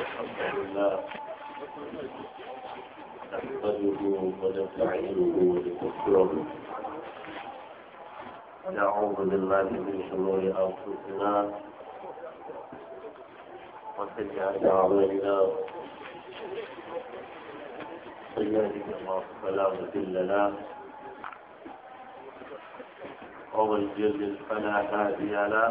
الحمد لله نحمده ونستعينه ونستغفره نعوذ بالله من شرور انفسنا وسيئات اعمالنا من يهده الله فلا مضل له ومن يضلل فلا هادي له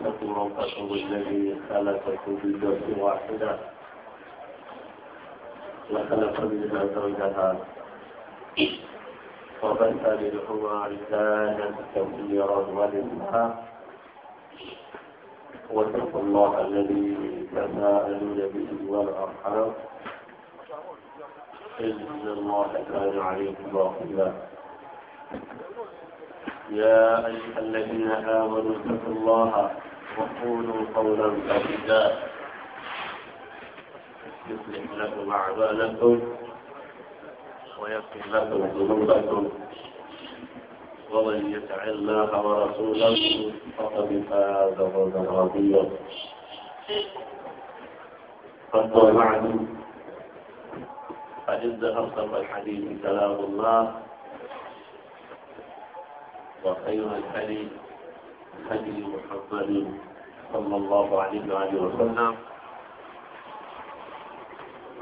اتقوا ربكم الذي خلقكم من نفس واحدة وخلق منها زوجها وبث منهما رسالا كثيرا ونساء واتقوا الله الذي تساءلون به والارحام ان الله كان عليكم رقيبا يا ايها الذين امنوا اتقوا الله وقولوا قولا سديدا يصلح لكم أعمالكم ويغفر لكم ذنوبكم ومن يطع الله ورسوله فقد فاز فوزا عظيما قد بعد فإن أصدق الحديث كلام الله وخير الحديث حديث محمد صلى الله عليه وآله وسلم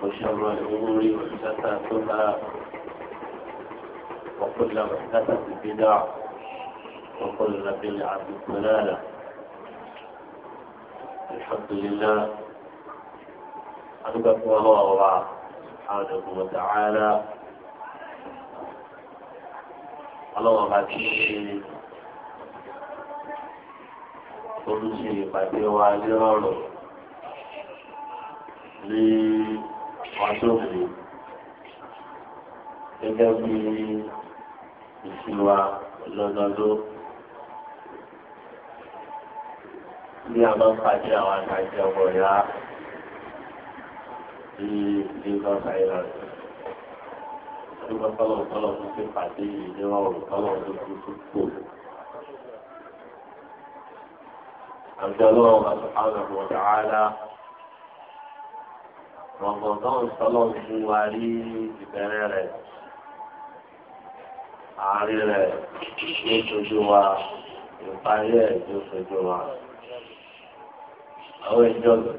وشر الأمور محدثاتها وكل محدثة بدع وكل بدعة ضلالة الحمد لله أنبت الله سبحانه وتعالى الله ما olùṣe ìpàdé wa lérọ̀rọ̀ ní ọjọ́bí gẹ́gẹ́ bí ìṣúwa lọ́dọọdún bí a pàdé àwọn àtàjẹ ọmọ ìyá ní Lagos Island tó bá kọ́lọ̀ tó ti pàdé ìdíwọ̀n kọ́lọ̀ tó ti tó. àbíjọ́ ọlọ́run subhanahu wa ta'ala rọ̀gbọ̀ntàn sọlọ́n fún wa rí ìbẹ̀rẹ̀ rẹ̀ àárín rẹ̀ ló sojú wa ìparí ẹ̀ ló sojú wa. àwọn ìjọba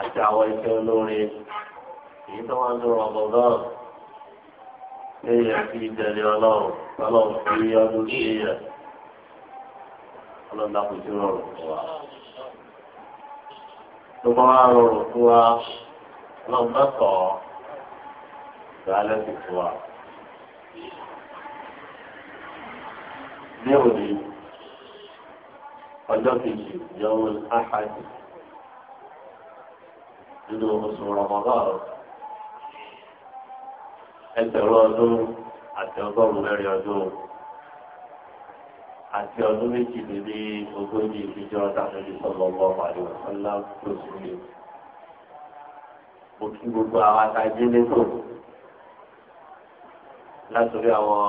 àti àwọn iṣẹ́ olórin èyí tó wá ń lo rọ̀gbọ̀ntàn lè yẹ kí ìjẹ̀lẹ̀ ọlọ́run sọlọ́n fún yọdún sí yẹn ọlọ́dà kò sí rọrùn fún wa. tó bá wá rọrùn fún wa ọlọ́run bá sọ ọ́ ìgbàlẹ́ sì fún wa. ní òní ọjọ́ kejì yọ̀wọ́ àhàjì nínú oṣù rọmọdọ́rọ̀ ẹgbẹ̀rún ọdún àti ọgọ́rùn-ún mẹ́rin ọdún àti ọdún méjì lè ní ogójì ìfijọ́ tàbí sọlọ́gbọ́ pàdé ọ̀sánlá tó sì ní. mo kí gbogbo àwọn atajé lẹ́tọ̀ látòrí àwọn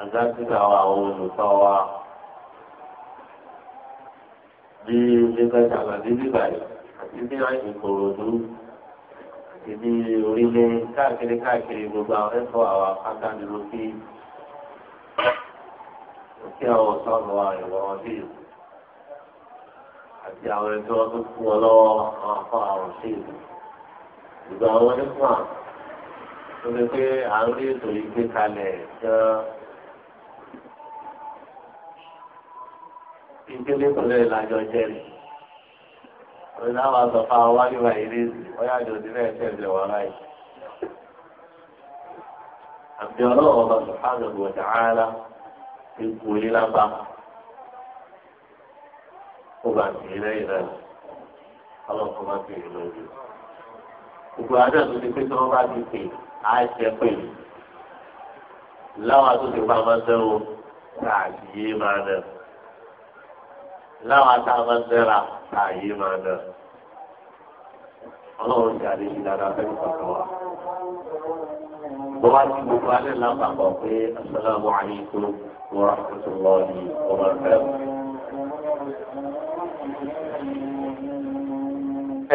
àgbàsíkà àwọn olùkọ́ wa bí lẹ́gbẹ̀ẹ́ sàgbàdé nígbà yìí àti bí àyè kòròdú àti bí orílẹ̀ káàkiri káàkiri gbogbo àwọn ẹ̀fọ́ àwọn akáńdínlógún kí àwọn ọ̀sánù ìwọ̀rọ̀dìl àti àwọn ẹni tí wọ́n tún fún wọn lọ́wọ́ àwọn afọ àrùn sí ìlú. ìgbà àwọn onífà tó ní pé à ń rí ètò yìí gbé kalẹ̀ gan-an. ìdílé pẹ̀lú ìlàjọ jẹ́rìí. wọ́n ní àwọn àtọ̀fà wáyé wáyé rí wọ́n yàjọ sílẹ̀ tẹ̀lé wọn láì. àbí ọlọ́run ọba sùpáàgì ọ̀gbọ̀n ipò yìí lábá ó bá ti rí lẹ́yìn náà ọlọ́kùnrin bá ti rí lórí. gbogbo àdá tó ti pé tí wọ́n bá ti pè á jẹ́ pè mí láwọn àtúntò pa máa ń sẹ́wọ́ káàdì yé máa nà láwọn àtá máa ń sẹ́ra káàyé máa nà ọlọ́run ti àlejò dáadáa fẹ́ẹ́ kọ̀ọ̀kan wa bọ́wá ti gbogbo alẹ́ lápapọ̀ pé asalaamualeykum. ورحمة الله وبركاته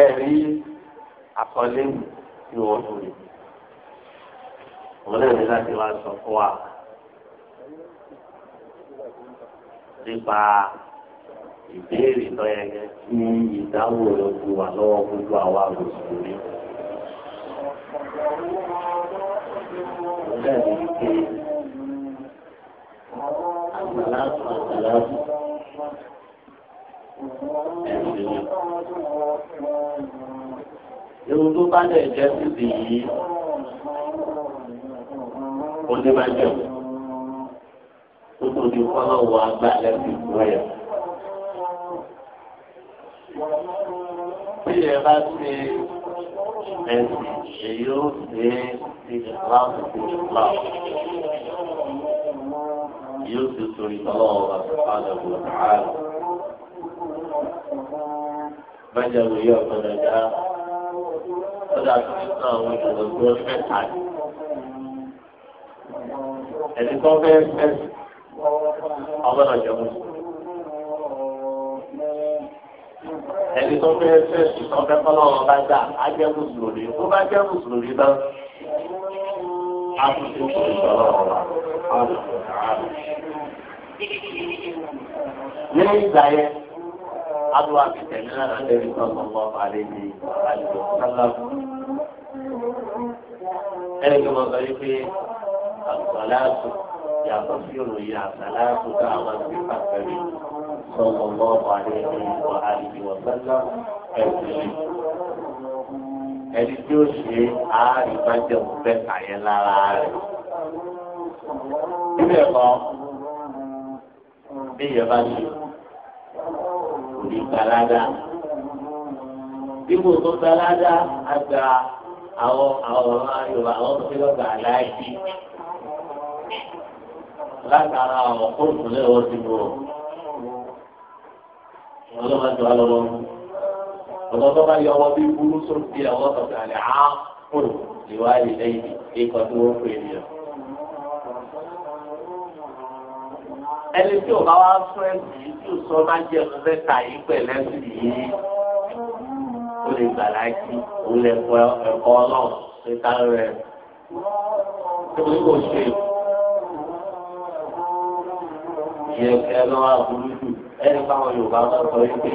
ẹ̀rí àkọlé tí wọ́n tó lè wọ́n lè ní láti wá sọ fún wa nípa ìbéèrè lọ́yẹ̀gẹ́ tí ìdáhùn rẹ̀ ti lọ́wọ́ gbogbo àwa mùsùlùmí. Bẹ́ẹ̀ni pé àtàlásù àtàlásù ẹ̀sìn ni. Ewu tó bá lẹ̀ jẹ́ síbi yìí, ó ní máa jẹun. Ó tó di kọ́lọ́ wọ agbá lẹ́sìn fún ẹ̀. Bí ẹ bá ṣe ẹ̀sìn, èyí ó ṣe é ti ìfúláwù ti ìfúláwù yóò ti sori tọ́lọ́ ọba sọ́kàlẹ̀ wò tààlà. Bẹ́jẹ̀ wò yí ọ̀gbọ́dọ̀ já. Ó dàbí nínú àwọn ìṣòro tó ń fẹ́ tà ní. Ẹni tó fẹ́ fẹ́ ọgbọ́dọ̀ jẹ mú. Ẹni tó fẹ́ fẹ́ ìtọ́fẹ́ kọ́lọ́ ọba gbà á jẹ́ mùsùlùmí. Ó bá jẹ́ mùsùlùmí náà. Ní ìgbà yẹn, Adúlá ti tẹ̀lé náà lórí sọ́kàn mọ́ àlè ní àjọ sálá. Ẹni tó mọ̀ sọ yí pé àgbàláàtò yàtọ̀ sí òròyìn àgbàláàtò tá àwọn ti pàtẹ́lẹ̀ sọ́kàn mọ́ àlè ní àjọ sálá ẹ̀sìn ẹni tí ó ṣe ààrẹ bá jẹ òfẹ́ kàyẹ lára rẹ̀. Bí ẹ̀kọ́ bí ìyẹn ṣe kò ní gbalada. Dípò tó gbalada á gba àwọn àwọn Yorùbá àwọn tó fi lọ́gbà aláìsí. Látara àwọn kóòtù lẹ́wọ̀n ti bọ̀. Ọlọ́mọdé wa ọ̀dọ́ tó bá yọ ọmọ bí burú sórí àwọn ọ̀sán àlẹ́ àápùn ìwádìí lẹ́yìn ikọ̀ tí wọ́n pè mí. ẹni tí ò bá wá sọ ẹ̀sìn yìí tí ò sọ má jẹ́ mẹ́ta yìí pẹ̀lẹ́ sí yìí ó lè gbà láti òun lè kọ ẹ̀kọ́ ọlọ́run ní kárọ̀ rẹ̀ tó kò ṣe ìyẹn kẹ́ ẹ lọ́wọ́ àbúrú jù ẹni báwọn Yorùbá bá yìí pé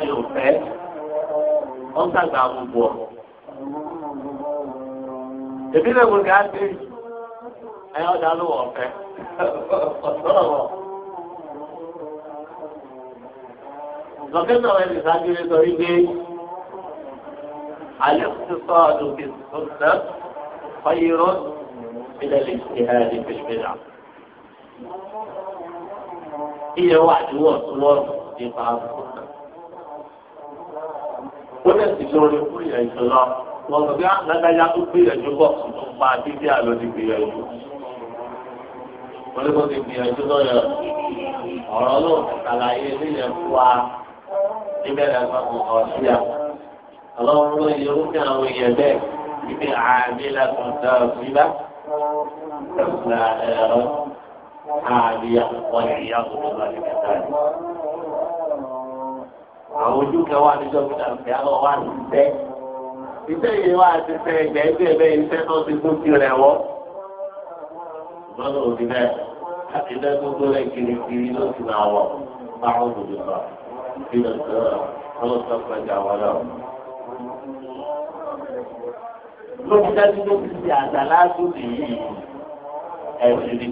mi ò fẹ́ wọ́n sàgbà gbogbo ọ̀. èmi lè mú ká sí ẹ̀yọ́ ọ̀dà ló wọ̀ ọ̀fẹ́ ọ̀sọ́rọ̀ Dọ̀kítọ̀ ẹni ìsájúre sọ wípé alẹ́ kùtù sọ ọdún fi sọ́nà fọ́yìrọ́ ìpínlẹ̀ lè ṣe ní pèsèpèsè. Iye wà ní wọ̀ntúnwọ̀ntún nípa àbùkù ó lè sì lórí fún ìrẹ̀jù lọ wọn sọ pé àgbàdáyà tó gbìyànjú bọ̀ tuntun pa dídí àlọ́ ti gbìyànjú. wọ́n lé wọ́n ti gbìyànjú lọ́yọ̀ ọ̀rọ̀ ló ṣàlàyé nílẹ̀ fún wa níbẹ̀rẹ̀ fún ọ̀ṣíà. ọlọ́run ló yẹ irúfẹ́ àwọn èèyàn bẹ́ẹ̀ ibi àmì lẹ́kùn tẹ̀ síbá ẹ̀sìn àmì àwọn ìyá àwọn ojú kan wà níjọ́ kí náà fẹ́ wà ní ìfẹ́ ìfẹ́ yìí wà ti fẹ́ ẹgbẹ́ ẹgbẹ́ ẹgbẹ́ ìfẹ́ tó ti kú sí rẹ̀ wọ́. ìgbọ́dọ̀ òbí bẹ́ẹ̀ àti ilé gbogbo rẹ̀ kirikiri ló ti máa wọ̀ báwọn òbí lọ kí lọ sọ ọ́ sọ pẹ̀lú àwọn náà. lókítà tí ló ti di àgbà lásìkò yìí ẹ̀sìn ni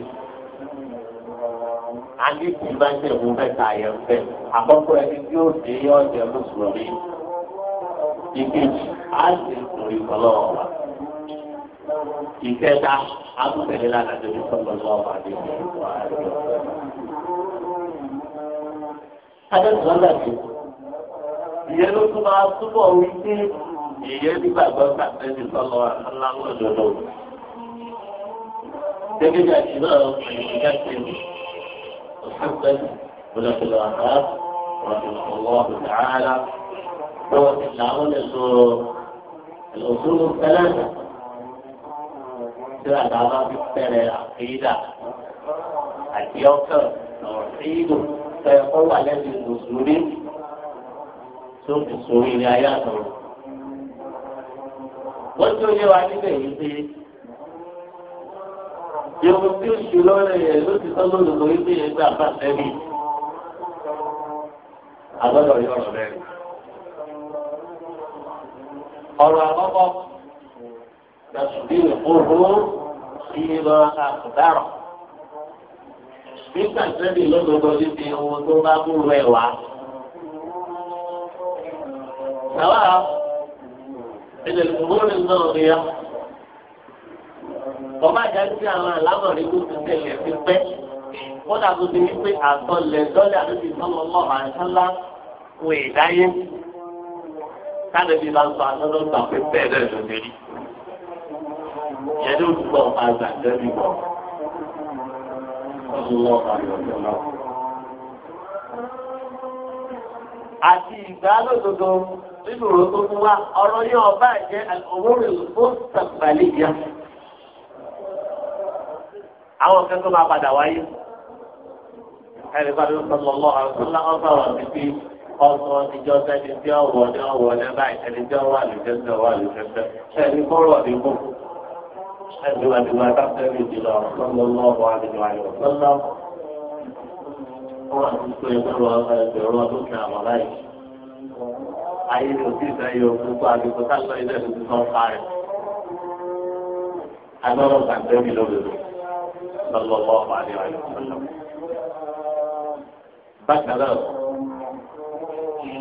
àdìsí bá ń tẹ̀wọ́ mẹ́ta yẹn fẹ́ àkọ́kọ́ ẹni tí ó dé ọ̀jẹ̀ mùsùlùmí ìkejì á sì ń sùn ìkọlọ́ ọ̀la ìkẹta á tún tẹ̀lé lánàá tó ní sọ́kọ̀ lọ́wọ́ àdìsí ìwà àdìsí ọ̀la. Adéṣù lọ́dàbí ìyẹn ló tún máa túbọ̀ wípé ìyẹn nígbàgbọ́ sàtẹ́jì sọ́lọ́ aláwọ̀ lọ́dọ̀. Gẹ́gẹ́ bí àṣìlọ́ ìgbà الحسن ولا في الآخر رحمه الله تعالى هو في الأصول الثلاثة سورة العرب الثانية العقيدة اليوكر توحيد فيقوى لدي المسلمين سوق السوري لا يأثر قلت يزيد yẹ̀wò tí ó ṣe lọ́rẹ̀ yẹn ló ti tọ́ lónìí lórí bí yẹn gbà bá sẹ́mi. Àgbọ̀dọ̀ yọ ọ̀rọ̀ rẹ̀. Ọ̀rọ̀ àkọ́kọ́ gbàsùdí ìfowó sí lọ àkùdárọ̀. Nígbà sẹ́mi lọ́dọọdọ́ níbi ohun tó bá mú rẹ̀ wá. Sàwá ẹ̀jẹ̀ ìfowó rẹ̀ náà rí ọba àjáde sí àwọn àlámọ̀rí tó ti tẹ̀lé ti pẹ́ kódà tó ti wípé àtọ̀lẹ̀ dọ́lẹ̀ àdóbi sọ́mọ́mọ́ àṣálá wọ ìdáyé kálẹ̀bí bá ń sọ àtọ́lọ́ gbà pé bẹ́ẹ̀ bẹ́ẹ̀ ló lè rí yẹn ló gbọ́ àgbà lẹ́bí bọ̀ àti ìgbàlódodo nínú òrótókùn wa ọ̀rọ̀ yóò bá jẹ́ òwúrò àwọn kan tó máa padà wáyé ẹni bá lóun sọlọ lọ àwọn tó láwọn bá wà títí ọsọ ìjọ sẹni tí ọwọ ní ọwọ ní báyìí ẹni tí ọwọ àlùjẹ ní ọwọ àlùjẹ ní ẹni kọrọ ní kú ẹni wà ní wàá dáfẹ́ mi jù lọ sọlọ lọ ọwọ àlùjọ àlùjọ sọlọ wọn àti sọ ìgbọrọ ẹgbẹ̀rún ọdún sọlọ bọ́ àlẹ́ àyè sọlọ. bákan náà kí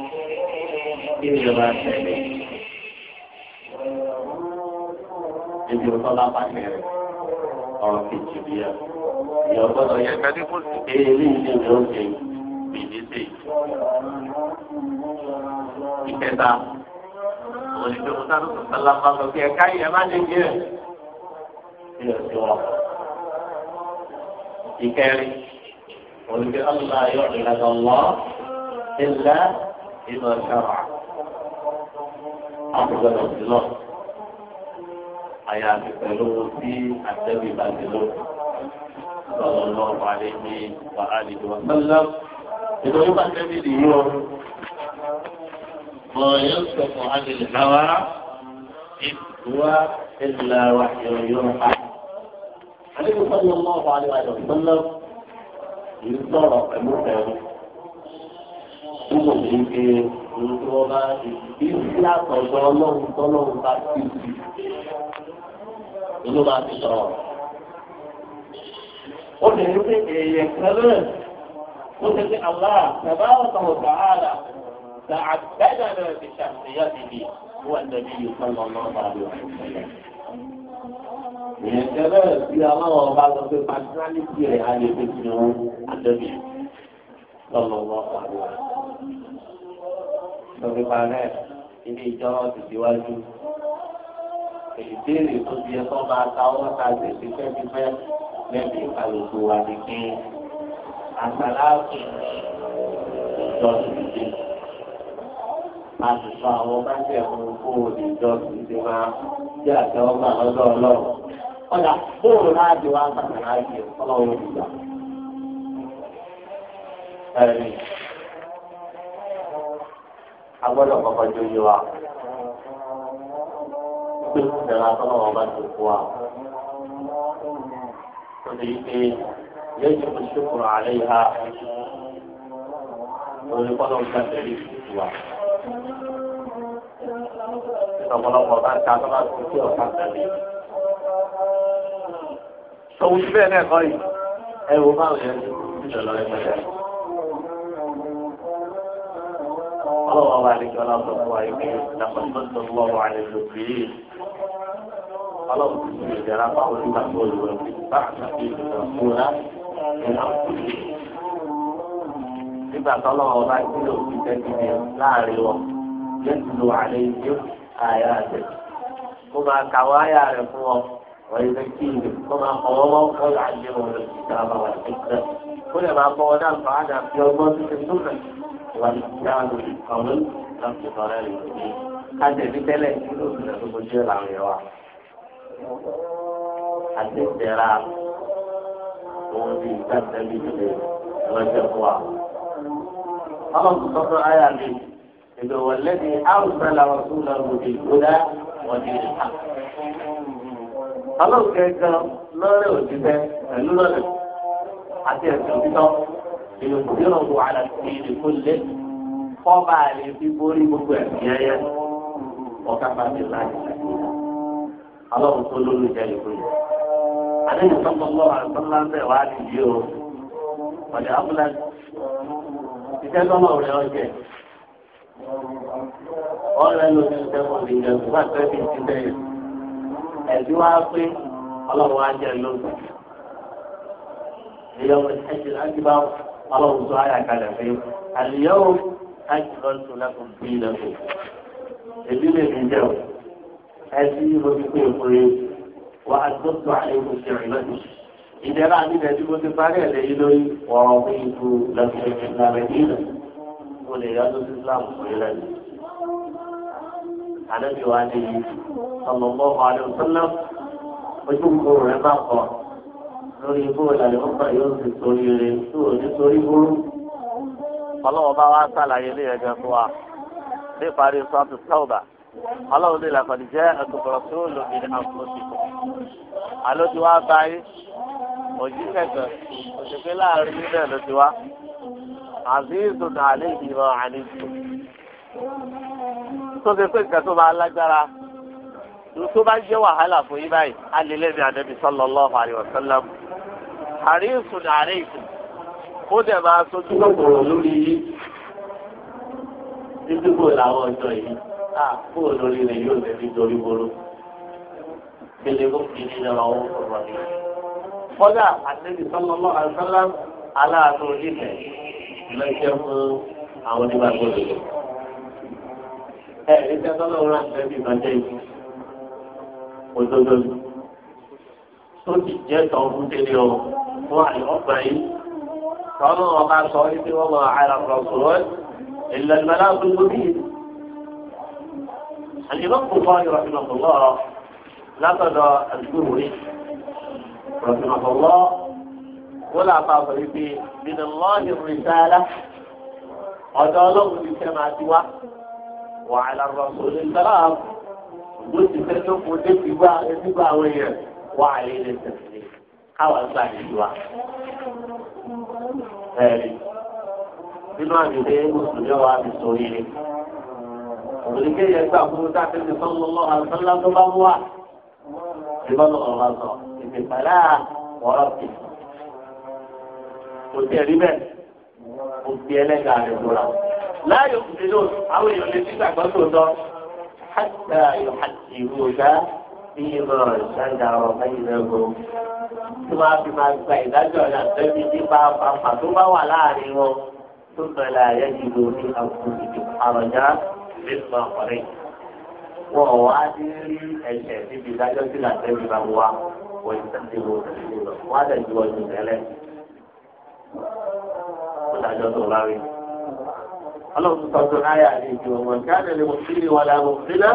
ni ìjọba tẹ̀lé ibi ìtọ́lá pàṣẹ rẹ̀ ọ̀rọ̀ kejì bí i ìyọ̀gbọ́dọ̀ yẹ kẹ́lí kó sì dé ilé ilé ìlú ìkẹta òní pé mo lápá sọ pé ẹ̀ka yìí ẹ má lè jẹ́ ẹ̀ ìkẹrin olùdí ọlọ́lá yọ ìlànà lọ ilẹ̀ inú ọ̀ṣọ́ra àbúgbọ̀dọ̀ sí lọ àyàfi pẹ̀lú tí àtẹ́bí bá ti lọ lọ́wọ́ lọ́wọ́ alẹ́ ní wàhálì ìwà sọ́lá ìdọ́jú bá tẹ́bí nìyí o mọ̀ yóò sọ̀kọ̀ alẹ́ lẹ́wàá ìdúwà ìlà wàhálì ìwà àdébù sọ́dọ̀ ọmọ ọ̀fọ̀ àdébù àjọ ìtọ́lọ́ yìí sọ̀rọ̀ pẹ̀lú pẹ̀lú. Nígbà tí ṣe ohun tí wọ́n bá ti bí látọ̀ ọjọ́ ọlọ́run tọ́lọ́run bá ti sí. Inú máa ti sọ̀rọ̀. Ó lè ní pé èèyàn kan ó ti pé àlá bàbá ọ̀sán ọ̀sán àlà تعبدنا بشخصيته هو النبي صلى الله عليه وسلم ìyẹn kẹlẹ́ bí aláwọ̀ bá lọ pé pàṣípàlìtì rẹ̀ á lè fi fi hàn àdẹ́bí lọ́lọ́wọ́ àdúrà. lọ́bí parẹ́ ilé ìjọba ti diwájú ìbéèrè tó di ẹ̀kọ́ máa ta ọwọ́ ta tẹ̀sí fẹ́fífẹ́ lẹ́bi ìkàlùkù wa ni pé àtàláàbù ìjọsìn ìdè àtùsọ àwọn bá jẹ̀ fún kó o lè jọ máa jẹ́ àtẹwọ́ máa lọ́dọ̀ ọlọ́run. ọ̀dà bóòlù náà di wá bàtà náà di ọlọ́run ló gbà. ẹ̀rí agbọ́dọ̀ kọ́kọ́ jó yé wa pé ìdára tọ́lọ́wọ́ bá ti kú wa. ó lè pe yẹ́jú mo ṣùkùrù àlẹ́ yìí ha. Olùkọ́ ló ń gbàgbé ní ìsìnkú wa ọ̀pọ̀lọpọ̀ bá ń ta tó bá ti sí ọ̀pá tẹ̀lé. Tòun ti bẹ́ẹ̀ náà kọ́ yìí, ẹ wo máa yẹn nílò lọ ẹgbẹ́ rẹ̀. Ọlọ́wọ́ wa ní Jọlá sọ fún wa yìí pé Nàpọ̀tọ́ tó lọ́ wà ní lòpì yìí. Ọlọ́run ti fi ìdára bá láàrin wọn, yẹ́n ti lo àlẹ́ yìí àyà rẹ̀ kó máa kàwé àyà rẹ̀ fún ọ wọ́n kí ni kó máa kọ́wọ́ wọ́n kọ́ àlẹ́ wọn lọ sí ìjọba wà lẹ́sẹ̀ kó lè máa kọ́ ọdá nǹkan àdá fi ọgbọ́n tó ti tó rẹ̀ wà ní ìyáwó ìkàwé láti sọ̀rọ̀ rẹ̀ lórí kájẹ̀bí tẹ́lẹ̀ nínú ìlú ti ìgbà tẹ́lẹ̀ ìdílé lọ́jọ́ fún wa. ọlọ́run sọ fún àyà mi ìgbà wọlẹ́ni àwùjọ ọ̀sùn lọ́rùn òbí ìgbóná wọn ni ìlà. ọlọ́ọ̀kẹ́ gan lọ́rẹ̀ òṣìṣẹ́ pẹ̀lú lọ́rẹ̀ àti ẹ̀sìn òtítọ́ èèyàn tí yóò wọ àlà sí ìdìbò lé kọ́ba àlè fi borí gbogbo ẹ̀sìn ẹ̀yẹ ọ̀ká pàṣẹ láti ọlọ́run tó lórí ìjà ìgbóná. àdéhùn sọ́kọ̀ lọ́wọ́ àtọ́lá ń bẹ̀ wá nìyí o ọ̀dẹ̀ àbúlá ìjẹ́ lọ́wọ́ rẹ̀ ọ̀jẹ̀ ọ̀rẹ́ ló ti ń tẹ́wọ̀ lè jẹ́ ìgbà tẹ́bí ti bẹ̀rẹ̀. ẹ̀sìn wá pé ọlọ́run wá jẹ́ lóṣù. ìyá ọmọ ìṣẹ́jì láti bá ọlọ́run tó ayà kalẹ̀ pé àlìyá o láti lọ sùn lẹ́kùn bí lẹ́kùn. èmi lè fi jẹ́ o. ẹ̀sìn mo ti pè é fún yín. wà á tó tó àyẹ̀wò ṣe rìn lọ́dún. ìdẹ́rẹ́ àti ìdẹ́sí mo ti parí ẹ̀ lẹ́yìn lórí ọ̀rọ̀ fún ikú lọ́sọ̀rọ̀ mo lè yá lórí islam fún yín lẹ́nu. ànábì wa ni sallallahu alaihi ojú kò rẹ̀ bá kọ́ lórí ibú ìlànà ọgbà yóò sì torí rẹ̀ tó o ní torí burú. ọlọ́wọ́ bá wá sàlàyé ilé ẹ̀jẹ̀ fún wa ní ìparí sọ́ọ̀tù sọ́ọ̀bà ọlọ́run lè làkọ̀dí jẹ́ ẹ̀kọ́kọ̀rọ̀ tó lòdì ní àpòtìkọ̀. àló ti wá báyìí òjíṣẹ́ kan òṣèpé láàrin nílẹ̀ ló ti wá àzízù nàálẹ́ ìgbìmọ̀ àníjù tó ṣe pé nǹkan tó máa lágbára tó bá jẹ́ wàhálà fún yín báyìí á lè lẹ́bi ànábì sallallahu alaihi wasallam àríṣù nàálẹ́ ìgbìmọ̀ ó dẹ̀ máa sojú kòkòrò lórí yín dídúgbò làwọn ọjọ́ yìí á kó lórí rẹ̀ yóò lè fi dorí woro kele kó fi ní ìjọba owó sọ̀rọ̀ ni. kọ́dà ànábì sallallahu alaihi wasallam aláàánú onílẹ̀ ìlọ́ṣẹ́ fún àwọn tí wàá gbọ́dọ̀. ẹ ẹ ṣe tọ́lọ́ wọn láti bí ìbàjẹ́ yìí òdodo ni tó ti jẹ́ tọ́ fún délé ọ fún àyọ̀gbà yìí tọ́lọ́ wọn bá sọ wípé wọ́n máa ara rọ̀ sọ̀rọ̀ ìlànà aláàbò lórí yìí. الإمام البخاري رحمه الله لقد الزهري رحمه الله wọ́n là fà wọlé pé bìnnà lọ́ọ̀nì rìsáàlà ọ̀dọ̀ ọlọ́run ti fẹ́ máa ti wá wàhálà rọ̀sọ̀lẹ̀ sọ́lá ló ti fẹ́ tó kó dé ìgbà ìgbà àwọn èèyàn wà á lè lè tẹ̀lé káwọn gbà yìí wá. ẹ̀rí nínú àmì pé mùsùlùmí wa ti sọ yìí òrìké yẹn gbà fún sáfẹ́ ti sọ́nù lọ́wọ́ àtúnlá tó bá wà ìbọn ọ̀rọ̀ sọ ìpèpàlà wọ́rọ̀ kìí kò tiẹ̀ rí bẹ́ẹ̀ kò fi ẹlẹ́gà rẹ̀ búra. láàyò òkùnrin náà àwọn èèyàn lè fi gbàgbọ́ tó tọ́ hàtà yóò hàtì ìlú ọ̀gá bí ìmọ̀ ìṣáńdà ọ̀rọ̀ báyìí náà gbọ́. tí wọ́n á fi máa gba ìdájọ́ ọ̀la tẹ́bí tí bá pàpà tó bá wà láàrin wọn tó bẹ̀rẹ̀ àyẹ̀ ìlú ní àkùnrin àròjá nípa ọ̀rẹ́ wọn wá ní rí ẹ̀ṣẹ̀ níbi ìdájọ́ sí làtẹ́bí bá wà wọ́n ti tẹ́lẹ̀ wọ́n á tẹ́lẹ̀ ó dájọ́ tó bá rí. ọlọ́run sọ pé ayé àlejò ọmọ ìkáàdé lè mú sílé wọn lára mú sílẹ̀.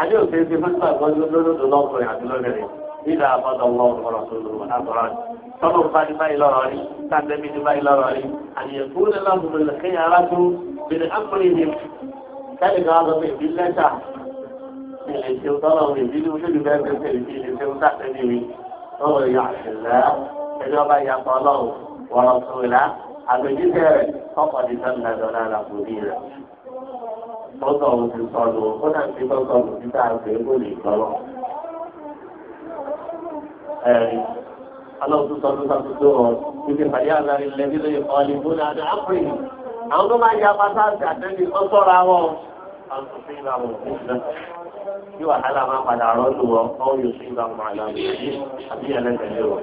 ayé òkè ti fún ìgbàgbọ́ lódodo lọ́kùnrin àti lọ́gẹ̀rẹ̀ nígbà àbọ̀dọ̀ ọlọ́run kọ̀ọ̀rọ̀ tó lò wọn àtọ̀rọ̀ rẹ̀. tọ́lọ̀ bá ní báyìí lọ́rọ̀ rí tàbí ní báyìí lọ́rọ̀ rí àyẹ̀kú ní lọ́dún lè kéyà aláṣọ bẹ̀rẹ̀ ápùlẹ̀ ní ọlọ́run wọ́n tó la àgbẹ̀jísẹ́ rẹ̀ kọ́kọ́ ti sọ́nù lọ́dọ̀ lára kò ní rẹ̀. ó sọ ohun ti sọnù ó tó sọ tó sọ tó tó wọn ibi lóye kọ́ ni bó náà dáa pè àwọn tó máa ń ya pátá àtẹ́bí kọ́ sọ́ra wọn. àwọn tó fi ń ra wọn bí wàhálà máa padà rọ́ọ̀lù wọn ọ̀ yóò fi ń ra wọn àbí ẹlẹ́gbẹ̀ẹ́ wọn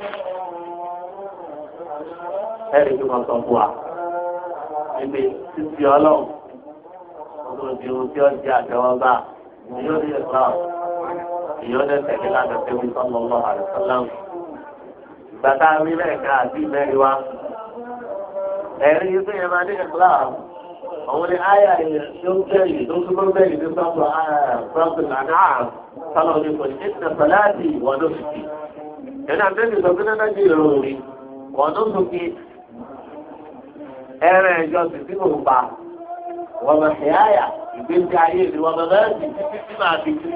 ẹ̀rí tó wọ́n sọ fún wa ẹgbẹ́ títí ọlọ́run ọdún òbí ohun tí ó jẹ́ àtẹwọ́gbà yóò rí ẹ̀ka ìyọ́dẹ̀ tẹ̀lé láti ṣe wí sọ́mọ ọmọ àlùfáàlù ìgbà tá a rí lẹ́ẹ̀ka àti ìmẹ́rin wa ẹ̀rí yìí tó yẹ máa ní ẹ̀kúlá àwọn ní àyà tó ń tẹ̀lé tó ń tún bẹ́ẹ̀ ní sọ́kùn sọ́kùn àdáà sọ́lọ́ ní kò ní ìtẹ̀sọ̀láàtì wọ́n ló fi wọ́n tó sókè ẹ̀rẹ̀ ẹ̀jọ́ sì sí kò bá wọ́n bẹ̀ ṣe àyà ìgbésí ayé mi wọ́n bẹ̀ bẹ́ẹ̀ títí fi kú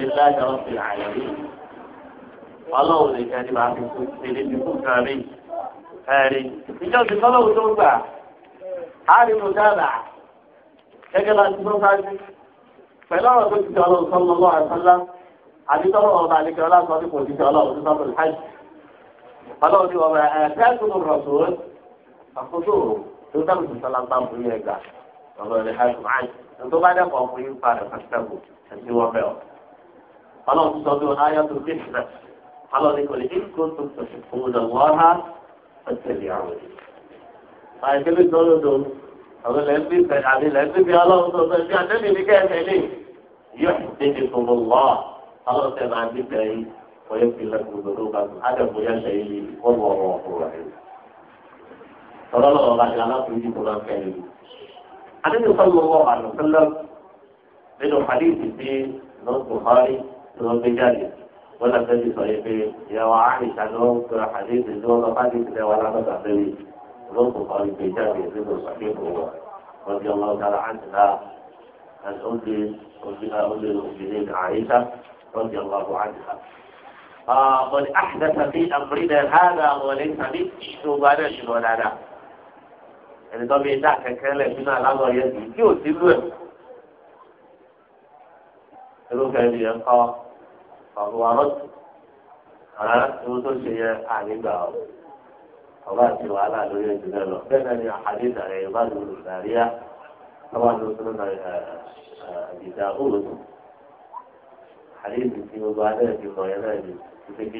lè lájà wọn fi àyà rí ọlọ́run lè jẹ́ ní fi kú tèlé fi kú kan rí ẹ̀rí ìjọ tó gbà á rí mo dábàá gẹ́gẹ́ bá ti tó sáájú pẹ̀lú ọ̀rọ̀ tó ti jọ ọlọ́run sọ́lọ́lọ́ àtọ́lá ọlọ́run ní ọmọ ẹ̀ẹ́dẹ́gbẹ̀rún rọ̀sùn àkóso tó dáhùn tó sọlá bá burú yẹn gbà ọlọ́run ní hàṣù máa ń tó bá dẹ́kọ̀ ọkùnrin yín padà pàṣẹ́kù ẹ̀sìn wọn bẹ́ẹ̀ ọlọ́run sọ bí wọn ayọ́ tó dé sílẹ̀ ọlọ́run ní kò lè dín kó tó tó fún un lọ́wọ́ ha ọ̀tẹ̀lẹ̀ àwọn àìkébí tó lódò àwọn lẹ́ẹ̀bí àbí ويغفر لكم ذنوبكم هذا هو يشهد والله غفور رحيم صلى الله عليه وسلم في قرآن كريم النبي صلى الله عليه وسلم من حديث في نص البخاري نص الجارية ولا تجد صحيح يا وعائشة نوم في حديث النوم حديث لا ولا تتعلم نص البخاري في جارية نص صحيح رضي الله تعالى عنها عن أم أم المؤمنين عائشة رضي الله عنها قل آه، أحدث في أمرنا هذا وليس من إشتوبانا شلولانا يعني دوم يدع كالكالة هنا لغا يزي كيو تبوي يقول كالي يقا فهو رد أنا يقول شيء أعلم بأو الله سوى على نوية جنالو كانني حديث عن عباد المنزارية طبعا نوصلنا لجداء أولوس àdéhùn tí gbogbo alẹ́ ti mọ̀ yẹn náà ni ìfèjì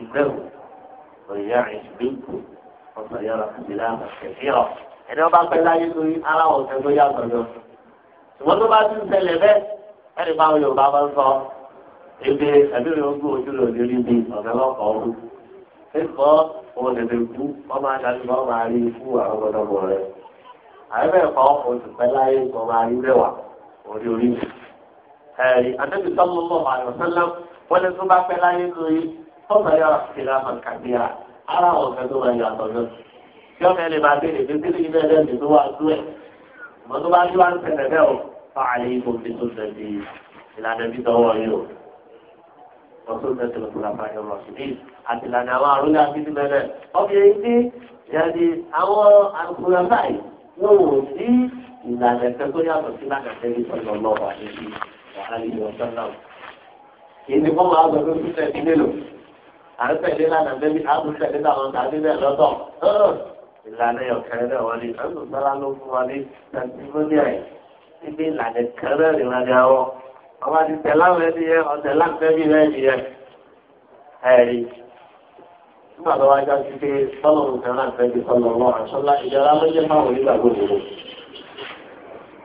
ẹni wọn bá pẹ́ láyé lórí ara ọ̀sẹ̀ tó yàtọ̀ lọ. ṣùgbọ́n tó bá ti ń ṣẹlẹ̀ bẹ́ẹ̀ ẹni bá wọn Yorùbá máa ń sọ ebe ẹbí rẹ ogún ojú rẹ òní níbi ọ̀sẹ̀ lọ́kọ̀ ọ̀hún. ẹ̀kọ́ òun lè kú wọ́n máa ṣàlù máa rí ikú àwọn gbọdọ̀gbọ̀ rẹ̀. àyẹ̀bẹ̀ kọ́ oṣù pẹ́ láyé kọ́ máa rí rẹwà orí orí mi ẹ̀rí àdébí sọ́mọ́ mọ́ àlùfẹ́lẹ́ wọ́n lè tún bá pẹ́ láyé lórí tọ́sà yára fìlà àkàdíyà ara àwọn ọ̀fẹ́ tó máa yọ àtọ̀jọ́. tí ọmọ ẹni bá béèrè pé sílẹ̀ ilé ẹ̀dẹ́ mi tó wá sú ẹ̀ mọ́ tó bá yíwá ń tẹ̀lé bẹ́ẹ̀ o fa àyè ipò fi tó tẹ̀ di ìlànà bí tọwọ́ yìí o. wọ́n tó tẹ̀ tẹ̀lé fúnra bá yọ rọ̀ṣìdì àti ìlànà àwọn àrùn náà fi bẹ̀rẹ̀ ọkùnrin tí yàtì àwọn àkùnrin báyìí wọ́n wò sí ìlànà ẹ̀fẹ́ tó yàtọ̀ sí lákàtẹ́ alihi wa sallam yìí ni wọ́n máa nílò à lánàá débi à ń tẹ̀lé tàbí bẹ́ẹ̀ lọ́tọ̀ ìlànà ọ̀kẹ́rẹ́ náà wọlé ẹnu gbára ló fún wọlé tẹ̀síwọ́nì ẹ̀ níbi ìlànà kẹrẹ́ ìrìnàjò àwọn ọba ti tẹ̀ láwọn ẹni yẹn ọ̀tẹ̀ láǹfẹ̀mí rẹ̀ nìyẹn ẹ̀rí nígbà tó wájú sí pé sọ́lọ́run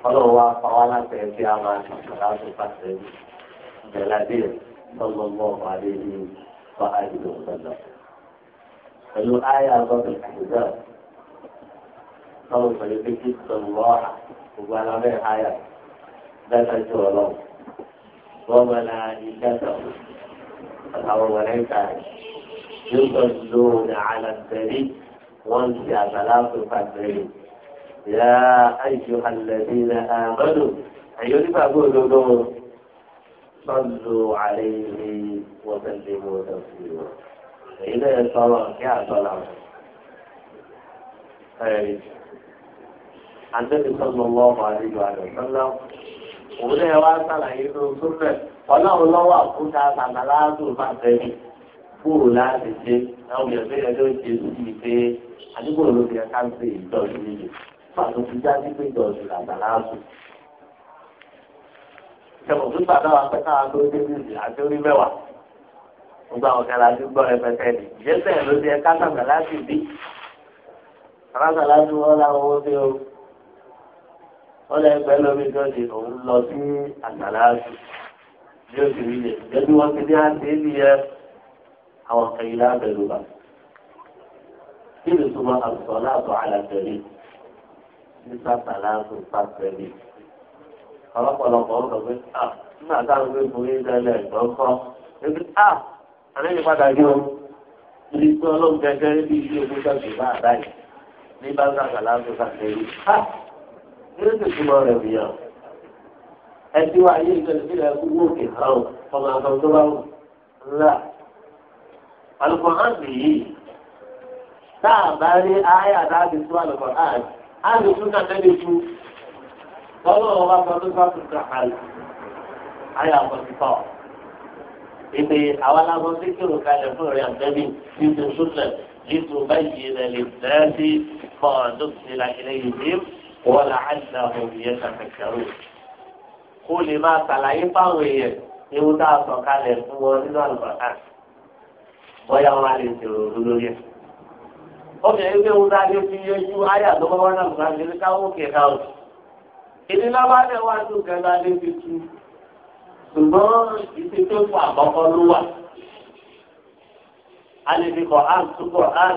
ọlọ́run wa pa wá láti ẹ̀ tí a máa ṣe ìṣàlásù pàṣẹ ìjẹ́ládé lọ́lọ́mọ́ àlẹ́ ní fa àìlò ọ̀gbọ̀dọ̀. pẹ̀lú ayé àgọ́bẹ̀ àìdá lọ́run pẹ̀lú pé kí sọ̀rọ̀ gbogbo alábẹ́ ayà dáta ju ọlọ́run. wọ́n mọ na ìjẹ́sọ̀ àtàwọn mọ̀lẹ́ta yóò sọ lóòrùn àlàbẹ̀rí wọ́n ti àgbàlá يا أيها الذين آمنوا أيها البابو لولو صلوا عليه وسلموا تسليما إذا الصلاة يا صلاة النبي صلى الله عليه وسلم òun náà wá sàlàyé tó súnmẹ̀ ọlọ́run lọ́wọ́ àkúta sàmàlátò bá tẹ̀lé kúrò láti ṣe àwọn èèyàn tó yẹ kó ṣe sí i pé àdúgbò ló fi ẹ̀ka ń ṣe ìtọ́jú nílé àlòkùjá nígbè ìdọ̀jù làgbàlá sùn. ìṣẹ̀wọ̀n tó gbàdá wa pẹ́ káwa tó dé níbi àti orí mẹ́wàá. gbogbo àwọn kan láti gbọ́ rẹpẹtẹ ni ìjẹ́sẹ̀ ló ti ẹ̀ka sàgbàlá sì bí. sàgbàlá tí wọ́n láwọn owó sí o. wọ́n lẹ́ pẹ́ lómi tó di òun lọ sí àgbàlá bí o sì rí yẹ jẹ́bí wọ́n ti ní àti ìlú yẹ àwọn kẹyìn lábẹ́ ló bá. kí ni túmọ̀ àbùsọ̀ láàbọ̀ àlàfẹ́ nípa sàlásù pàṣẹlì ọlọ́pọ̀lọpọ̀ ọ̀rọ̀ pé à nígbà táwọn gbé fún ebi à padà o ibi tí ọlọ́run gẹ́gẹ́ bí ilé ogun sọ̀tì bá àdá ní bá sàlásù pàṣẹlì à yóò sì túmọ̀ rẹ̀ wíyà ẹtí wa yé ìgbẹ́lẹ́sílẹ̀ owó òkè hàn ọmọ àgbọn tó bá wù ńlá alùpùpù hàn nìyí táà bá rí ayé tó hàn àlù súnà tẹ́lẹ̀ ju lọ́lọ́wọ́ bá sọ tó bá tún kà àlù ayé àkọsí pa ọ́. Ìpè àwọn alábọ̀ sí kírun kalẹ̀ fún rẹ̀ àtẹ́bí nínú súnà nítorí báyìí rẹ̀ lè tẹ́lẹ̀ fọ́ ọdún sílá ilé yìí wọ́n là á nà ọ̀hún yẹn kàkàkẹ́rù. Kó lè máa ṣàlàyé fáwọn èèyàn ewu tá a sọ kalẹ̀ fún wọn nínú àlùbọ̀tà. Bọ́yá wọn á lè ṣèrò lórí ẹ̀ obìnrin pé òun dáadé fi yẹjú ayé àtọ́kọ́kọ́ náà kò láti lè káwọ́ kẹta o. èdè lábàdé wá tó kẹta lè fi tu ṣùgbọ́n ìṣe tó fún àkọ́kọ́ ló wà. a lè fi kọ̀ án túbọ̀ án.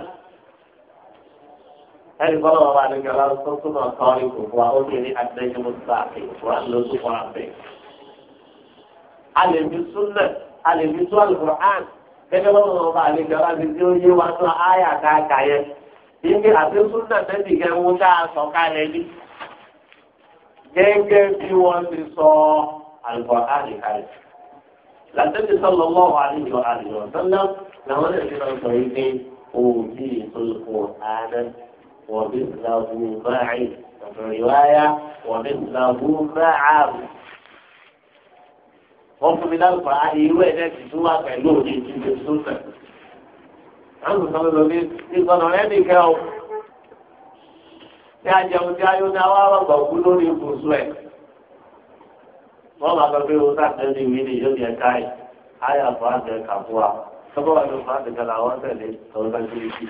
ẹnì kan náà wà ní kẹlá tó túbọ̀ kọ́ ikú fún wa obìnrin àtẹ́jú mú sáà kí wọ́n á lọ sókò àbẹ̀. a lè fi súnlẹ̀ a lè fi tó àlùkò án gẹ́gẹ́ bọ́lá wọn bá àlejò alábi tí ó yé wa tó àyà káàkà yẹn ibi àti súnà tẹ́tì kẹ́hún tá a sọ kálẹ̀ ní. gẹ́gẹ́ bí wọ́n ti sọ àlùkọ́tà nìkalẹ̀. làtẹ́tì sọ̀lọ́ mọ́ àlejò àlejò sọ́nà làwọn lè fi lọ sọ yìí pé òbí ìtòlùkù àádọ́ wọ́n bí ìlàbù báyìí ìrìwáyà wọ́n bí ìlàbù báyìí. wọ́n fún mi lálùkọ́ àyè irú wà pẹ̀lú òjijì tó sọ̀tẹ̀. àwọn ìsọ̀rọ̀ lómi ìsọ̀nà rẹ̀ nìkẹ́ o. Tí a jẹun tí a yóò ní àwọn àrọ̀gbà kú lórí ibùsùn ẹ̀. Wọ́n máa lọ bí o sáfẹ́ ní ìwé ni yóò yẹ káyì. Ayé àpò àti ẹ̀ka fún wa. Tọ́gbọ́n wà ní ọ̀pọ̀ àti ìkàlà àwọn tẹ̀lé tọ́wọ́ bá kiri sí.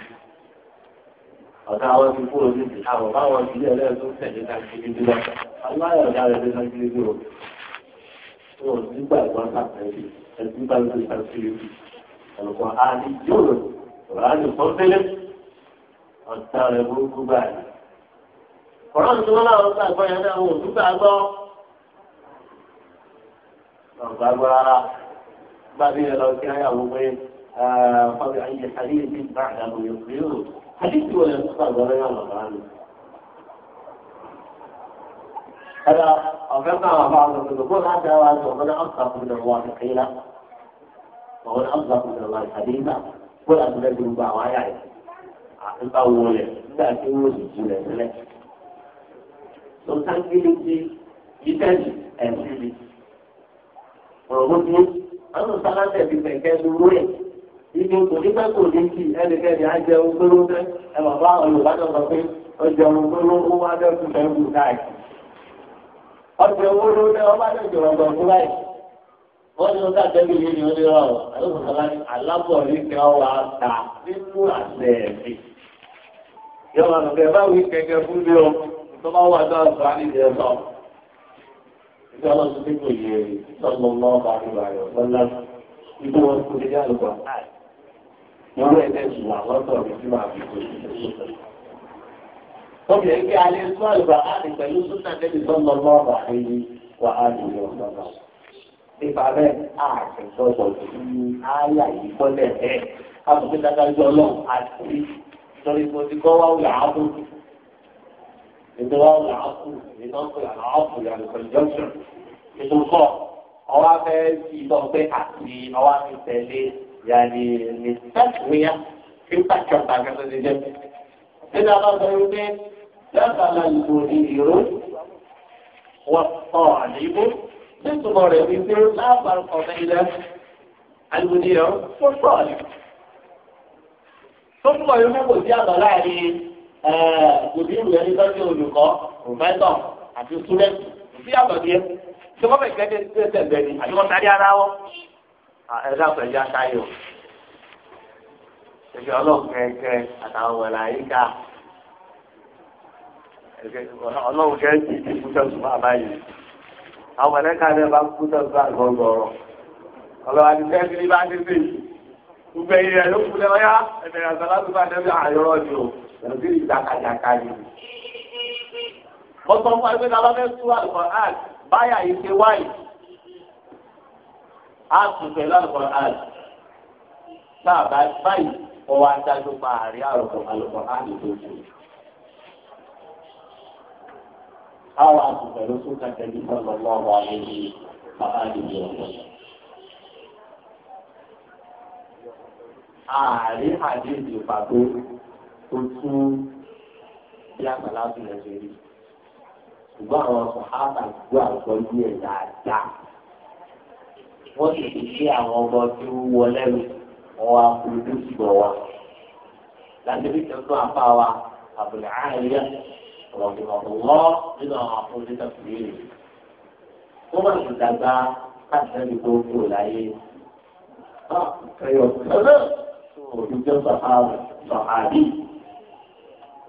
Ọ̀gá àwọn ti kúrò ní ti àwọn báwọn ti lé ẹlẹ́yìn tó tẹ̀lé káàkiri bí lọ. Aláyọ̀ ọ̀gá rẹ̀ lé káàkiri bí Wọ́n وبعد فضلت والطالب كبار فرانس ولا أصحاب يا نعم وزبع ضع وقالوا ما بين الأوكاية وبين فضل أي حديث بعد أبو يقبلون حديث ولا أصحاب ولا يا الله هذا أفرقنا مع بعض المدفور حتى هذا هو من أصدق من الله قيلة وهو من أصدق من الله حديثا kódà tó lẹ́gbẹ̀ẹ́ gbogbo àwọn ayà rẹ̀ àtúntà wo rẹ̀ nígbà tí wọ́n sì jù rẹ̀ sílẹ̀. Sọ̀tàn kiri ti ìtẹ́jì ẹ̀sìn mi. Ọ̀rọ̀ àwọn sàlátẹ̀ ti bẹ̀kẹ́ lóró ẹ̀. Ibi kò ní pẹ́ kò ní kí ẹnikẹ́ni á jẹ ohun gbóló fẹ́. Ẹ bàbá náà sọ pé ó jẹ ohun wá dẹ́kun fẹ́ Ọ̀sẹ̀ owó ló dẹ́ ọ wọ́n ní ọjà tẹ́lẹ̀ yìí ni ó lè rọ̀ àlọ́kùn sọ́lá ní alábọ̀rí kan wà ta nínú àṣẹ mi. yọ̀wọ̀ àgbẹ̀ bá wí kẹ̀kẹ́ fún mi o tó bá wà tó àṣọ àníjẹ sọ. ìjọ lọ sí pípò yìí sọ́nà mọ́ bàbá rẹ̀ ọ̀sọ́lá ibi wọn kò lè yá lùkọ́. irú ẹ̀ lẹ́sùn wà lọ́tọ̀ mi tí màá fi kò sí. Obìnrin kí alẹ́ sọ́ọ̀lù bàbá mi pẹ̀lú súnà nípa bẹ́ẹ̀ àṣẹ̀sọ̀sọ̀ sí àyà yìí kọ́lẹ̀ ẹ̀ káàpọ̀ pé dájájọ́ ọlọ́run àti ìtọ́rí mo ti kọ́ wáwù làákù ètò wáwù làákù ìná pé làákù yàrá conjunction ètò kọ́ ọwọ́ afẹ́ ti sọ pé àti ọwọ́ afẹ́ tẹ̀lé yàrá ní sẹ́kùnìyà kí pàṣẹpà kẹsàn ti jẹ́ nínú àbájọ yìí pé lẹ́sàn-án ìgbòdì ìró wọ́n tọ́ àlébó nítumọ̀ rẹ̀ ní pé láàbàrún ọ̀bẹ ilẹ̀ alùpùpù tó pọ̀ ní. tó pọ̀ yóò fẹ́ kò sí àgbà láàrin òbí ìròyìn ní tọ́jú olùkọ́ pòfẹ́tọ̀ àti súrẹ́tì kò sí àgbà bíẹ́. ṣé wọ́n fẹ́ kẹ́kẹ́ sí ẹsẹ̀ bẹ́ẹ̀ ni àbí wọ́n sáré ara wọn. ẹ dáàbò ẹja sáyé o. ṣèṣe ọlọ́run kẹ́kẹ́ àtàwọn wẹ̀lá yìí ká ọlọ́run kẹ́kẹ́ ti ti fún àwọn mọ̀lẹ́ka rẹ̀ bá kú tọ́gbà gbọ́gbọ́rọ̀ ọlọ́wà ní sẹ́ẹ̀sì ní bá ti sè gbogbo ẹ̀yìn rẹ̀ ló kú lẹ́ ọyá ẹ̀bẹ̀rẹ̀ àgbàlagbà bá dẹ́bí àyọ̀rọ̀ ni o lọ́sí ìdákàjàká ni. wọ́n sọ fún ẹgbẹ́ ta bá fẹ́ tú àlùkò àd báyà yìí ṣe wáyì á tún pẹ̀lú àlùkò àd tá a bá báyìí ọwọ́ adájọ́ pa àrí àlùkò àlùkò àd lójú. àwọn àtúntò ló tún kàtẹ́ ní sọ́dọ̀ lọ́wọ́ àwọn ẹni bàbá àdìgbò ọ̀pọ̀. ààrẹ àdéhùn ìpàgọ́ tó tún bí àgbàlá tó lè ṣe rí ṣùgbọ́n àwọn ọkọ̀ ábà gbọ́ àgbọ̀ yí ẹ̀ dáadáa wọ́n sì ti gbé àwọn ọmọ tí ó wọlé mi wọ́n wá kú lóṣù bọ̀ wá. làdébìtì ọdún àpá wa àbùlà àárín yẹn. رحمه الله من أعطوا لتفسيره ثم الدبا قد يكون إليه أيوة كذا وجد صحابي صحابي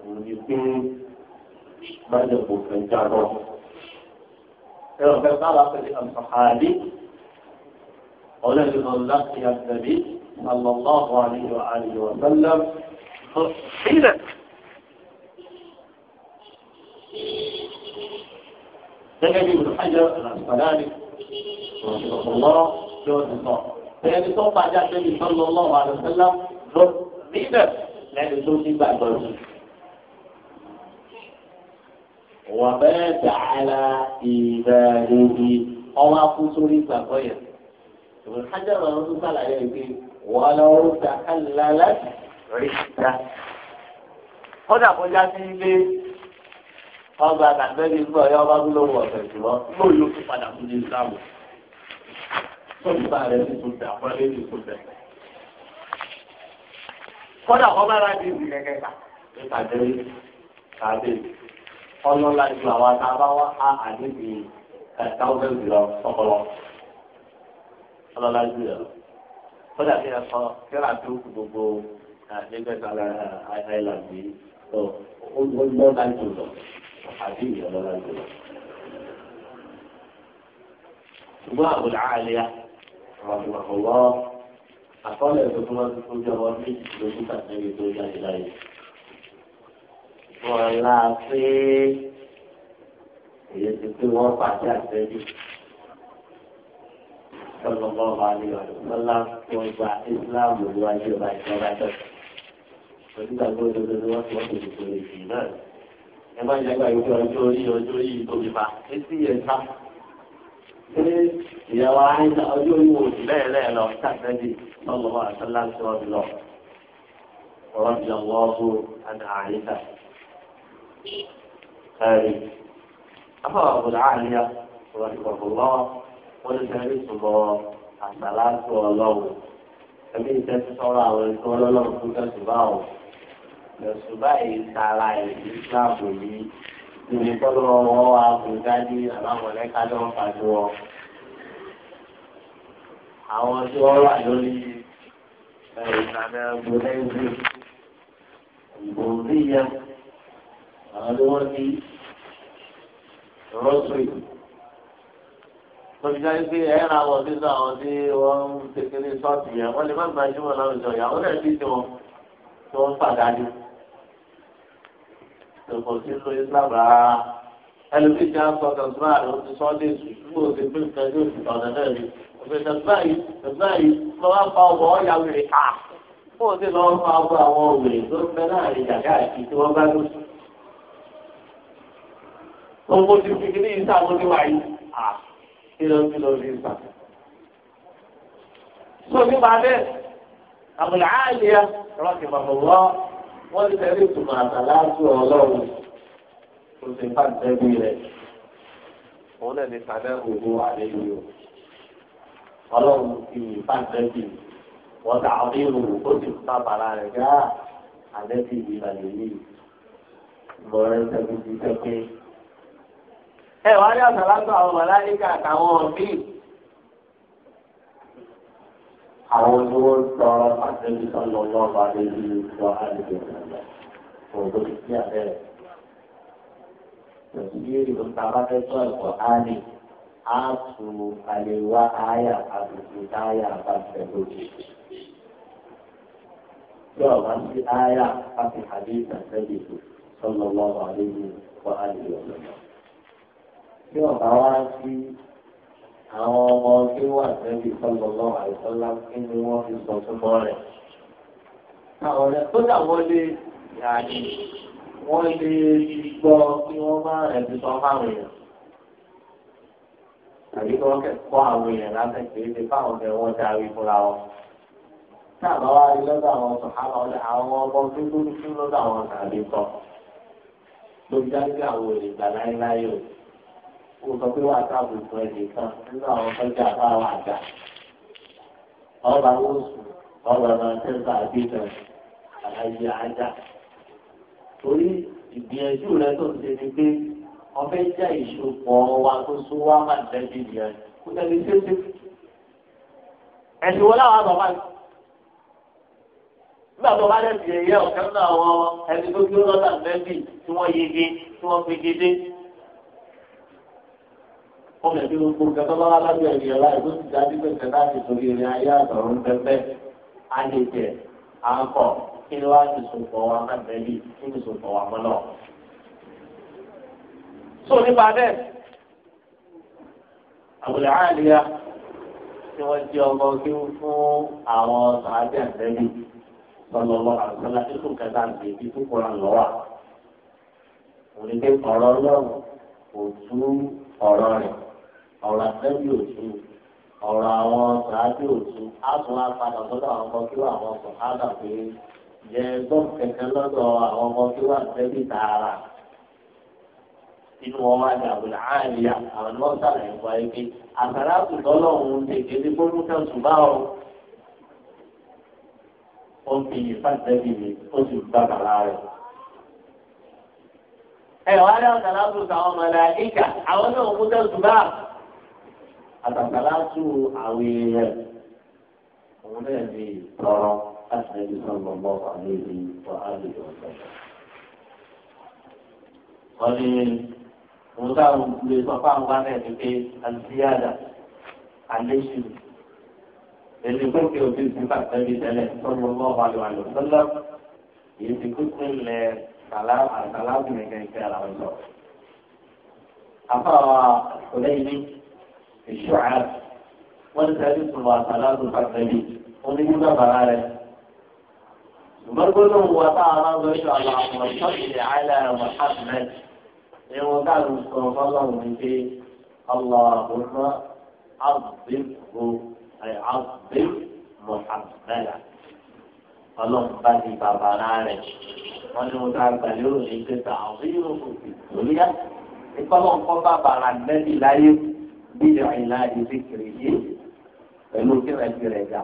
ويكون بعد بكرة جاره إذا كان قال الصحابي ولكن لقي النبي صلى الله عليه وآله وسلم حين gẹ́gẹ́ bí olùkájọ ìrànṣẹ́láàrí ọ̀rọ̀ lọ́ọ̀dù sọ. Ẹni tó pàjá sẹ́ni sọ́lọ́ lọ́wọ́ àdùnsẹ́lá lọ níbẹ̀ lẹ́ni tó nígbà gbọ́dọ̀. Wọ́n bẹ́ẹ̀ dàálà ìgbà lórí ọwọ́ akú sórí ìgbàgbọ́ yẹn. Olùkájọ ìrànṣẹ́ tó sàlàyé pé wọ́n lọ rú láti rí ìta. Kọ́dà kọjá sí ilé wọ́n gba àtàgbẹ́bí gbọ́ ọ̀yọ́ ọba gbólóhùn ọ̀sẹ̀ ṣùgbọ́n yóò yóò tún padà fún ní ìsìlámù. sọ́kùnbà rẹ̀ ti tún bẹ̀ àpọ́nlé kọ́dà kọ́ bá rà bíi ìrẹ̀kẹ́ ká nípa jẹ́rí ọlọ́lá ju àwọn àtàbá á àdébì ẹ̀ẹ́dáwọ́bẹ̀rù lọ sọ́kọlọ. ọlọ́lá ju ẹ̀rọ. kọ́dà kí ẹ sọ kíra tó gbogbo ẹ̀ẹ́dẹ́gbẹ̀ta àbí ìyọlọ́lá jùlọ. ṣùgbọ́n àbúlé àlẹ́yà ọ̀dùnmọ̀kànlọ́ àkọọ́lẹ̀ tuntun wọn tó jẹ́ wọn ní dókítà lẹ́yìn tó jáde láyé. wọ́n la pé èyí ti pé wọ́n pàṣẹ àtẹ́jú. Sọlọ́mọ́ wa ni ọ̀dùnmọ́lá tó gba Ísíláàmù níwájú ọba ìjọba ìjọba. Onígbàgbọ́ òdodo ni wọ́n ti wọ́n ti dìbò èyí náà ẹ má jẹ́ gbàgbé pé ọjọ́ orí ọjọ́ orí tóbi pa etí yẹn ká ṣé ìyàwó àìsàn ọjọ́ orí wo sí bẹ́ẹ̀ lẹ́ẹ̀ lọ sàtẹ́jì lọ́lọ́wọ́ àtàlà tí wọ́n fi lọ ọ̀rọ̀ ti lọ́wọ́ ọ̀hún àti àìsàn. ẹ̀rí afọwọ́ àbùdá àlíyá ọ̀rọ̀ ìkọ̀kọ̀ lọ́wọ́ wọ́n ti sẹ́rí sùnmọ́ àtàlà tí ẹ̀mí ìtẹ́sí sọ́rọ̀ àwọn ẹ̀kọ́ lọ́sùn báyìí tara ìlú ìsìláàmù yìí lórí kọ́lọ́ wọn wá kó dání àbáwọn ẹ̀ka lọ́wọ́ pàdé wọn. àwọn tí wọ́n wà lórí ìlànà gbòdẹ́gbò ìgbòmíyà àwọn tí wọ́n ní rọ́sùn tọ́jú jáde pé ẹ̀ ra wọ sínú àwọn tí wọ́n ń tẹ̀lé sọ́ọ̀tì yẹn wọ́n lè má gbajúmọ̀ láwùjọ ìyàwó náà sì ti wọn tí ń pàdánù kò sí lo islam rárá ẹlòmíì ti á sọ tẹ̀síwá rẹ̀ ó ti sọ dé ìṣubú òde pé nǹkan yóò fi ọ̀nà náà rí òfin tẹ̀síwá yìí tẹ̀síwá yìí lọ́wọ́ pa ọmọ ọ̀yà wèrè ká fún òde lọ́wọ́ pa ọmọ àwọn wèrè tó ń bẹ láàrin jàgá àti tí wọ́n bá lò sí. owó ti fi kíní yìí sáà lórí wáyé à kí ló ń bí lórí ìsà. sọ nípa bẹ́ẹ̀ àbùlà áàlì rọ́ọ̀kì wọ́n ti tẹ̀lé ìtumọ̀ àtàlájú ọlọ́run kò sì bá tẹ̀lé rẹ̀. òun náà ní sàdá òwò àlejò ọlọ́run ti yìn bá tẹ̀lé wọ́n ta ọdún ìrù ó sì fún bàbàrà rẹ̀ gá àlẹ́bí ìlànà yìí mọ̀rẹ́ tẹ̀lé ti tẹ̀lé. ẹ wá ní àtàlájú àwọn màláyíkà àtàwọn míì àwọn tí wọ́n tọrọ àtẹ́jú sọ́nà náà bá lè rí ìjọ àdìgbò ìrìnàjò fún tó ti sí abẹ́rẹ́. Tòsí bí èrò ta bá fẹ́ sọ ẹ̀kọ́ áàlì, á tu àlèwá áyà àbùkù táyà bá fẹ́ lókè. Tí ọ̀gá sí áyà á fi àdé ìtàsẹ́bì tó àwọn ọmọ tí wà lẹ́bi sọlọ́lọ́ àìsọ́lá kí ni fi sọ fún mọ́ rẹ̀. àwọn ọ̀rẹ́ tó dà lé yàrá wọ́n lè gbọ́ kí wọ́n má rẹ̀ sọ fáwọn èèyàn. tàbí kí wọ́n kẹ́kọ̀ọ́ àwọn èèyàn lásán kì í ṣe fáwọn ọ̀rẹ́ wọn darí fúnra wọn. náà wá rí lọ́dọ̀ àwọn sọ̀hálà àwọn ọmọ tó dúdú lọ́dọ̀ àwọn tàbí kọ́. lóbi dájú ó sọ pé wàá sáàbù fún ẹnì kan nínú àwọn ọjà bá wà dà ọba ó sùn ọba máa tẹ́ǹtà àbíkan àlàyé ajá torí ìgbìyànjú rẹ tó ń ṣe ni pé ọbẹ̀ já ìṣòpọ̀ wa tó sún wá máa dẹ́bi nìyẹn kó tẹ̀lé ṣéṣe ẹ̀sìn wo láwọn àbàbà yìí nígbà tó bá dẹ̀ ti ẹ̀yẹ ọ̀kẹ́ nínú àwọn ẹni tó kí ó lọ́tà mẹ́bì tí wọ́n yege tí wọ́n fi gede wọ́n mẹ̀ bí gbogbo nǹkan tó bá wá lábẹ́ ẹ̀rí ọ̀la ìlú ti dájú pé kẹta ti torí ìrìn ayé àtọ̀run pẹ́pẹ́ àlejẹ̀ àkọ́ kí ni wàá ti sòpọ̀ wa má bẹ́ẹ̀lì kí ni sòpọ̀ wa mọ́ náà. tó nípa bẹ́ẹ̀ àbùlé àlìyá tí wọ́n jẹ́ ọmọ kí ń fún àwọn sàájì àbẹ́lì sọlọ́lọ́ àgbọ̀lá tó kù kẹta àti èyí tó kọ́ra òní pé ọ̀rọ̀ ọlọ́run kò tú ọ̀rọ̀ rẹ̀ ọ̀rọ̀ àtẹ́bí òtú ọ̀rọ̀ àwọn sàájú òtú á tún á padà sọ́dọ̀ àwọn ọmọ kí wọ́n àwọn sọ̀ hábà pé yẹ gbọ́n kẹ̀kẹ́ lọ́dọ̀ àwọn ọmọ kí wọ́n àtẹ́bí tààrà inú wọn wá ní àbúlé àáríyá àwọn ni wọ́n sàlàyé wá ibi àtàrà àtúntò ọlọ́run ń tètè ní gbólúkẹ́ ṣùgbọ́n o ó ń fi yìí fàtẹ́bí mi ó sì gbà bàrà rẹ̀ ẹ̀ wá ní àtàrà àtúntò àwọn mọ̀lẹ́ àkíkà àwọn náà ń kú tẹ̀sùbá àtàkàlátù àwìn rẹ̀ òun náà ní tọrọ láti ẹni sọ̀rọ̀ mọ́ àlejò tó àlejò ọ̀sẹ̀. wọ́n ní òun táwọn lè sọ fáwọn bá náà ní pé àlùfíàdà àlejò ẹni tó kí òfin ti bá tẹ́lẹ̀ tẹ́lẹ̀ sọ̀rọ̀ mọ́ àlejò àlùfíàdà èyí ti kú sí ilẹ̀ àtàlátù nìkan ìfẹ́ àlàó sọ. àfàwà ọ̀lẹ́yìn ní. الشعاب والثالث الواصلات الحسنية ونجيب بغالة مرقلهم وطعنا بشع الله وصل على محمد يوضع المصطفى الله من فيه اللهم عظمه أي عظم محمدا اللهم بني بغالة ونوضع بلوغ كتعظيمه في الدنيا إذا قبع على النبي لا يكون bíyà ìlà ìdí kiri yìí pẹ̀lú kírẹ̀tì rẹ̀ ga.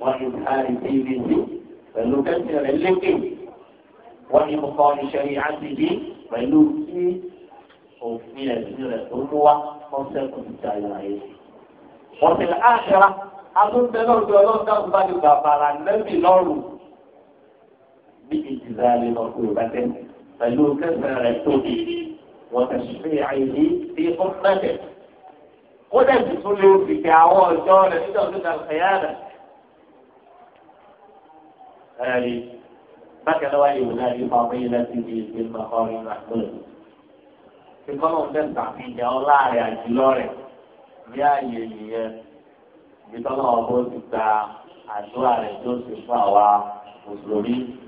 Wọ́n ní káàrí sí ibi yìí pẹ̀lú kẹ́sì rẹ̀ lékè. Wọ́n ní kọ́ ìṣẹ̀rí àti yìí pẹ̀lú kí òfin ẹ̀sìn rẹ̀ tó mú wá kọ́sẹ̀ kò ti ìlà yìí. Wọ́n ti lè áṣẹra atúntẹ́ ọlọ́dún bá ti gbà bàrà lẹ́bí lọ́rùn bí ìdìbò àlè lọ́kùnrin bá tẹ̀ pẹ̀lú kẹ́sì rẹ̀ tóbi. وتشريعه في أمته وده بيقول في كعوة الجارة كده وكده الخيانة هذه بكى لوالي ولادي فضيلة في المقام المحمود في قلم تنفع فيه يا الله يا جلوري يا يلي بيطلع أبوه بتاع عشوائي جوزي شواء ومسلمين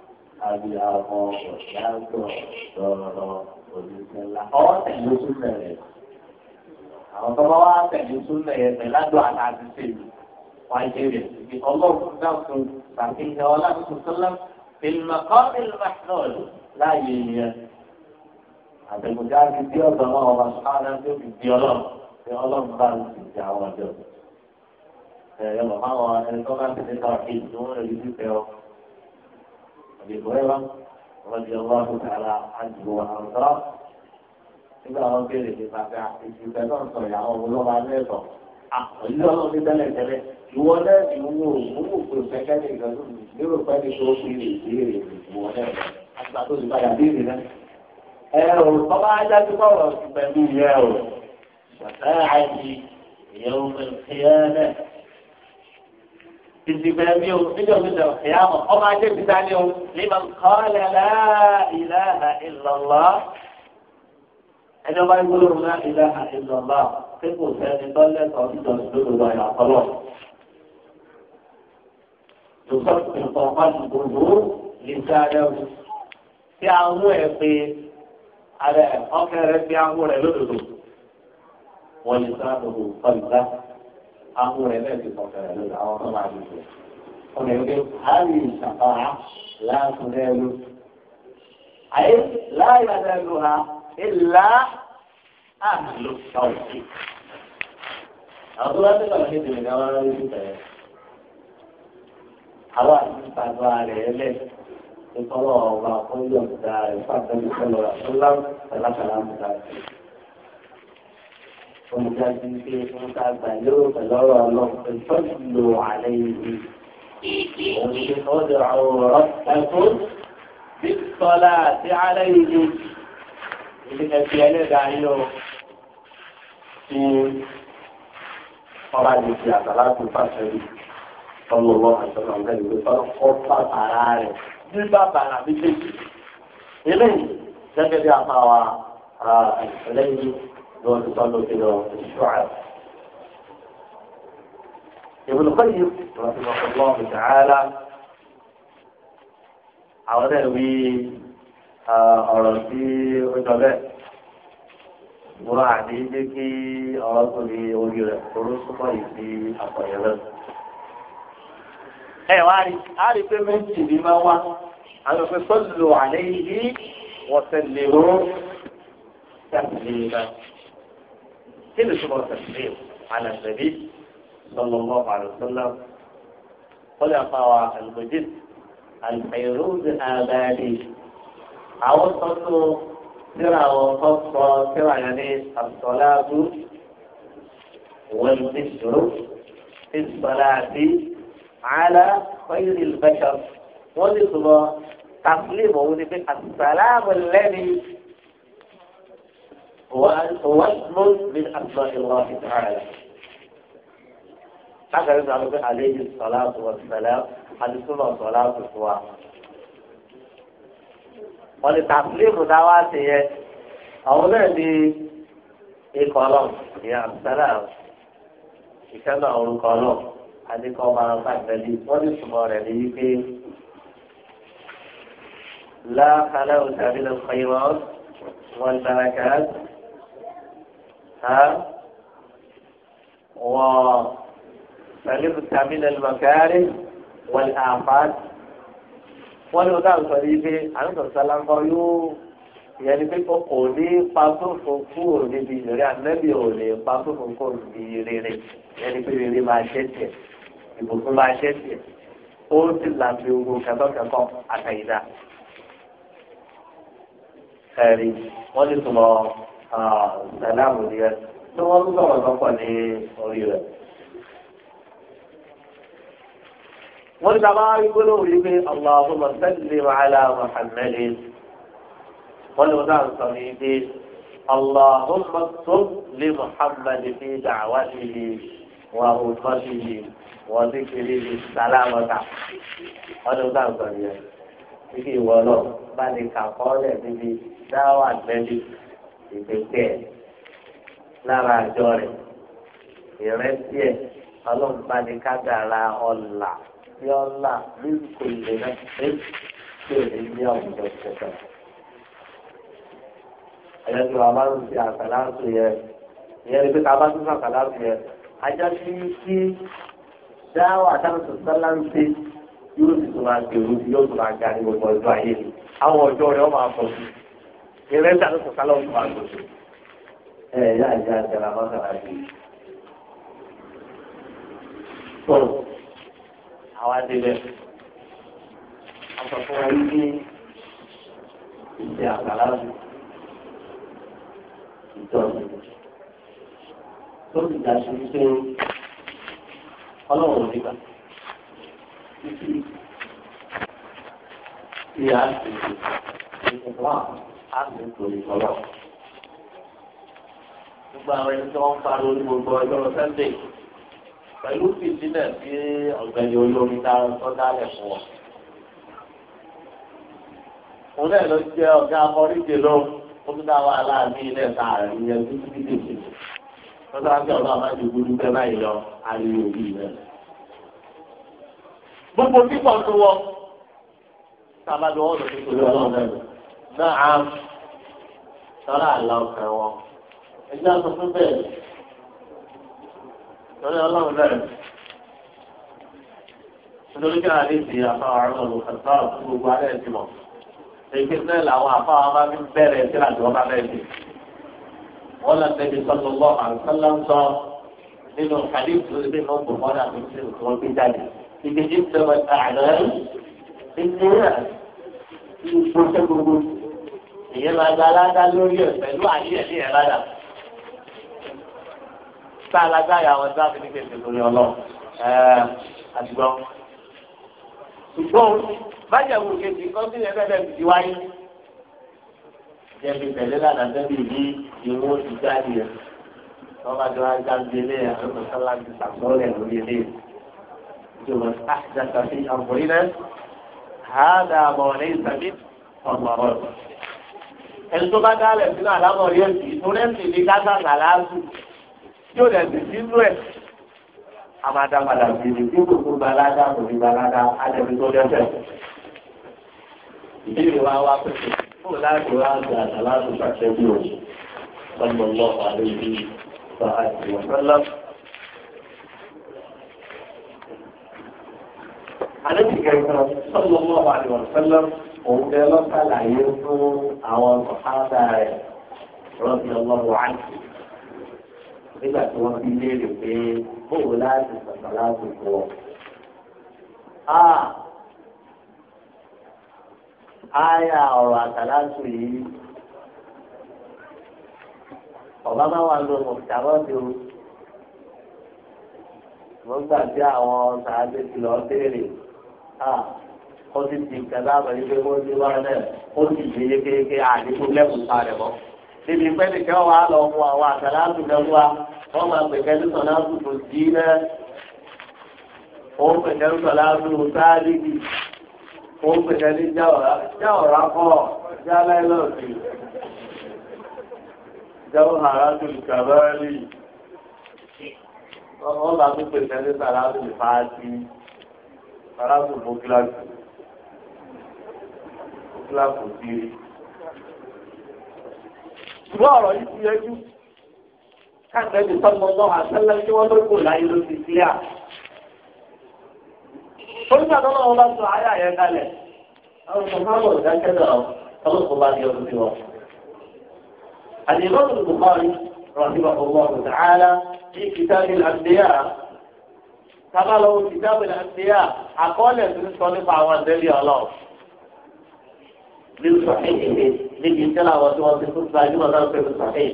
abiyamọ ọ̀dájọ́ lọ́rọ̀ oníṣẹ́lá. ọwọ́ tẹ̀lé súnlẹ̀ rẹ̀. àwọn tó bá wá tẹ̀lé súnlẹ̀ rẹ̀ pẹ̀lú àdó àtàtì sèlú wáyé rẹ̀ síbi ọlọ́run náà fún tàbí ìhẹ́ ọlọ́run sọ́lá fìlmọ̀kọ́ fìlmọ̀kọ́ láàyè yẹn. àtẹ̀gùnjá ti di ọ̀dọ̀ náà ọba sọ́lá tó fi di ọlọ́run pé ọlọ́run bá ń ti di àwọn ọjọ́. ẹ̀rọ أبي هريرة رضي الله تعالى عنه وأرضاه nígbà wọn béèrè ní bàbá ìdìbò náà sọ ìyàwó olóba lẹ́sọ̀ àpòlí ọlọ́run ní tẹ́lẹ̀ tẹ́lẹ̀ ìwọ náà ti wú òwú pé òfẹ́kẹ́ ní ìgbàlú lérò pé ní kí ó fi lè béèrè ìwọ náà àgbà tó ti padà béèrè náà. ẹ ò tọ́ba ajá tó bọ̀rọ̀ pẹ̀lú ìyẹ́ o bàtà àìsí ìyẹ́wò mẹ́rin ìdìbẹ̀mí o níjọ́ níjọ́ ìyáàmọ̀ ọmọ ajé bìtá ni o nígbà kọ́lẹ̀ láìláha ìlọ́lá ẹni ọba ìgbóló láìláha ìlọ́lá pé kò sẹ́ni tọ́lẹ̀ kan níjọ́ lódodo àyà ọlọ́ lùsọ́ ìfọ̀ pàṣẹ gbogbo lè sáré o tí àwọn ẹ̀ pé ara ẹ̀ ọkẹ́ rẹ̀ fi àwọn rẹ̀ lódodo wọ́n lè sáré o pàṣẹ أقول هذه الشفاعة لا تنال أي لا ينالها إلا أهل التوحيد أقول هذا الوحيد من أولا يجب àwọn àtúntà bá rẹ̀ lẹ̀ nítorí ọ̀rọ̀ àkọ́jọ́ ìdá ìfàdánù sọ̀rọ̀ olùdájú pé wọ́n ká gbà lérò pẹ̀lú ọ̀rọ̀ ọlọ́run pẹ̀lú ìlò àlẹ́ yìí. òun ṣe ọ̀dọ̀ àwòrán ẹ̀kọ́ bí sọlá àti àlẹ́ yìí ní ẹbí ẹlẹ́dàá yóò fi ọba lè fi àtàlà tó pàṣẹ yìí لو تصلوا كده الشعر ابن القيم رحمه الله تعالى àwọn ẹ̀wí ọ̀rọ̀ tí ó jọ bẹ́ẹ̀ múra àti jẹ́ kí ọ̀rọ̀ tó ní orí rẹ̀ toró súnmọ́ yìí sí àpọ̀yẹ̀ náà. ẹ wá rí a rí pé méjì ní máa wá àwọn òfin sọ́dọ̀ àlẹ́ yìí wọ́n tẹ̀lé ó tẹ̀lé náà kí ni túbọ̀ tẹ̀sí àlàsẹ̀bí sọlọ́mọ́ àlùsọ́lá wọ́n lè fa wa àlùmọ́jìn àlùmọ́ìrúdì àbáyé àwọn tọ́tù síra wọn kọ́ sọ síra yẹn ní àtọ́láàbù wọ́n ti ṣòro ìsọ̀láàbí àlà fẹ́yìrì ìbẹ́ṣọ̀ wọ́n lè túbọ̀ tàbílì mọ̀ wọ́n ti fi àtàlámù lẹ́ni. واسم من أسماء الله تعالى أخر نعرف عليه الصلاة والسلام على سنة صلاة الصلاة ولتعقليم دعواته أولا دي إقرام يا السلام ìkẹ́nà orúkọ náà adékọ́ máa ń sàgbẹ́lì wọ́n ní sùmọ́ rẹ̀ ní wípé láàkálẹ̀ وسلمت من المكاره والآفات wọ́n ní ọ̀dà nǹkan yìí pé àlùkò sálánkọ yóò yẹn ni pé kò ní pàtófò kúrò níbi ìrírí ànábì ò lè pàtófò kúrò níbi rere yẹn ni pé rere máa ṣe tiẹ̀ ìbùkún máa ṣe tiẹ̀ ó sì làbí ogun kẹtọ́kẹtọ́ àtàyídá. ẹ̀rí wọ́n ní tùmọ̀ sàlámù ni ẹ tí wọ́n ń sọ̀rọ̀ lọ́pọ̀ ní orí rẹ̀. wọ́n ti bá rí gbólóhùn yìí pé allahumma sallim ala muhammadin wọ́n lè wọ́n sọ ní pé allahumma tub li muhammad fi da'watihi wa ummatihi wa dhikrihi salamata wọ́n lè wọ́n sọ ní ẹ̀ ibi ìwọ náà bá lè kà lẹ̀ níbi dáwà lẹ́bi ìgbésẹ̀ lára àjọ rẹ̀ ìrẹsì ẹ̀ ọlọ́mùbánikágàrà ọ̀là tí ọ̀là lórúkọ ilé náà ṣe tí ò ní ní àwùjọ ìṣẹ̀dá. ẹ̀yẹ́ tí wàá bá ń fi àkàlà àtò yẹn ìyẹn ni pé ká bá tún àkàlà àtò yẹn ajá sí kí dáwọ́ àtàkùn sọ́lá ń ṣe yóò sì tún máa gbèrú yóò tún máa ga ní gbogbo ọjọ́ ayé ni àwọn ọjọ́ rẹ̀ wọ́n máa pọ̀ sí i ìrẹsà ló sọ̀tà lọ́wọ́ fún àgbòsí. ẹ ẹ yáa yáa jẹrà wọn kàrà bí. tó àwa débẹ̀ àtọ̀tọ̀ wọn ní ìṣe àkàrà ìjọba tó ti dà sí pé ọlọ́run ò ní gbà ìyá àti ìṣèjọba á sì sọlọ. gbogbo àwọn ẹni tí wọ́n ń parí orí gbogbo ọjọ́ sunday pẹ̀lú fìdílẹ̀ sí ọ̀gbẹ́ni olómi tó dálẹ̀ fún wọn. òun náà ló jẹ́ ọ̀gá akọ́ríje lóhùn ó tún dá wàhálà ní ilẹ̀ sàárẹ̀ ìyẹn tó ti dé sí. lọ́sọ̀rọ̀ àti ọ̀gá máa ti gbúdú bẹ́ẹ̀ báyìí lọ ariwo òbí rẹ̀. gbogbo pípọ̀ tó wọ sábà lọ́wọ́ lọ́sọ̀rọ̀ ọlọ́run náà náà sọ́ra àlọ́ ọ̀kan wọn. ẹgbẹ́ sọ fún bẹ́ẹ̀ lórí ọlọ́run náà nítorí kí wọ́n á lè di àfáwọn àrùn olùkọ́tà fún gbogbo alẹ́ ti mọ̀. èyí náà làwọn àfáwọn bá fi bẹ̀rẹ̀ sí àjọ bá bẹ̀rẹ̀ sí. wọ́n lọ tẹ̀lé sọ́lọ́gbọ́ àǹsọ́lá ń sọ nínú hadith lórí bí wọ́n bọ̀ wọ́n àti ṣe ìṣòro gbé jáde. ìgbésí ìṣòro àná ìṣòro ìṣòro gbogbo èyí máa gba aládá lórí ẹ̀ pẹ̀lú àyẹ̀lẹ̀ ẹ̀ ládà. tá a lágbára àwọn tí wọ́n fi ní kẹ̀kẹ́ lórí ọlọ́run ẹ̀ àdìgbọ́. ṣùgbọ́n bájẹ̀wò kejì kan sí ẹgbẹ́ bẹ́ẹ̀ ti wáyé. jẹ́bi tẹ̀lé lánàá bẹ́ẹ̀ bí ìwọ ti jáde rẹ̀. wọ́n bá jọ ajá ń délé ẹ̀ lọ́sọ̀ sọ́lá ti sàkọ́lẹ̀ lórí ilé ìjọba ah, àjàkà sí àbúrí náà. هذا ما ليس ẹni tó bá dálẹ̀ sínú àlámọ̀rí ẹ̀sìn ìtúrẹ́ sì ní kásáàkà láàzù yóò lẹ̀ sí sínú ẹ̀. àmàdà padà sí ní bí gbogbo balada kò ní balada alẹ́bí tó dẹ́sẹ̀. ìbéèrè wa wá pẹ̀lú fún láti wá àgbà àtàlásù pàṣẹ bí o sọmọ lọ́wọ́ àlẹ́ ìbí sàáàtì wọ́sọ́lá. Alẹ́ ti kẹ́kọ̀ọ́ sọ́mọ́ lọ́wọ́ àlẹ́ wọ́sọ́lá òun bẹ lọ́sàlàyé fún àwọn sọ̀hádà rẹ̀ rọ́bì ọlọ́run àìsí nígbà tí wọ́n fi léèrè pé bóòwò láti sọ̀tà lásìkò ọ̀. Aya ọ̀rọ̀ àtàlásù yìí ọba máa wà lọ mọ̀tàbọ̀ ni o. Wọ́n gbà tí àwọn sàádé ti lọ béèrè. ó ti di ìkẹlẹ àbẹ̀lẹ́ pé ó ti wá náà ó sì yé yékéyéké àdínkù lẹ́kùn pa rẹ̀ mọ́. níbi pẹ́ẹ́lí kẹ́ lọ àwọn àtàlà wá wọ́n máa sọ̀nà àtúntò náà ó sọ̀nà àtúntò ó kọ́ kàbáyé wọ́n máa tún islam kò sí rí. ṣùgbọ́n ọ̀rọ̀ yìí ti yẹjú káàkiri sọ́gbọ́n náà àtẹ́lẹ́ tí wọ́n ló kò láyé ló ti sílẹ̀. Onígbà tó náà wọ́n bá sọ ayé àyẹ̀ kalẹ̀. Àwọn ọ̀sán bọ̀ dákẹ́ náà ọlọ́sọ̀ bá di ọdún sí wọn. رحمه الله تعالى في كتاب الأنبياء tábà lọ́wọ́ kìtàbù ìlànà àkọọ́lẹ̀ tó ń sọ nípa ní sọ̀hìn ìdè níbi ìtẹ́lá wọn tí wọ́n ti fún gbajúmọ̀ náà pé ní sọ̀hìn.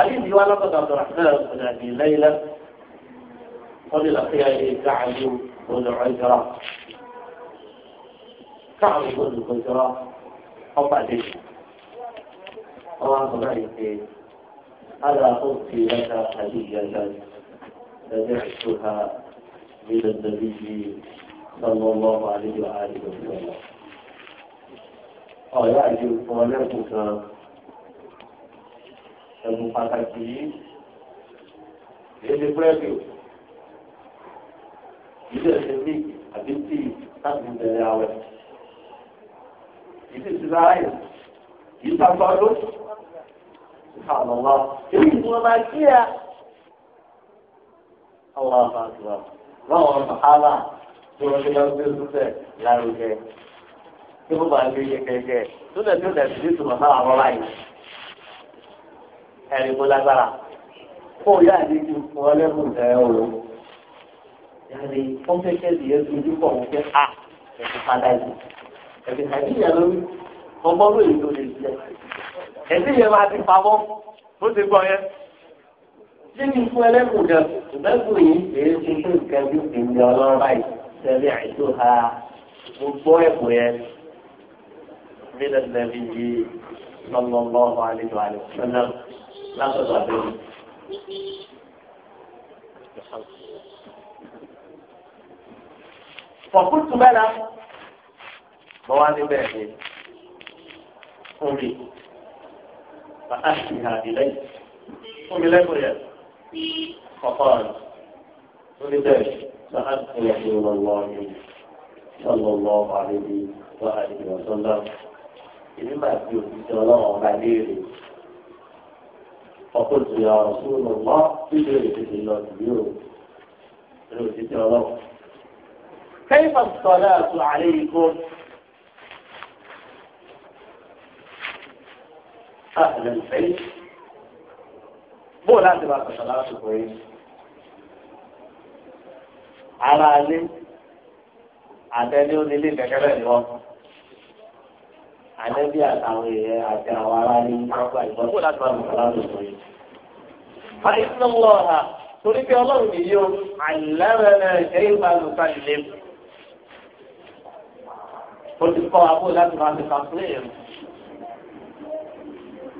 حديث يوانا قد عبد الرحمن بن أبي ليلى قبل قيام كعب بن عجرة كعب بن عجرة أو بعدين أو عن صديقه ألا أوصي لك هدية سمعتها من النبي صلى الله عليه وآله وسلم ọ̀rẹ́ àjò kan lẹ́kùn kan ẹ̀bùn pàtàkì yìí èdè búrẹ́dì ìdí ẹ̀sẹ̀ mi àbí tí láti bẹ̀rẹ̀ àwẹ̀ ìdí ìsìlá ayò yìí sábà ló sàlọ́wọ́ èyí ni wọ́n máa kí ẹ. Àwọn àbàtúwà, báwọn ọ̀rọ̀ àbá tí wọ́n ṣe máa ń gbé lárugẹ tí wọ́n máa ń gbé yẹkẹyẹkẹ tó lẹ̀ tó lẹ̀ sí ìtumọ̀ sára wọn báyìí ẹ̀rí kó lágbára kó o yáa di ju fún ọ lẹ́kùn ẹ̀ o yàrá wọ́n fẹ́ kẹ́sì yẹn tuntun pọ̀ wọ́n fẹ́ a ẹ̀fí padà yìí ẹ̀fí àti ìyá lórí ọgbọ́n lóye tó lè jẹ ẹ̀fí yẹn máa ti pamọ́ bó ti gbọ́ yẹn nínú ikú ẹlẹ́kùn dẹ̀ ṣùgbọ́n kò yí èé ṣe fún ìkẹ́jú ìdí ọlọ́run báyìí. سمعتها من مبوئة من النبي صلى الله عليه وسلم لا تضعبين فقلت بلى بواني بيتي قومي فأحكيها إلي قولي لا قولي فقال قولي قومي سألت رسول الله صلى الله عليه وآله وسلم إنما أبدو في سلام عليه فقلت يا رسول الله تدري في الله اليوم كيف الصلاة عليكم أهل البيت مو لازم أبقى صلاة كويس ara alé àtẹni onílé kẹkẹrẹ ni wọn àtẹni àtàwọn èèyàn àti àwọn ará alé nípa ìbọn kó láti máa bùkún láti sọ yìí. fàìsàn lọ ha torí pé ọlọ́run nìyí o àlẹ́rẹ̀ẹ́rẹ́ ẹ̀yìn máa lù sáré lé. ó ti kọ́ abó láti máa fi kàfúlẹ̀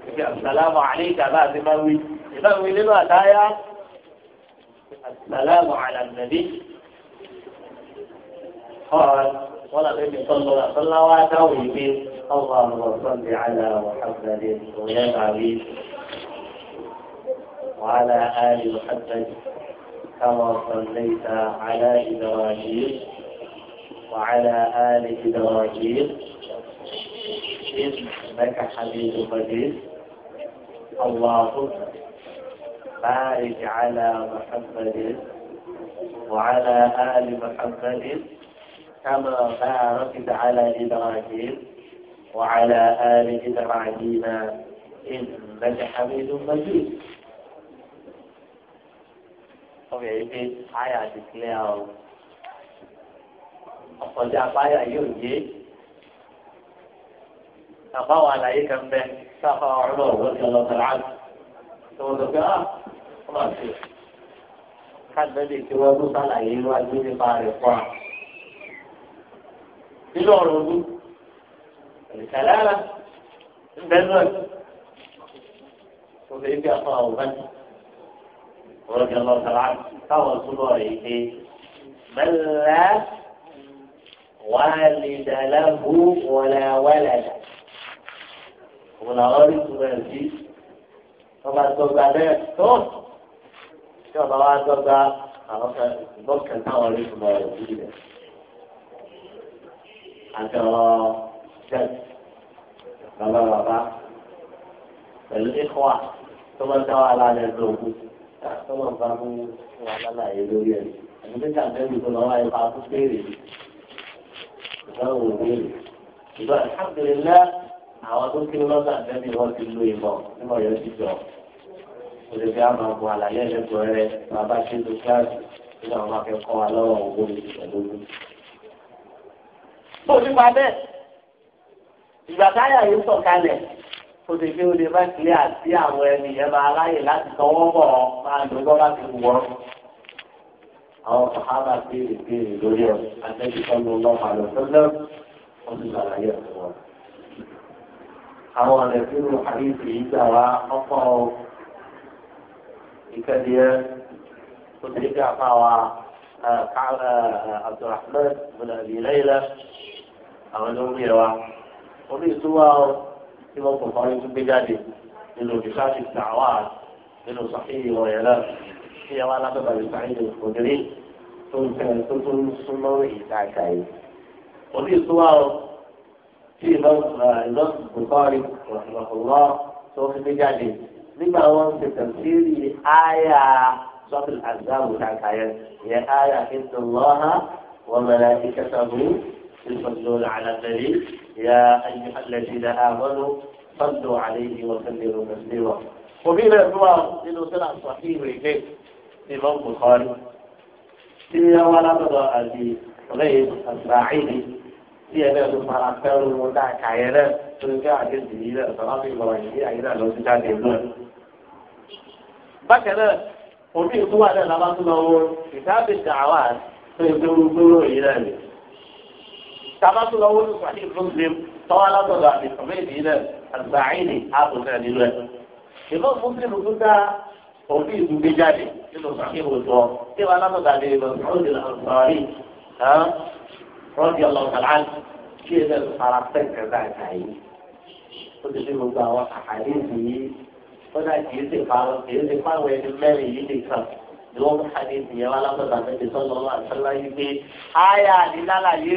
ìfi àsàlámù àlékà bá a ti máa wí ìbáwí nínú àtáyá àsàlámù àlàmẹ́lì. قال ولا النبي صلى صلى عليه واتوا به اللهم صل على محمد ويا علي وعلى آل محمد كما صليت على إبراهيم وعلى آل إبراهيم إنك حميد مجيد اللهم بارك على محمد وعلى آل محمد كما باركت على إبراهيم وعلى آل إبراهيم إنك حميد مجيد Okay, yìí pé àyà ti kílẹ̀ ọ́ ọ̀pọ̀jà báyà yóò yé Apa àlàyé kan bẹ sáfà ọ̀rọ̀ ọ̀rọ̀ ti ọlọ́tọ̀ láàbù tó wọ́n tó gbé ọ́ ọmọ àti káàdì bẹ́ẹ̀ lè ti wọ́n tó sàlàyé كله على الوضوء الكلالة بذل وفي إبقى أخوه وغن ورجى الله تعالى تعالى الله عليه من لا والد له ولا ولد ولا أرد ولا شيء طبعا تبقى ذلك تون شو طبعا تبقى خلاص نبقى نتعالى كله عليه àjọ ṣẹ́t bàbá bàbá pẹ̀lú ìkọ́wà tó máa ń dá wà láàrin ẹgbẹ́ tó máa ń bá mú wà lálàyé lórí ẹ̀ ẹ̀mí nígbà tẹ́lẹ̀ tó lọ́wọ́ ẹ̀ bá tó béèrè ìdáhùn òbéèrè ìgbà alhamdulillah àwọn tó kí lọ́sà tẹ́lẹ̀ wọ́n ti lo ìmọ̀ nímọ̀ yẹn ti jọ olùgbé a máa bọ àlàyé ẹlẹ́gbọ̀n rẹ bàbá ṣe lóṣáàtì nígbà wọn máa fẹ́ kọ́ wa lọ́wọ́ òwò ìṣẹ̀lógún tó nípa bẹ́ẹ̀ ìgbà táyà yìí sọ̀ kalẹ̀ kó lè fi olè má kílẹ̀ àti àwọn ẹni yẹn máa láyè láti tọwọ́ bọ̀ ọ́ máa lò lọ́ láti wù ọ́. àwọn sàhábà béèrè béèrè lórí ọ̀ àtẹ́jú sọ́nù ọlọ́pàá lọ sọ́nà ó sì ṣàlàyé ẹ̀ fún wọn. àwọn ọ̀rẹ́ tí mo parí sí i gbà wá ọkọ̀ ìkẹ́díẹ́ tó ti gbà fáwa Abdulrahman bin Abi Layla àwọn ló ń gbé wa orí ìtúwà ọ tí wọn kò kọrin tó gbé jáde nínú bísáàtì tàwa nínú sàkéyì wọn yẹn náà tí ẹ wá látọ̀dọ̀ bísáàtì òdìrí tó ń tẹ tó tó ń súnmọ́ ìdáka yìí orí ìtúwà ọ tí ìlọsùn bùkọ́rin tó fi gbé jáde nígbà wọn ṣe tẹ̀síìrì àyà sọ́tìlì àzáwò kàkà yẹn ìyẹn àyà ìtòlọ́hà wọ́n mẹ́rẹ̀ ìkẹsàn يصلون على النبي يا أيها الذين آمنوا صلوا عليه وسلموا تسليما وبين الأنواع إنه سنة صحيح ويكيف إمام بخاري هي ولا تضاء في غير أسماعيلي في أن تسمع الأفكار المتاع كعيانا تلقى عدد جديدة صلاة إبراهيمية عيانا نعم، لو تتعب يبنون بكنا ومن قوة لنا لما كتاب الدعوات فيبدو نورو إلى tabatu lọ wọlé fún àdéhùn muslim tọ́wọ́ alátọ̀dọ̀ àti ọ̀mẹ́ẹ̀dì ilẹ̀ àgbàáyìnì ààbò náà nílò ẹ̀. ìbọn muslim tó dá òbí ìdúgbé jáde nínú sàkéwò tó tí wọn alátọ̀dọ̀ àti ìbọ̀sọ̀rọ̀dì lọ́sọ̀rọ̀rì rọ́dì ọlọ́ọ̀tàlán kí ẹ lẹ́nu fara pẹ́ẹ́tẹ̀ dáadáa yìí. ó ti fi gbogbo àwọn àhàlẹ́sì yìí ó dá kìí ṣe fáwọn kìí ṣe fáwọn ẹni mẹ́rin yìí nìkan ni wọ́n mú àdéhùn yẹn wọn alátọ̀dọ̀ àti ìbọ̀sọ̀rọ̀rì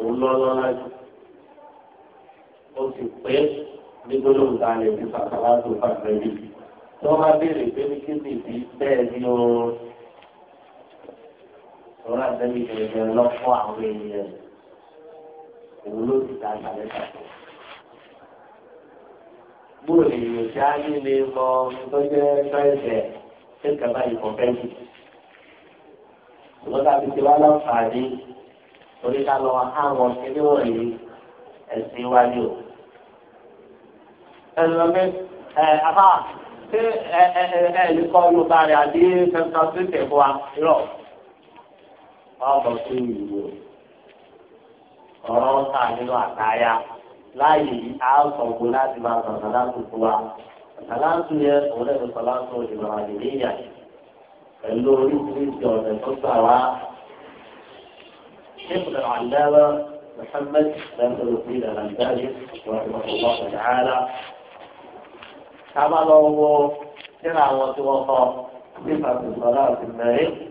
òun lọ́lọ́lá jù ó sì pé nígbóló nǹkan lè fi fàkàlà tó fàkàlà rí tí wọ́n bá béèrè pé ní kíndì fi bẹ́ẹ̀ ní oorun òun àtẹ́bí kẹ̀kẹ́ lọ́kọ́ àwọn èèyàn òun ló ti ta àgbàlẹ́ pàtó bóòlù ìròjà líle mọ tọ́jú fẹ́ǹsẹ̀ ṣé kaba ìkọ̀fẹ́ǹsì. Ìwọ́n tàbí ti wá láǹfààní torí ká lọ àwọn kíní wọ̀nyí ẹ̀sìn wáyé o. ẹnlọmí ẹ afa ṣé ẹ ẹ ẹ ẹ kọ́ yorùbá rẹ̀ àbí fẹ́fẹ́ sí tẹ̀kọ́ wa rọ̀ ọ̀bọ̀ sí ìlú ọ̀rọ̀ ń kà nínú àtàyà láàyè àásọ̀gbó láti máa sàn sàdáńtù fún wa sàdáńtù yẹn òun lẹ́nu sàdáńtù ìmọ̀ràn ìléyà pẹ̀lú oríṣiríṣi ọ̀nà tó gbà wá. شيخنا العلامة محمد ناصر الدين الألباني رحمه الله تعالى كما لو سمع وتوفى صفة صلاة النبي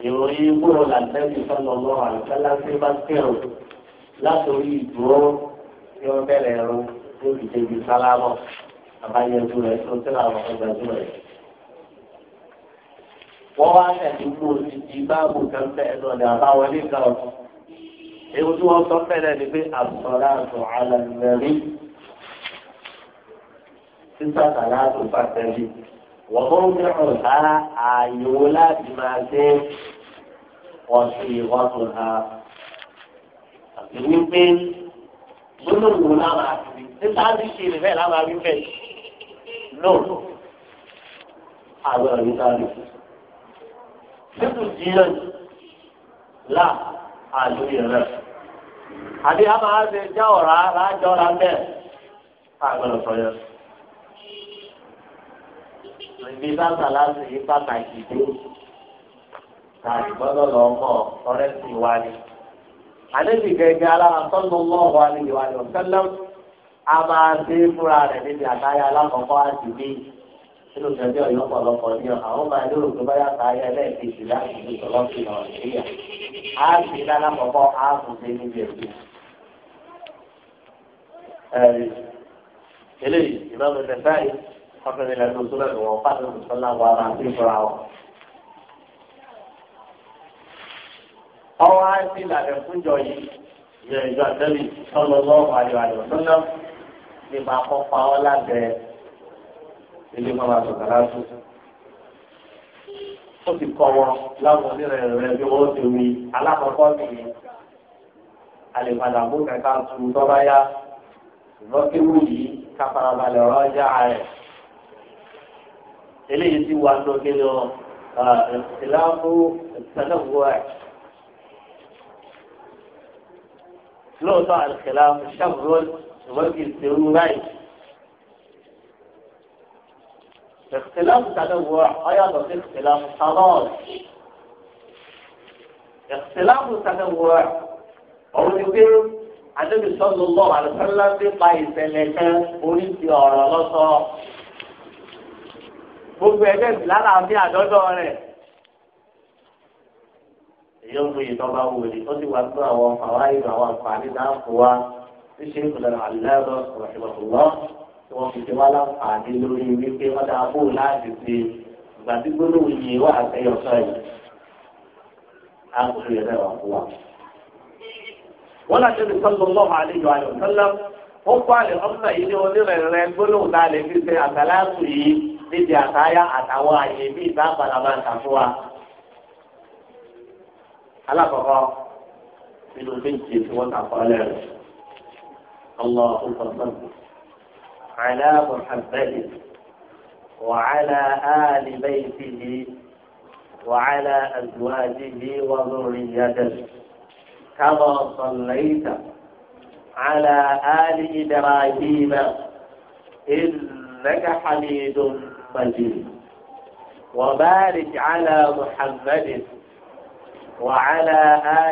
يقول النبي صلى الله عليه وسلم في مسكره لا تريد يوم بلغه يوم تجي سلامه أبا يزور يسوع سلامه أبا يزور wọ́n wá tẹ̀lé kúrò sí ti báàbò kẹfẹ́ ẹ̀dọ̀ ní àbáwọlé kan ọ̀tún. ewu tí wọ́n sọ fẹ́lẹ̀ ni pé àbùsọ̀rọ̀ àtọ̀ alàmẹ́rí sísá sàlátù pàtẹ́lì wọ́n mọ̀ ń bẹ̀rù sára àyèwò láti máa ṣe ọ̀sìn ìwọ́sùn ha. àti wípé gbólóhùn láwọn àti nípa ti ṣe lè láwọn àbí fẹ́ sẹ́kù díẹ̀ là àlóyè rẹ̀. àbí a máa ṣe já ọ̀rá lájọ́ra bẹ́ẹ̀ àgbẹ̀rẹ̀ sọ̀yọ́. ìbí bàtà láti yí pàtàkì dé tàbí gbọ́dọ̀ lọ mọ̀ ọ̀rẹ́ sì wá ní. àdébì gẹ́gẹ́ alára sọ́nù mọ́ wà ní ìwà ìwọ̀sẹ́lẹ̀ a máa ṣe fúnra rẹ̀ níbi àtàyà alákọ̀ọ́kọ́ àti bíi nínú ìṣẹ́jọ́ yìí lọ́pọ̀lọpọ̀ ní àwọn máa lérò pé báyà ká ayé ẹlẹ́ẹ̀kejì láti ìlú tọ́lọ́sì náà níyà á sì dáná kọ̀kọ́ á kò dé níbi ẹ̀kú. eléyìí ìbámu ẹ̀fẹ̀ báyìí ọkùnrin ilẹ̀ tó sọ́lá ìwọ̀n fáwọn olùsọ́lá wa máa fi fúra wọn. ọwọ́ á sì làbẹ̀ fúnjọ yìí ìjọ àtẹ́lẹ̀ sọ́lọ́ lọ́wọ́ ilé máa máa sọ̀tà láti. ó ti kọ́ wọn láwọn onírẹ̀rẹ̀ bí wọ́n ti wí alákọ̀ọ́kọ́ sí i. àlèpadà mú kẹ̀kẹ́ tu tọ́ba yá ṣùgbọ́n kéwù yìí ká farabalẹ̀ ọ̀rọ̀ ọjà rẹ̀. eléyìí ti wà ní òkèlè ọ ìlànà ìtẹ̀lẹ̀ wọ̀ ẹ̀. lóòótọ́ àlùkìlà ṣàbùrọ̀ ìwọ́n kì í ṣerú báyìí. اختلاف تنوع أيضا اختلاف حلال اختلاف تنوع أولئك النبي صلى الله عليه وسلم في قيس لك أولئك أرى لصا gbogbo ẹgbẹ́ ìlànà àbí àdọ́dọ́ rẹ̀ èyí ń gbìyànjú ọba wòlé ó sì wá sí àwọn àwọn àìsàn àwọn àǹfààní náà fún wa ṣíṣe ìkùnà àlẹ́ lọ́sọ̀rọ̀ ìwà tó lọ́sọ̀rọ̀ tí wọ́n fi ṣe wá láǹfààní lórí wípé wọ́n dáa bò láti ṣe ìgbà tí gbólóhùn yìí wà àtẹ́yọ̀ sọ́yìn á kò lè rẹ̀ wà fún wa. wọ́n láti ṣe sọ́dọ̀ lọ́wọ́ àlejò ayọ̀ sọ́lá ó kọ́ àlè ọ̀sán yìí ní onírẹ̀rẹ̀ gbólóhùn tá a lè fi ṣe àtàlásù yìí níbi àtàyà àtàwọn àyè bí ìta àpàlàmà ń ta fún wa. alákọ̀ọ́kọ́ nínú méjì tí wọ́n ta kọ́ lẹ́rìí. الله أكبر على محمد وعلى آل بيته وعلى أزواجه وذريته كما صليت على آل إبراهيم إنك حميد مجيد وبارك على محمد وعلى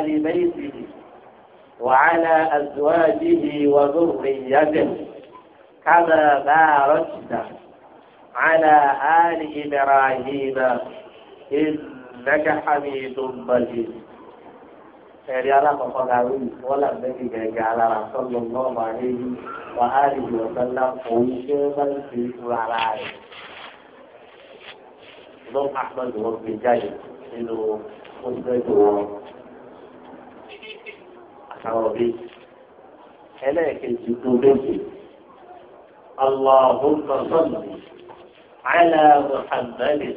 آل بيته وعلى أزواجه وذريته كما باركت على آل إبراهيم إنك حميد مجيد ẹ̀rí alákọ̀ọ́kọ́ dàrú ìfọ́lá bẹ́ẹ̀ gẹ̀gẹ̀ alára sọ́lọ́ lọ́wọ́ àléyìn wà á rí ìwọ̀sánlá òun tí ó bá ń fi fúra ara rẹ̀. lọ́wọ́ ahmed wọn gbé jáde nínú oṣù wọn àtàwọn òbí ẹlẹ́ẹ̀kejì tó bẹ́ẹ̀ اللهم صل على محمد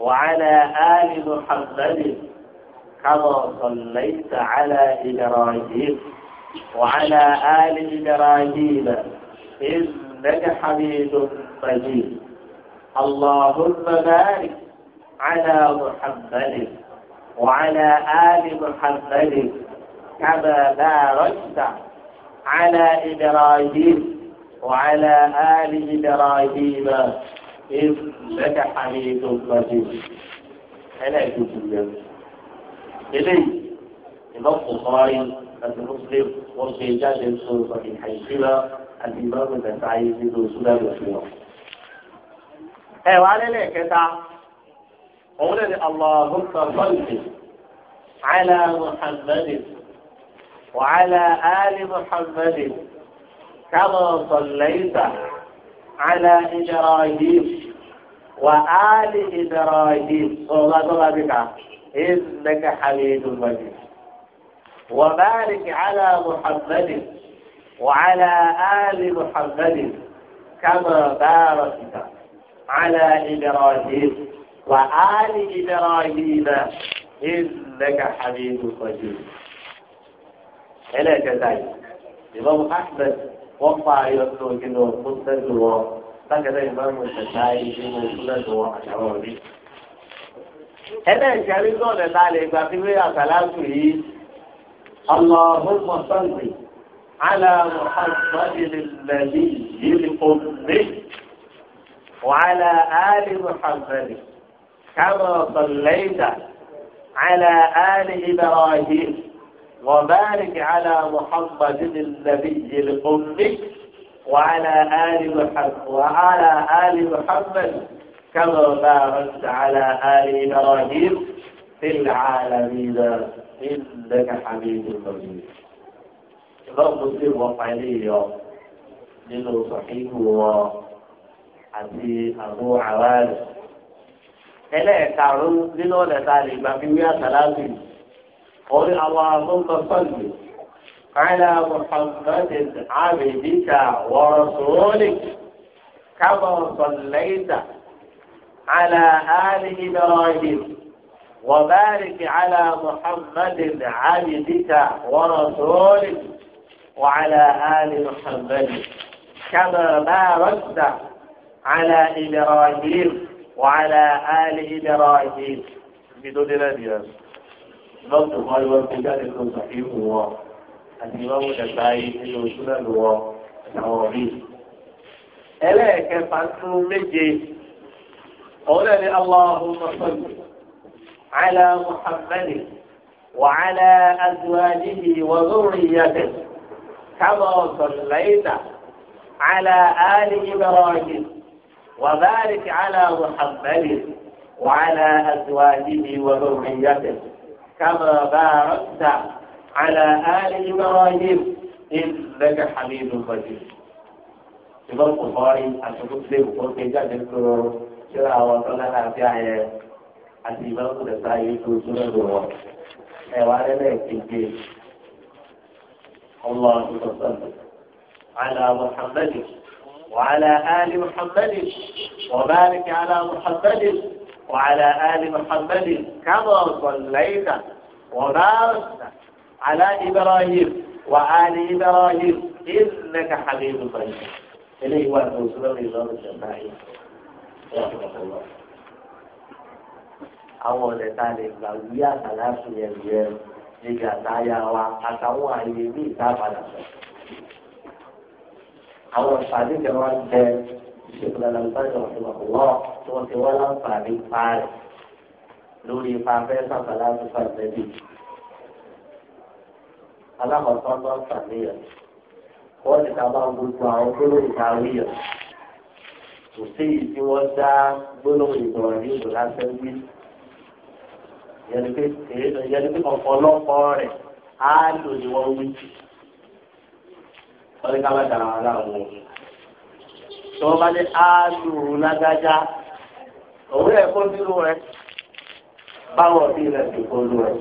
وعلى آل محمد كما صليت على إبراهيم وعلى آل إبراهيم إنك حميد مجيد اللهم بارك على محمد وعلى آل محمد كما باركت على إبراهيم وعلى آل إبراهيم إنك حميد مجيد أنا أجيب اليوم إلي إمام البخاري المسلم جاد السلطة في حيثما الإمام النسائي في رسول مسلم وعلى على لكتا قول اللهم صل على محمد وعلى آل محمد كما صليت على إبراهيم وآل إبراهيم صلى بك إنك حميد مجيد وبارك على محمد وعلى آل محمد كما باركت على إبراهيم وآل إبراهيم إنك حميد مجيد إلى كذلك الإمام أحمد wọ́n fa ayọ̀ tó gínú fún sẹ́dù wọn lágẹ̀dẹ̀ ìmáàmù ìṣẹ̀dá ìdínú sẹ́dù wọn àṣàwọn òní. ẹlẹ́yìn kẹrí lọ́ọ̀dẹ̀ tá a lè gbà sí pé àtàlágù yìí ọlọ́ọ̀húnmọ̀ sọ́ọ̀dì aláàmù àgbàdìlélẹ́lì yìí omi wàhálà áàlì muhammadu kàmọ́ sọ̀lẹ́dà àlà áàlì ibrahim. وبارك على محمد النبي الأمي وعلى آل محمد وعلى آل محمد كما باركت على آل إبراهيم في العالمين إنك حميد مجيد. رب مسلم وفعلي منه صحيح sọ̀híhù أبو àti àbú àwárẹ̀. ẹlẹ́ẹ̀karùn-ún nínú ọ̀nà tá a قل اللهم صل على محمد عبدك ورسولك كما صليت على آل إبراهيم وبارك على محمد عبدك ورسولك وعلى آل محمد كما باركت على إبراهيم وعلى آل إبراهيم بدون نبي الإمام البخاري والمجاهد يكون صحيح هو الإمام النسائي nínú súnà lọ́wọ́ àwọn míì. ẹlẹ́ẹ̀kẹfà tó méje ọ̀hún ẹni aláhùnmá sọ́jú على محمد وعلى أزواجه وذريته كما صليت على آل إبراهيم وبارك على محمد وعلى أزواجه وذريته كما باركت على آل إبراهيم إنك حميد مجيد إمام البخاري المسلم قلت جاد ذكر شرع وصلنا في آية الإمام النسائي في سورة الروح حيوان لا اللهم صل على محمد وعلى آل محمد وبارك على محمد وعلى آل محمد كما صليت وباركت على إبراهيم وآل إبراهيم إنك حميد مجيد إليه هو الموسوم لله الجماعي رحمه الله àwọn ọ̀nà tá a lè gbà wí àtàlà fún yẹn yẹn nígbà tá a yà wá àtàwọn àyè ní ìta padà sọ. àwọn ìpàdé kan wá ń ṣèkúlẹ̀ làlùbáyọ̀ ìwàkùwọ́ tí wọ́n ti wá láǹfààní parí lórí ìfàfẹ́ sàkàlà àtúfà ìtẹ́bí. alákọ̀ọ́kọ́ tó ń sàníyàn wọ́n ti ta bá gbogbo àwọn gbólóhùn ìtàwíyàn kò sí èyí tí wọ́n dá gbólóhùn ìgbọ̀ràn ní ìlú lásán gbé yẹni pé ọ̀pọ̀lọpọ̀ rẹ̀ á lò ní wọ́n wí. wọ́n ní ká má dara wọn láwọn ohun tọ́wọ́ bá ní áàlù lágájá òwúrọ̀ ẹ̀kọ́ dúró rẹ báwọn òbí rẹ ti kọlu rẹ.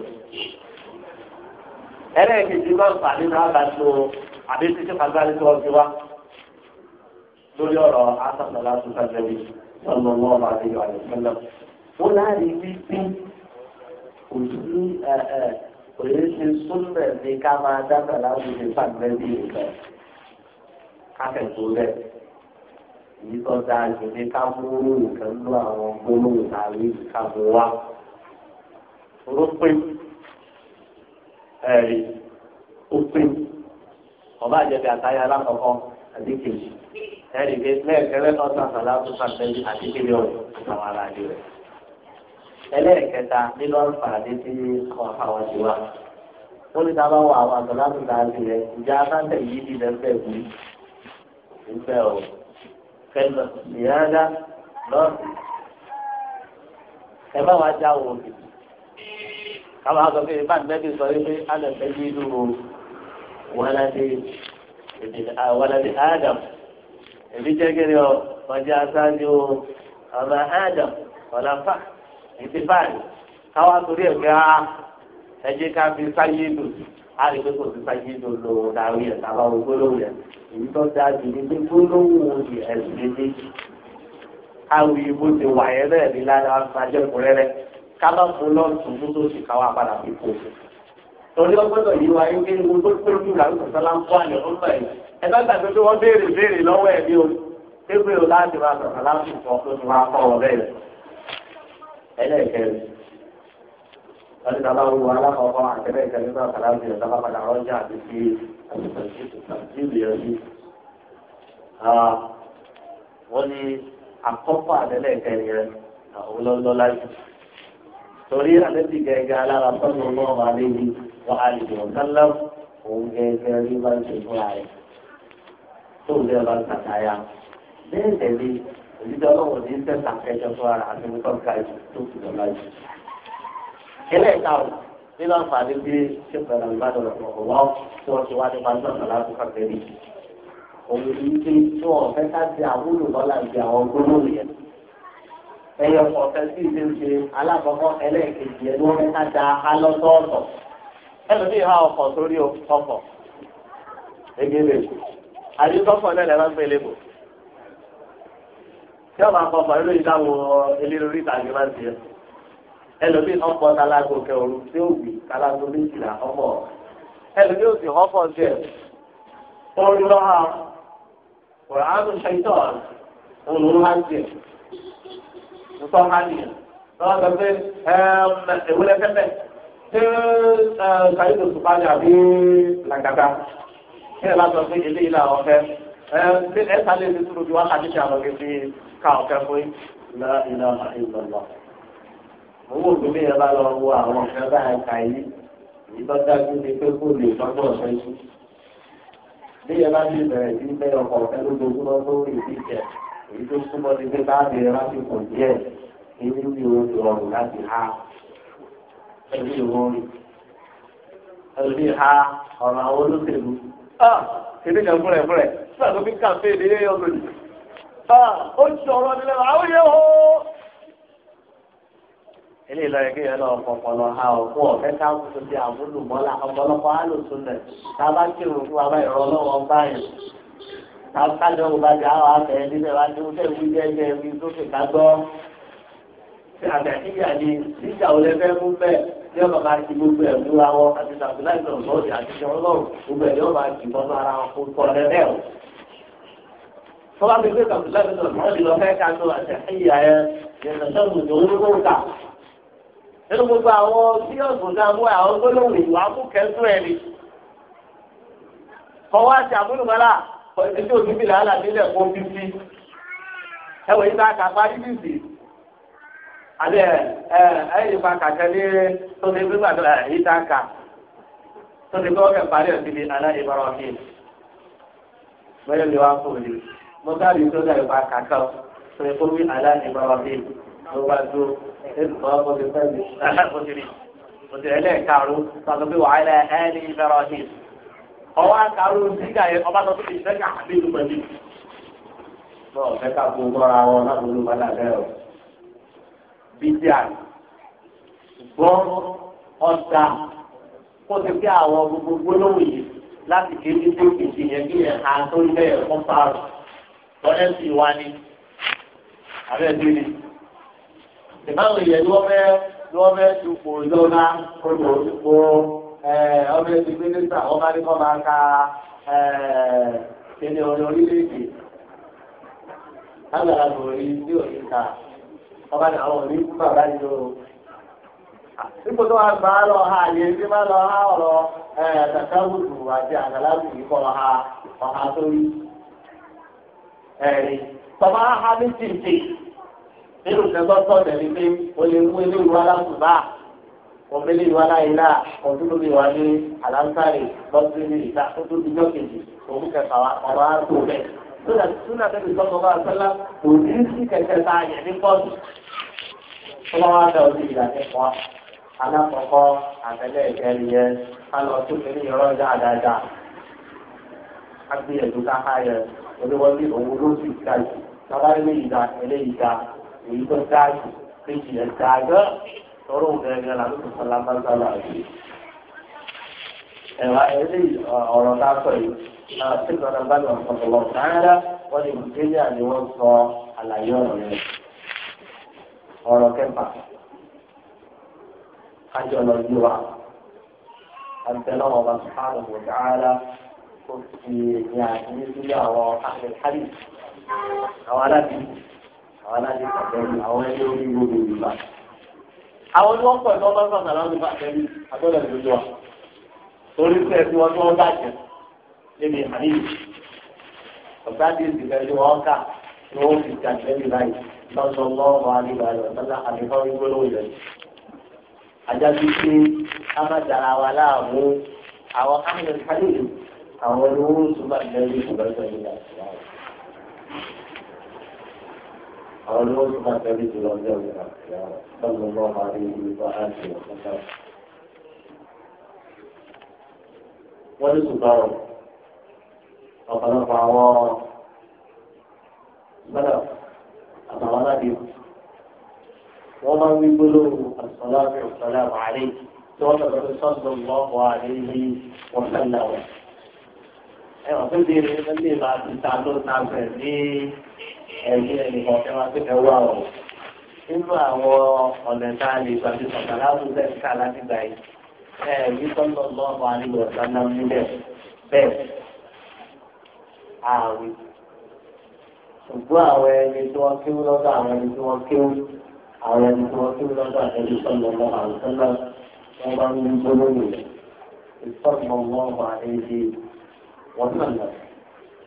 ẹlẹ́ẹ̀kejì máa ń fà nínú àbáṣọ àbí títí fagbálẹ́ tó ti wá lórí ọ̀rọ̀ asàtàlá tó sàgbẹ́bí lọ́nà wọn máa ti yọ àyè fẹ́lẹ́. ó láàrin wípé òjú òye ṣe súnmẹ̀ ní ká máa dábàá láwùjọ ìfàgbẹ́bí rẹ̀ káfẹ̀ tó rẹ̀ èyí tó dáa jù ní ká mú nǹkan lọ àwọn gbólóhùn àrí ká mú wá. rúpin ẹ̀rí òpin ọba àjẹbí àtàyà alákọ̀ọ́kọ́ àti kejì ẹ̀rí pé lẹ́ẹ̀kẹ́rẹ́ ọ̀sán àtàlà tó sàtẹ́lì àti kejì ọ̀rọ̀ àwọn ará ilé rẹ̀. ẹlẹ́ẹ̀kẹta nínú àǹfààní tí àwọn ti wá wọ́n ní sábà wà àwọn àgbàlagbà láti rẹ̀ ìjà sáńtẹ̀ yìí ti lẹ́fẹ̀ẹ́ wí kẹlẹ ìyáda lọ́ọ̀dù ẹ má wá já wò ó káwọn àgbà pé bá nẹ́bí sọ wípé alẹ́ fẹ́ yí inú o wàlàdé wàlàdé Adam èmi jẹ́ kiri ọ ọjà sáájú ọmọ Adam ọ̀làfà ìdí báyìí káwọn àtúrí ẹ̀ pé á ẹ jẹ́ ká fi sáyé lò á rí pé kò sí sáyé lò lò darí ẹ̀ tàbá wọn gbólóhùn yẹn èyí tó dáa jù ní pé gbólóhùn òye ẹ̀sìn méjì káwí bó ti wà yẹn náà ní lára ajẹ́kùnrẹ́rẹ́ ká bá fún lọ́ọ̀tún tó tó sì káwá padà fi kó torí wọn gbọ́dọ̀ yí wa yíké ní gbogbo tó kú làwọn sọsọ la ń kó àlẹ ọmọ ẹ ẹ bá gbàgbé pé wọn béèrè béèrè lọ́wọ́ ẹ bí o pépè o láti máa sọsọ láti fọ tó ti máa fọ ọ bẹ́ẹ̀ ẹlẹkẹrin فإذا له على موضوع كذلك لما كلام يتبقى على رجع في التنجيل يجي wọ́n ní àkọ́kọ́ àtẹ́lẹ̀kẹ́ yẹn ọlọ́lọ́lá yìí torí àtẹ́tì gẹ́gẹ́ alára tọ́nu náà wà níbi wà á lè wọ́n kálá òun gẹ́gẹ́ rí máa ń ṣe fún ààrẹ tó lè bá tàtàyà bẹ́ẹ̀ tẹ̀lé òjijì ọlọ́wọ́ ní tẹ̀sán kẹjọ fún ara àti mọ́tò káyọ̀ tó kù lọ́lá yìí ẹlẹ́ẹ̀ta nínú àǹfààní bí ṣé pẹ̀lú ìbádọ̀ tí wọ́n ti wá nípa ní ọ̀sán láti kàkẹ́ rí. òun ní pé tí wọ́n fẹ́ ká di àwúlò lọ́la di àwọn gbólóhùn yẹn. ẹyọ ọ̀fẹ́ sí ilé ṣe alákọ̀ọ́kọ́ ẹlẹ́ẹ̀kejì yẹn ni fẹ́ ká da á lọ́tọ̀ọ̀tọ̀. ẹlòmíì ha ọkọ̀ sórí ọkọ̀ egele àdìsọ́kọ̀ náà lẹ́la ń pèlè bò. tí wọ́n ẹlòmíì ọ̀pọ̀ talago kẹrù tí ó wì talago méjìlá ọ̀pọ̀ ẹlòmíì ò sì ọ̀pọ̀ jẹ orí lọ́ha kòránù ṣẹ́tọ̀ olùrù hàn jẹ nípa lọ́wọ́ sọ pé ìwúlẹ̀ pẹ́pẹ́ ṣé kàyédò tó bá ní àbí làgàdà kí ẹ bá sọ pé ilé ilé àwọn fẹ́ ẹ ẹ sálẹ̀ ní túrú bí wákàtí tí a lọ fi ká ọ̀kẹ́ fún ilé ilé àwọn mo wò pé bá lọ wo àwọn ọ̀sán bá ń ka yìí ìbá dájú ni pé kó lè sọ́gbọ́n ọ̀sán yìí. bẹ́ẹ̀ bá ti bẹ̀rẹ̀ sí pé ọkọ̀ ọ̀sán lójoojúmọ́ tó rí ìdíje èyí tó súnmọ́ ni pé bá bẹ̀rẹ̀ láti pọ̀ díẹ̀ nínú bí o ti rọrùn láti há ẹbí ìwọ́n ẹbí há ọ̀rọ̀ àwọn olóṣèlú. kìdí kan fúnrẹ̀ fúnrẹ̀ sígbà tó fi kàfé ìdílé yẹn o eléyìí lọ yẹ yẹn lọ ọpọlọ ha ọkọ ọfẹ káwọn tó ti àmúlò mọlá ọpọlọpọ alòsùn nẹ tábà kírun fún wa báyìí rọ lọ́wọ́ báyìí kájọ wo bá di àwọn afẹ níbẹ̀ wá ní oṣù ẹ̀wí jẹ́jẹ́ ẹ̀wí sókè ká gbọ́ àgbàdìyà ni níjà ò lè fẹ́ mú bẹ́ẹ̀ ní ọ̀nà máa ti gbogbo ẹ̀ múra wọn àti sàbíláì sọ̀rọ̀ lọ́ọ̀dì àti sọ̀rọ̀ lọ́rùn gbogbo yóò máa jì nínú gbogbo àwọn tí ọ̀sùn náà mú àwọn gbólóhùn ìwà kọ́wá àmúlùmọ́lá nílẹ̀ fún fífi yìí bá parí bìbì àbí ẹ ẹ tó ti gbégbà tó ẹ yìí tá kà tó ti gbọ́ kẹ́ parí ẹ̀ síbi àná ìbára ọ̀kì bẹ́ẹ̀ ni wàá fò ní mo sáré tó ló bá dúró nínú kan kó ti fẹ́ mi kó ti rí kó ti rẹ̀lẹ́ kàrú sọ̀tún pé wàhálà ẹni ìfẹ́ràn ọ̀hìn. ọwọ́ àkàrú sígà yẹn ọba sọ pé ìfẹ́ kà bí ìlú pẹ̀lú. bọ́ọ̀ fẹ́ ká gbogbo ara wọn láti olú padà bẹ́ẹ̀ o. bíbí àná gbọ́n ọ̀dà kó ti pé àwọn gbogbo gbólóhùn yìí láti kéde tó kìkì yẹn bí ẹ̀ka tó ń bẹ̀rẹ̀ fún pààrọ̀. wọ́n ìbáwò yẹn o wọ́n fẹ́ ni wọ́n fẹ́ dupò lọ́nà kótó dupò ọmọ ẹbí mínísítà ọba ní máa ka ẹni ọ̀rẹ́ orílẹ̀-èdè àwọn nínú ìṣẹ́gbọ́n sọ̀dẹ̀ ni pé o lè mú ilé ìwà aláṣùbà òmìnir ìwà aláìlá ọdún mi wà ní àlàntàrí lọ́sìn ní ìta tó tóbi jọ́kejì òun kẹfà wa ọ̀rọ̀ á tó bẹ́ẹ̀. sódà sódà tẹ́lẹ̀ sọ́kọ̀ bá sọ́lá kò ní sí kẹ̀kẹ́ tá a yẹ̀ ní pọ́ọ̀tù. tó bá wá bẹ òbí ìlà nípa alákọ̀ọ́kọ́ àtẹlẹ́ ìkẹrin yẹn ká lọ tó kiri ìrọ̀ dáadáa. a gbé ẹ̀dùn ká ká yẹ òun ló èyí tó dájú kejì ẹ̀ dájọ́ tọrọ gẹ́gẹ́ la ló tún sọlá bá sálà yìí. ẹ̀wà ẹ̀rí ọ̀rọ̀ tá a sọ yìí náà tí ìgbà náà bá lọ sọ̀tọ̀lọ̀ sáárá wọ́n ní nàìjíríà ni wọ́n sọ àlàyé ọ̀rọ̀ yẹn. ọ̀rọ̀ kẹfà kájọ lọ yí wa àtẹlọ́wọ́ bá sùpáàlù kò dáadáa kó fi ní àdínísílẹ̀ àwọn àmì hàlì àwọn alábìyí àwọn aláàjì pàtẹ́lú àwọn ẹni orí gbogbo ìgbà. àwọn tí wọ́n pọ̀ tí wọ́n bá sọ̀tà láwọn ìgbà pẹ̀lú agbọ́dọ̀ ìdójú wa torí pé ẹbí wọn tí wọ́n bá jẹ níbi àníyí ọ̀gá dé ìdìbẹ̀ tí wọ́n kà ni wọ́n fi jà lẹ́bi báyìí lọ́sọ̀ lọ́wọ́ àdìbà rẹ̀ ọ̀tọ́lá àdìbà orí gbólóhùn rẹ̀. àjàdí pé a má dara wa láàmú àwọn ámì àwọn olówó tó bá jẹ́ ìgbàlódé ìgbàlódé àwọn olówó tó máa tẹ̀lé jùlọ ọjọ́ ìgbà lọ́gbọ̀n náà máa rí ìgbà àti ọ̀sán. wọ́n ní ṣùgbọ́n ọ̀pọ̀lọpọ̀ àwọn gbọ́dọ̀ àtàwọn aládé wọ́n máa ń wí gbólóhùn àtàwọn aládé ọ̀sán àmọ́ àlẹ́ tí wọ́n tọ̀tọ̀ sọ́dọ̀ mọ́ wà nílé wọn sẹ́lẹ̀ wọn. ẹ̀wọ̀n tó dé ẹ̀yìn àwọn ọ̀nà tá a lè gbàgbé sọ̀tà àwọn ẹni tí wọ́n kéwú lọ́dọ̀ àwọn ẹni tí wọ́n kéwú wọ́n lọ́dọ̀ àtẹ́jú sọ́nà lọ́wọ́ àwọn sọ́nà wọ́n bá ń gbólóyè ìsọ́nà lọ́wọ́ àrẹ́jì wọ́n náà lọ́wọ́.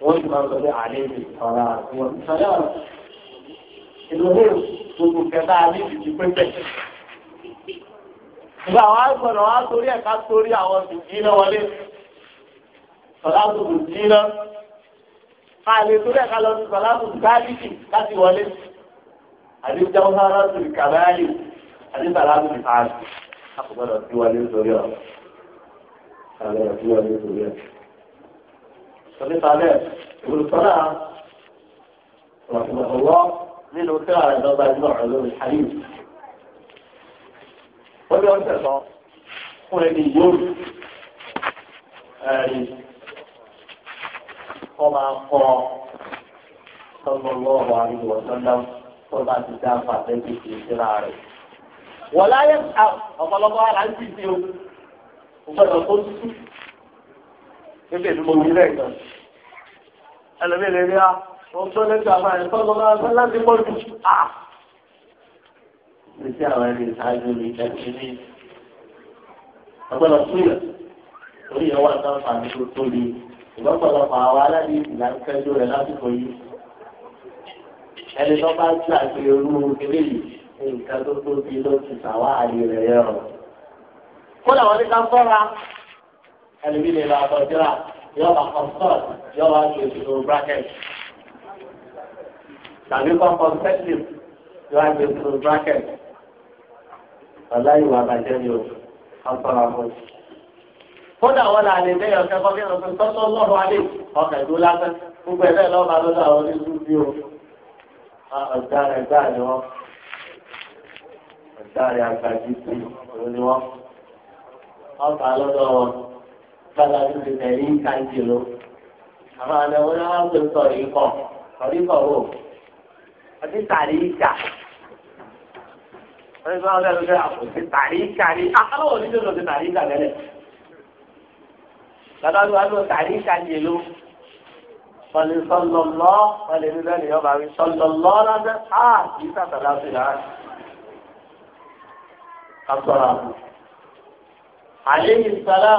ويفرض عليه الصلاة والسلام الوهوب gbogbo kẹta àbíbi ti pépè. Ìgbà àwọn àgbọ̀nà wa torí ẹ̀ka torí àwọn tùjínà wọlé. Sọ̀láàtù tùjínà. A lè torí ẹ̀ka lọ sí sọ̀láàtù gáàlìkì láti wọlé. Àdébíjà ó sára sí kàbáyé. Àdébíjà láti fi fàájì. A kò gbọdọ̀ sí wọlé torí ọ̀rọ̀. Àgbọ̀dọ̀ sí wọlé torí صليت عليه يقول صلاة رحمه الله nínú tí ààrẹ lọ́ba iná ọ̀rọ̀ lórí àríwá. Wọ́n ní ọ̀sẹ̀ sọ fún ẹni yóòrù ẹ̀rí kọ́ máa kọ́ sọ́gbọ́n ọ̀rọ̀ àríwá sọ́dá kó bá ti dá pàṣẹ kìkì síra rẹ̀. Wọ́n ọ̀pọ̀lọpọ̀ àlàáfíì sí o, ó gbọ́dọ̀ tó tútù níbi ìlú omi lẹ́ẹ̀kan. ẹlòmíì lè rí a wọ́n tó lẹ́sẹ̀ àbá ẹ̀ tọ́jú náà ṣe láti pọ̀ jù. Ìsí àwọn ẹni ìsáájú mi ẹ̀kí ní ọgbọ́dọ̀ súyà orí ẹ̀wà náà fàmí tó tóbi ìgbọ́pọ̀lọpọ̀ àwọn aládé ìlà rẹ̀ lásìkò yìí. Ẹni tó bá tí àti irú ilé yìí nǹkan tó tóbi ló ti sàwáàrí rẹ̀ yẹ̀rọ. Kó làwọn ní ká fọ́ra ẹlòmí lè lọ àtọ̀jọ́ra yọ bá consult yọ bá ṣe ìṣòro bracket tàbí kọ́kọ́ perspective yọ bá ṣe ìṣòro bracket ọ̀la ìwà àbàjẹ́ ni o ọ̀sọ̀rọ̀ àbọ̀. kódà wọn là lè bẹ́ẹ̀ ọ̀sẹ̀ kọ́ bí ọ̀sẹ̀ tọ́tọ́ lọ́rọ̀ alẹ́ ọkàn ìlú lásán gbogbo ẹ̀ bẹ́ẹ̀ lọ́ba lọ́dọ̀ àwọn oníṣú bí o ọ̀gá rẹ̀ gbà ni wọ́n ọ̀gá rẹ̀ àgbàjì sí òun ni wọ́n ọ̀gá lọ́dọ̀ wọn gbàgbà tó ti tẹ̀lé káńtì ló. àwọn àdàwọ̀ náà wá pé sọ̀rí kọ̀ sọ̀rí kọ̀ wò àti tàrí ìkà. wọ́n ti sọ àwọn ọ̀gá ìlú àkùtì tàrí ìkà ni ah, àkàlọ́ òní tó lọ sí tàrí ìkà tẹ́lẹ̀. bàbá mi wá lọ tàrí ìkà yìí ló. wọ́n lè sọ̀lọ̀ lọ́ wọ́n lè nílẹ̀ ní ọba mi sọ̀lọ̀ lọ́ lásán á ah, kì í sàtàlá sí lára. ká sọ̀rọ̀ àlẹ́ yìí sọ̀rọ̀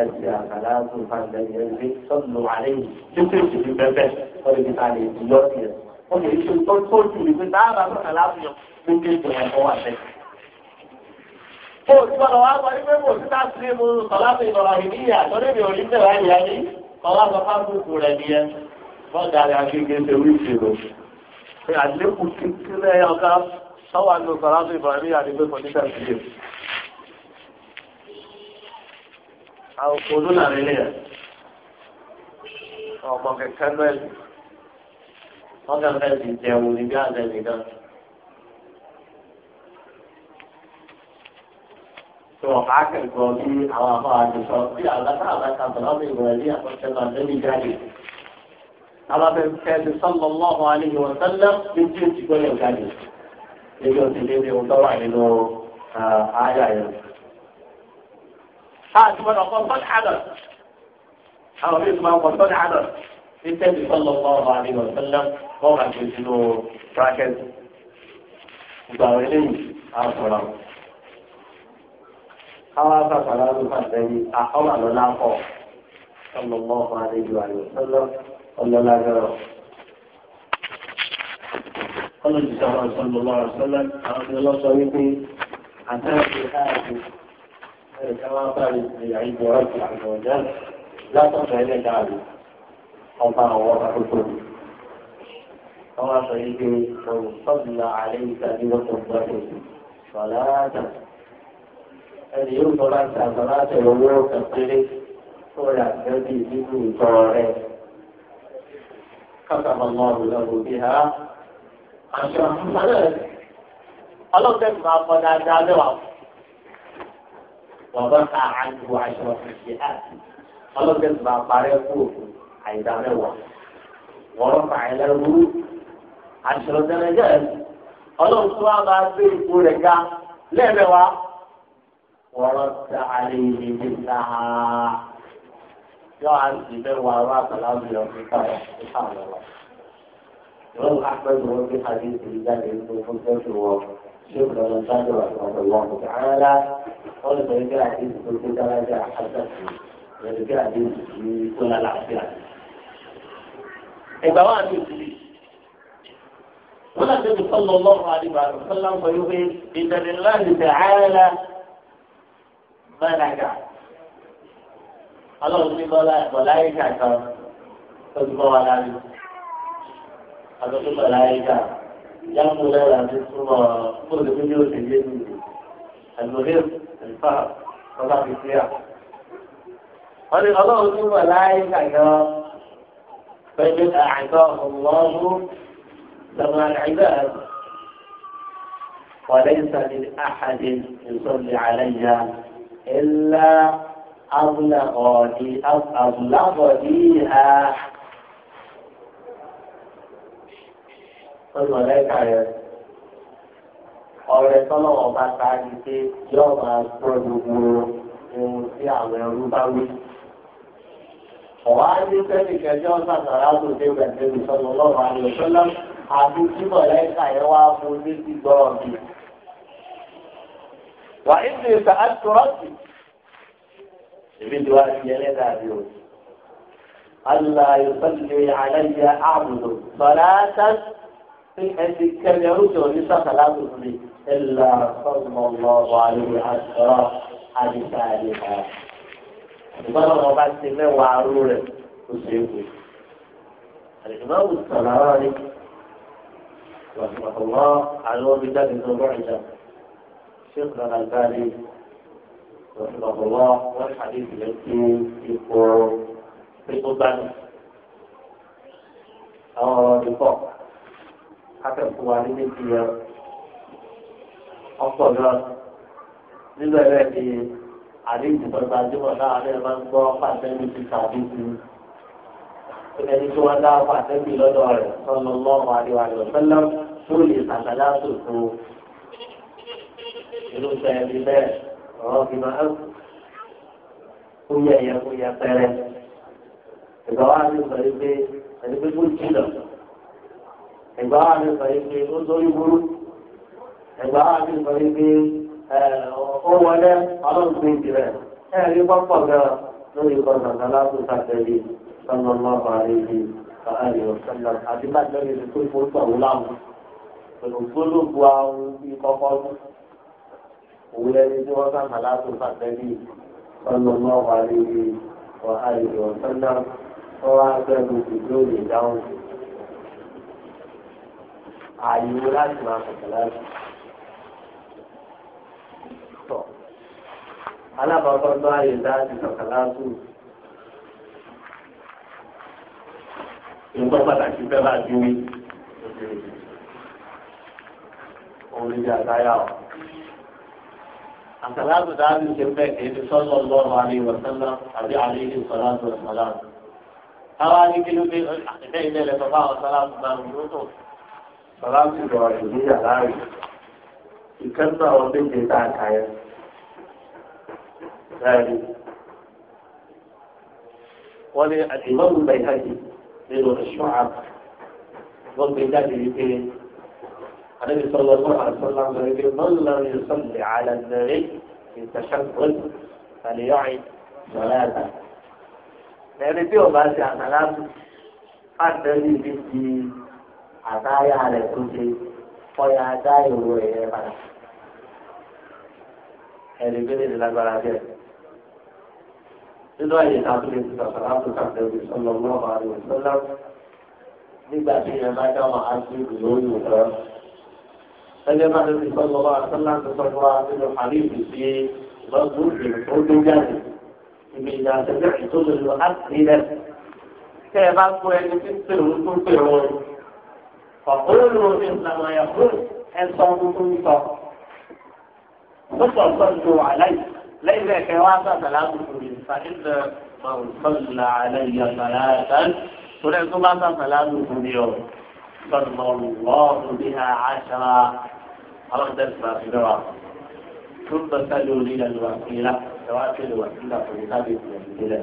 ẹsẹ̀ àkàlàtò fàgbẹ̀yẹ ẹgbẹ́ sọ́nù àlẹ́yìn títí ìdìbò bẹ́ẹ̀ wọ́n lè fi ta lè fi yọ sí ẹ̀. wọ́n lè ṣe tó tó jù ní pé sáábà àkàlàtò yọ ní kéde ẹ̀kọ́ wà bẹ́ẹ̀. mo ti gbọ́dọ̀ wá sọ wípé mo ti ká sí mu sọ̀láṣẹ́ ìlọ̀rọ̀ ìníyà lórí mi ò ní bẹ̀rẹ̀ ayé ayé kọ́lá sọ fáńkùkù rẹ̀ nìyẹn. wọ́n darí akéèké ṣe wí ìṣirò. àlékún kíkí lẹ́yìn ọ̀gá sọ́wọ́ àti sọ̀láṣẹ́ ìbọ̀rẹ̀ àwọn òkòló làwọn eléyà ọmọ kẹkẹ lọ́ẹ̀lì wọ́n kàn fẹ́ ti jẹun níbi àgbẹ̀ nìkan. tó ọ̀ká kẹ̀kọ́ bí àwọn afọ àdìsọ bí àgbàtà àgbàtà bọ̀lọ́mì ìwọ̀lẹ́lì àkọsẹ́lá lẹ́nu jáde. alábẹ́ kẹ́sì sọ́lọ́ lọ́wọ́ àlejò ọ̀sẹ́lẹ̀ ní tí ó ti gbọ́dọ̀ jáde. ebi ò ti lé ní ọ̀dọ́ wà nínú ààyè uh, àyẹ̀wò. ṣáàtì gbọ́dọ̀ kọ́ sọ́dí àdọ̀ àwọn mí máa ń kọ́ sọ́dí àdọ̀ ní tẹ́lifí sọ́lọ́ ọ̀rọ̀ àdìgbò sẹ́lẹ̀ wọ́n máa gbé sínú bracket gbogbo àwọn eléyìí á sọ̀rọ̀ káwá sàkàrà ló fà sẹ́yìn àkọ́mà ló lápọ̀ sọ́lọ́ ọ̀rọ̀ àdìgbò sẹ́lẹ̀ ọlọ́lágbẹ̀rọ̀ قال النبي صلى الله عليه وسلم أرضي الله صليقي عتاك هذه كما قال يعيد ربي عز وجل لا ترجع اليك عبدي الله وضع الكل كما شهيد لو صلى عليك بوصفته صلاة ẹni yóò sọ láti àgbàláṣẹ owó kékeré tó rà gẹ́gẹ́ nínú ìtọ́ rẹ̀ kákàmọ́ ọ̀rọ̀ lọ́wọ́ bí ha aṣọ àfúnṣálẹ̀ ọlọ́pẹ́ máa kọ dáadáa lẹ́wàá wọ́n ká àjò àṣọ ìṣe àti ọlọ́gbẹ́ tó bá parẹ́ kú òkú àyíká mẹ́wàá wọ́n rọ́ fà ẹ́ lẹ́rú àṣọ ìṣẹ̀lẹ̀jẹ́ ọlọ́run tó wá máa gbé ipò rẹ̀ ga lẹ́ẹ̀mẹ́wàá wọ́n rọ́ ta àlẹ́ ìlú ìlà yọ àti mẹ́wàá rọ́ àtàlà mílíọ̀n nípa ẹ̀ nípa ọ̀rọ̀ wọn. ìwọ́n àpẹẹrẹ wọn gbé àdéhùn ìjáde nínú fún tẹ́sán wọn. شكرا لمن صادر رحمه الله تعالى قال برجاء حديث كل درجة حدثني برجاء حديث كل العافية إذا وعد ولا النبي صلى الله عليه وسلم فيقول إن لله تعالى ملكا الله ní mọláyíkà kan tó ti bọ́ wa lárí àtọ́tún mọláyíkà. يأخذ لها من صورة كل فيديو سجل المغير الفهد طبعا في السياحة قال الله ثم لا يكعنا فإن أعطاه الله لما العباد وليس من أحد يصلي علي إلا أبلغني أبلغنيها wọ́n ti mọ̀lẹ́kà rẹ̀ ọ̀rẹ́ tọ́lọ̀ ọba ta ni pé yóò máa gbọ́ gbogbo ohun tí àwọn ẹrú bá wí. ọ̀wá ní sẹ́ni kẹjọ́ sàtàrà tó dé gbẹ̀dẹ̀ ìsọ̀nù ọlọ́run àyọ̀sọ́lá àti tí mọ̀lẹ́kà yẹn wá fún ní ti gbọ́ ọ̀gbìn. wà á ní ìsà àtúrọ́sì. èmi ti wá sí ẹlẹ́dàá bí o. Allah yóò sọ́ni lè àlẹ́ yẹ àbùdó. Sọ̀rọ̀ pé ẹni kẹ́ni ọlọ́sẹ̀ òní sàkàlà lòdì ẹ̀là sọ́mọ̀lọ́ wàlúù àṣọ àdìsá àdìsá. ìgbọ́dọ̀ wọn bá ti mẹ́wàá arú rẹ̀ kó ṣe é wò. àdìsá wò sọ̀rọ̀ àwọn ni wàtúwàtúwọ́ àwọn omi jáde tó bọ̀ ìjà ṣé kò náà gbá ní wàtúwàtúwọ́ wọ́n ṣàdéhùn lẹ́kí ipò pé gbá ní àwọn ọ̀rọ̀ ìfọ̀ akẹ́kọ̀ọ́ wa ní méjì yẹn ọ̀pọ̀ náà nígbà rẹ̀ ni àdéhùn tó gbajúmọ̀ láàárín ẹ̀ máa ń gbọ́ pàtẹ́bí ti tàbí ti ẹni tó wá dá pàtẹ́bí lọ́dọ̀ rẹ̀ sọ́nà lọ́wọ́ àríwá rẹ̀ fẹ́lẹ́ tó lè sàkálá sòfò irúfẹ́ ẹni bẹ́ẹ̀ ọ̀rọ̀ fi máa ń kú yẹ̀yẹ̀ kú ìgbà wa ní sọ pé ẹni pé kó jìnnà ẹ̀gbá wa mi sọ yìí pé ó sórí burú ẹ̀gbá wa mi sọ yìí pé ó wọlé ọlọ́run tó ń tirẹ̀ ẹ̀ rí pọ́pọ̀ gan lórí kọ́ńtàkà látúntà tẹ̀lé sọ́nà máa bá rí i káàlì ọ̀sánlá àti bá tẹ̀lé ní pé mo sọ̀rọ̀ láwọn pẹ̀lú gbólógbó àwọn ibi kọ́kọ́ mú òun ẹni tí wọ́n sàmà ààyè wo láti máa sọ̀tọ̀ láti. tọ̀ alábàákọ́ tó ààyè láti sọ̀tọ̀ láti. nǹkan pàtàkì fẹ́ bá ju wí. òun ìjà àtàyà ọ̀. àtàlátò dáàbì ṣe ń bẹ̀ kí ẹni sọ́nà ọlọ́run àlẹ́ ìwọ̀sánná àbí àlẹ́ ìlú sọ̀rọ̀ àtàlátò. táwa ní kí ló dé ẹ̀ẹ́dẹ́gbẹ̀rẹ̀ sọ́fà ọ̀sán láti máa ń lóṣù sọláńtì lọ ìníyà láàyè ìkẹ́ńtà àwọn méje tá a kà yẹn láàyè wọ́n ní àdìmọ́lù bẹ̀yàjì nínú ẹ̀ṣọ́ àbá wọ́n gbé jáde wípé àdébí sọlọ tó àṣọlá ń sọ wípé mọ́lá ń sọlẹ̀ àlàndẹ̀rẹ́ ìtẹ̀sẹ̀kùn àlèyọ́rin sọlá ẹni tí ò bá àtàlà fún àtẹ̀lé ibi ti àtàyà rẹ̀ tó ṣe ọyà dá ìwò ẹ̀yẹ padà. ẹ̀rí gbélé ní lágbára bẹ́ẹ̀. nínú àyè tá a tún lè fi sọ̀rọ̀ láti kàfẹ́ òbí sọ́lọ́ mọ́ àrùn ìṣọ́lá nígbà tí ìyẹn bá dáwọn aṣíwèé lórí òkúra. ẹgbẹ́ bá lè fi sọ́lọ́ mọ́ àṣọ́lá tó sọ fún wa nínú àríwì sí lọ́dún ìfọ́dún jáde. ìgbè ìdàgbẹ́ ìtòlòlò á ti rẹ̀. kẹ́ ẹ bá kó ẹni tí ń pè فقولوا مثلما يقول ẹ̀sọ́ tuntun sọ. Ó sọ sọ́dọ̀ àlàyé lẹ́yìn bẹ́ẹ̀ kẹ́ wá sọ sàlámù lórí ìfàdínà máa ń sọ́dọ̀ àlàyé àgbàlá àtàn. Torí ẹ̀ tó bá sọ sàlámù lórí ọ̀ sọ́dọ̀ lọ́ọ̀dún bí a àṣàrà alọ́dẹ́sìlá fi lọ́wọ́. Tún bẹ sálẹ̀ orí ìlànà ìlà ìwà tí ìlú wàsílà kò ní sábẹ̀ ìpìlẹ̀ ìdílẹ̀.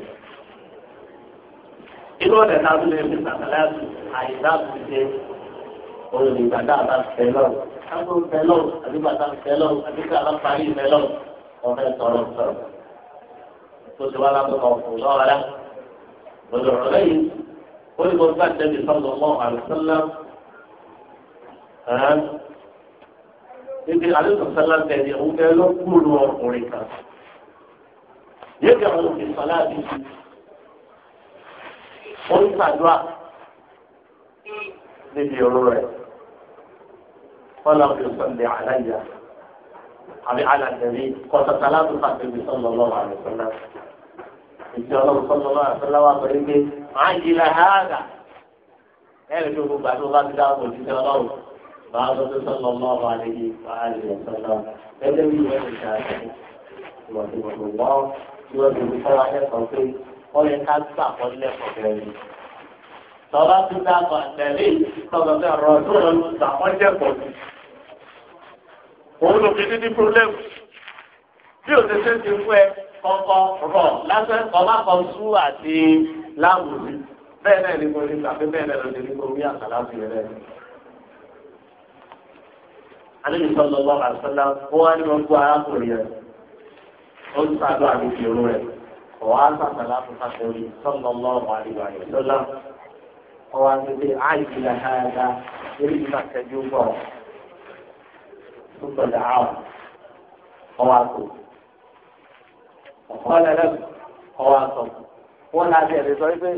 Inú ọ̀dẹ̀ tábìlì ẹ̀mí sàkàlẹ́ àti àyíká òun lè gbàdá àbá fẹ́ lọ́wọ́ kábó fẹ́ lọ́wọ́ àbí bàtà fẹ́ lọ́wọ́ àbí kábà parí fẹ́ lọ́wọ́ ọ̀fẹ́ sọ̀rọ̀ sọ̀rọ̀ tó ti wá lábẹ́ ọ̀fọ̀ lọ́wọ́ rẹ̀ lọ́dọ̀ ọ̀rẹ́ yìí ó ní gbogbo àtẹ́bí sọ́dọ̀ mọ́ àlùsọ́lá ibi àlùsọ́lá tẹ̀lé òun fẹ́ ló kúrò ọkùnrin kan yóò kẹ́ ọ̀rọ̀ fi sọ láàbí ó ń ṣàdúrà níbi òru rẹ̀ kọ́lá fi sọ̀lẹ̀ àlàyé àbí alàjẹ̀bí kọ́tà sàlátù fàtẹ́bí sọ̀lọ̀ lọ́wọ́ àlùfọ́lá. Ìjọ ọlọ́run sọ̀lọ̀ lọ́wọ́ àlùfọ́lá wà pẹ̀lú pé máa ń jìlá háàdà. Ẹ̀rì tó gbogbo àti ọba ti dá àwọn òjijì ọlọ́run. Bàá sọ pé sọ̀lọ̀ lọ́wọ́ àlejò dábàá tẹ̀lé ìtọ́lọ́fẹ́ rọ̀ tó lọ́nu tàwọn jẹ́kọ̀ọ́ òun ló fi ní ní problem bí o ti ṣe ti fún ẹ kọ́kọ́ rọ̀ lásán ọba kan sú àti láwùjọ bẹ́ẹ̀ náà ni mo ní tàbí bẹ́ẹ̀ náà ló ní mo rí àkàlà fi rẹ̀. alẹ́ sọ́dọ̀ lọ́wọ́ àṣọlá ó wá ní wọn kó arákùnrin rẹ̀ ó ń sàdó àbíkì irun rẹ̀ ọ̀wá sàkàlà fún sàkórí sọ́dọ̀ lọ́wọ́ àríwá àṣọlá ọ̀wá ti dé àìsí làkàyàká eré ìgbà kẹjọ bọ̀ tó tọ̀lẹ̀ àwọn ọwọ́ àtò ọ̀pọ̀ ọ̀lẹ́lẹ́ ọwọ́ àtò wọn náà ti ẹ̀rí sọ pé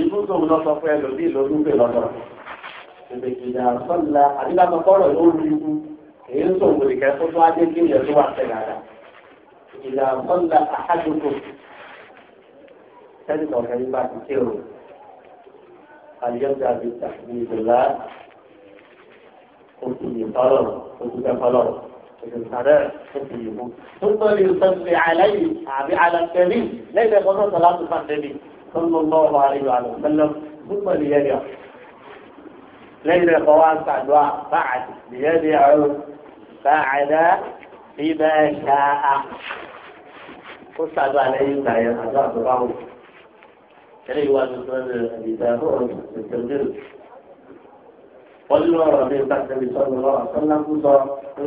ìlú tó ń lọ sọ fún ẹlòmí lórí ń pè lọ́dọ̀ ìbè ìjà sọ́la àdìgbàsọ kọ́rọ̀ ló rí ikú èyí ń sòwò ìkẹ́ tó tó ajé kí ìyẹn tó wà tẹ̀ nàdà ìjà sọ́la àhájòkò sẹ́ni kọ̀ọ̀kan yìí bá ti kérò tàbí ìdòlá قلت فلو قلت فلو ثم يصلي عليه على النبي ليس يقول صلاة النبي صلى الله عليه وسلم ثم ليدعو ليس يقول بعد بعد ليدعو بعد بما شاء قلت قصد عليه ما يتعذب بعض كريوان من أبي داود الترمذي wọ́n ọ̀rọ̀ mi bá tẹ̀lé sọ́dọ̀ lọ́wọ́ sọ́lákú sọ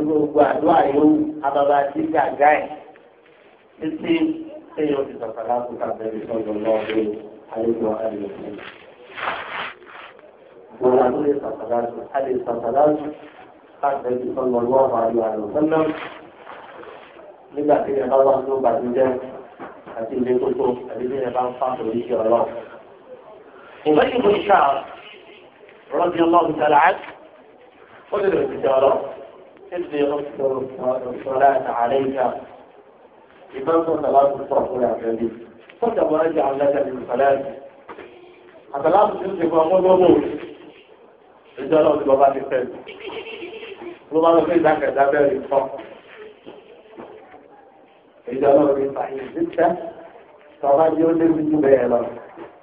gbogbo àdúrà yòówù ababa tí gàgá ẹ̀ títí ẹ̀yọ́ ti sọ̀tà láti tàbí sọ́dọ̀ lọ́wọ́ pé àlejò àlejò gbogbo sọ̀tà láti àlejò sọ̀tà láti tàbí sọ́dọ̀ lọ́wọ́ àlejò àlejò nígbà tí ẹ bá wà ní ọgbà tó jẹ́ àti ilé tó tó àti ilé ẹ bá ń fà رضي الله تعالى عنه قل للرجال إني أذكر الصلاة عليك إمام صلاة الصلاة على النبي قلت عن لك من صلاة حتى لا تصدق وأقول وموت رجال الله بابا في الفيلم ربما في ذاك الدابير الفقر إذا لم صحيح جدا صلاة يقول من جبهة الله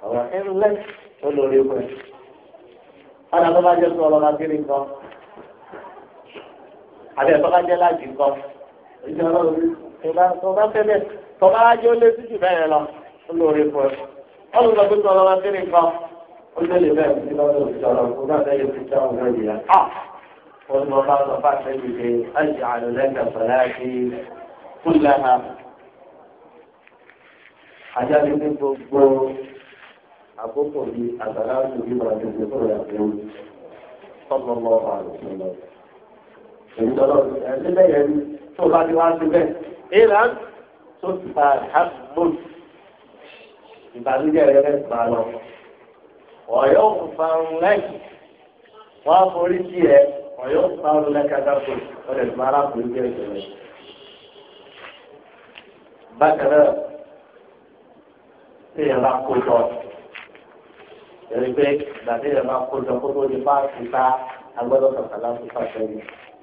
وإن لك قل له ọ̀nà tó bá jẹ́ sọ ọlọ́ra kiri nǹkan àbẹ̀ tó bá jẹ́ láti nǹkan ìjọ ọlọ́run tó bá fẹ́ bẹ́ẹ̀ tó bá jẹ́ ó lé síjù bẹ́ẹ̀ lọ olóore fún ẹ ọlọ́run tó gbé sọ ọlọ́ra kiri nǹkan ó lé lè bẹ́ẹ̀ sí lọ́dọ̀ ìjọba kó náà fẹ́ fi já òun náà wọ́n bá sọ fún àtẹ́jú pé ẹ̀jẹ̀ àlùlẹ́kẹ̀ sọ̀lá kí kúlẹ̀ ha àjálù àkókò bí àgbàlá ìlú wà ní ìlú fún ìyàwó tọ́lọ́ lọ́ wà lọ́sọ̀lọ́. Èyí lọ́lọ́ ẹni lẹ́yìn ẹni tó bá ti wá sí bẹ́ẹ̀. Ìlà tó ti fa àbùmọ́lù ìbànújẹ́ rẹ̀ máa lọ. Ọ̀yọ́ òfarun lẹ́yìn wọ́n á forí sí ẹ̀ ọ̀yọ́ òfarun lẹ́kàdàpọ̀ ọ̀rẹ́ ìmọ̀ràn kò ní ẹ̀jẹ̀ yẹri pé gbàdé yẹn máa kó tó di bá ìta agbọ́dọ̀ kàkàlà tó pàṣẹ ní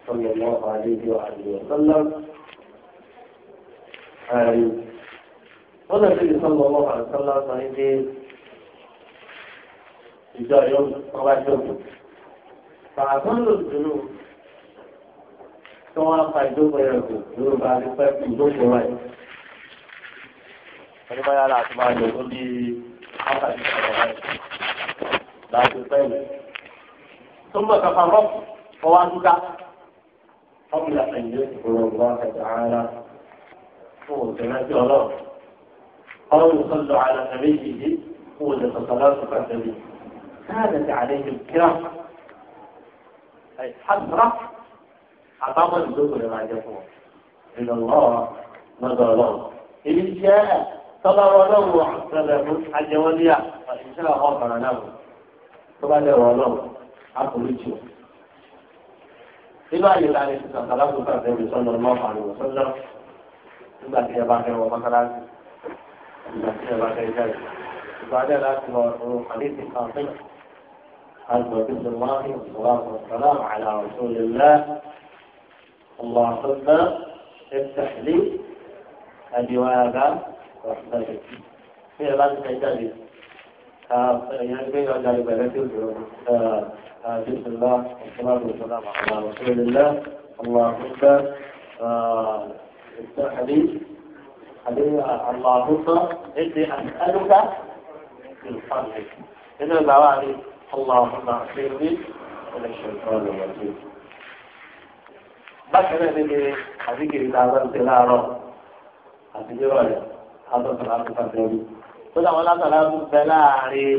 sọlọ mọ àlejò àlejò sọlọ wọn lè fi sọlọ mọ àlùsọlọ sọ ní pé ìjọ yóò wọn bá jókòó fàákùn ló dùnú tí wọn fa ìjókòó yẹn kù lórí bá ti pẹ́ ìjókòó rẹ̀. wọ́n báyà láti máa lò ó bí wákàtí sọ̀rọ̀ báyìí. ثم تفرق فواتك قبل أن يذكر الله تعالى هو سمعت الله قال يصل على نبيه هو صلاة قدمي كانت عليه الكرامة أي حسرة عظم الذكر ما يقول إن الله نظر له إن شاء صبر له وحسن له حج وليا وإن شاء غفر له tó bá dẹ̀rọ̀ ọlọ́run àforíjì o. nínú àyè ta ni sísan kàlákùn kan tẹ̀lé sọ́nà ọmọ àrùn sọ́nà nígbà tí ẹ bá fẹ́ wọ mọ́sálásí nígbà tí ẹ bá fẹ́ jáde. ìbàdàn láti lọ ọ̀rọ̀ àdéhùn kan fẹ́. عبد بن الله والصلاة والسلام على رسول الله اللهم افتح لي أبواب رحمتك في عبادة الجليل يعني كي يجعل عبادته بسم الله والصلاة والسلام على رسول الله اللهم افتح لي اللهم إني أسألك من فضلك إن الدعوة اللهم اغفرني من الشيطان الرجيم بشر به هذه كتابة تلارة هذه رؤية هذا صلاة الفجر tó dáwọn lásàlá ń bẹ láàrin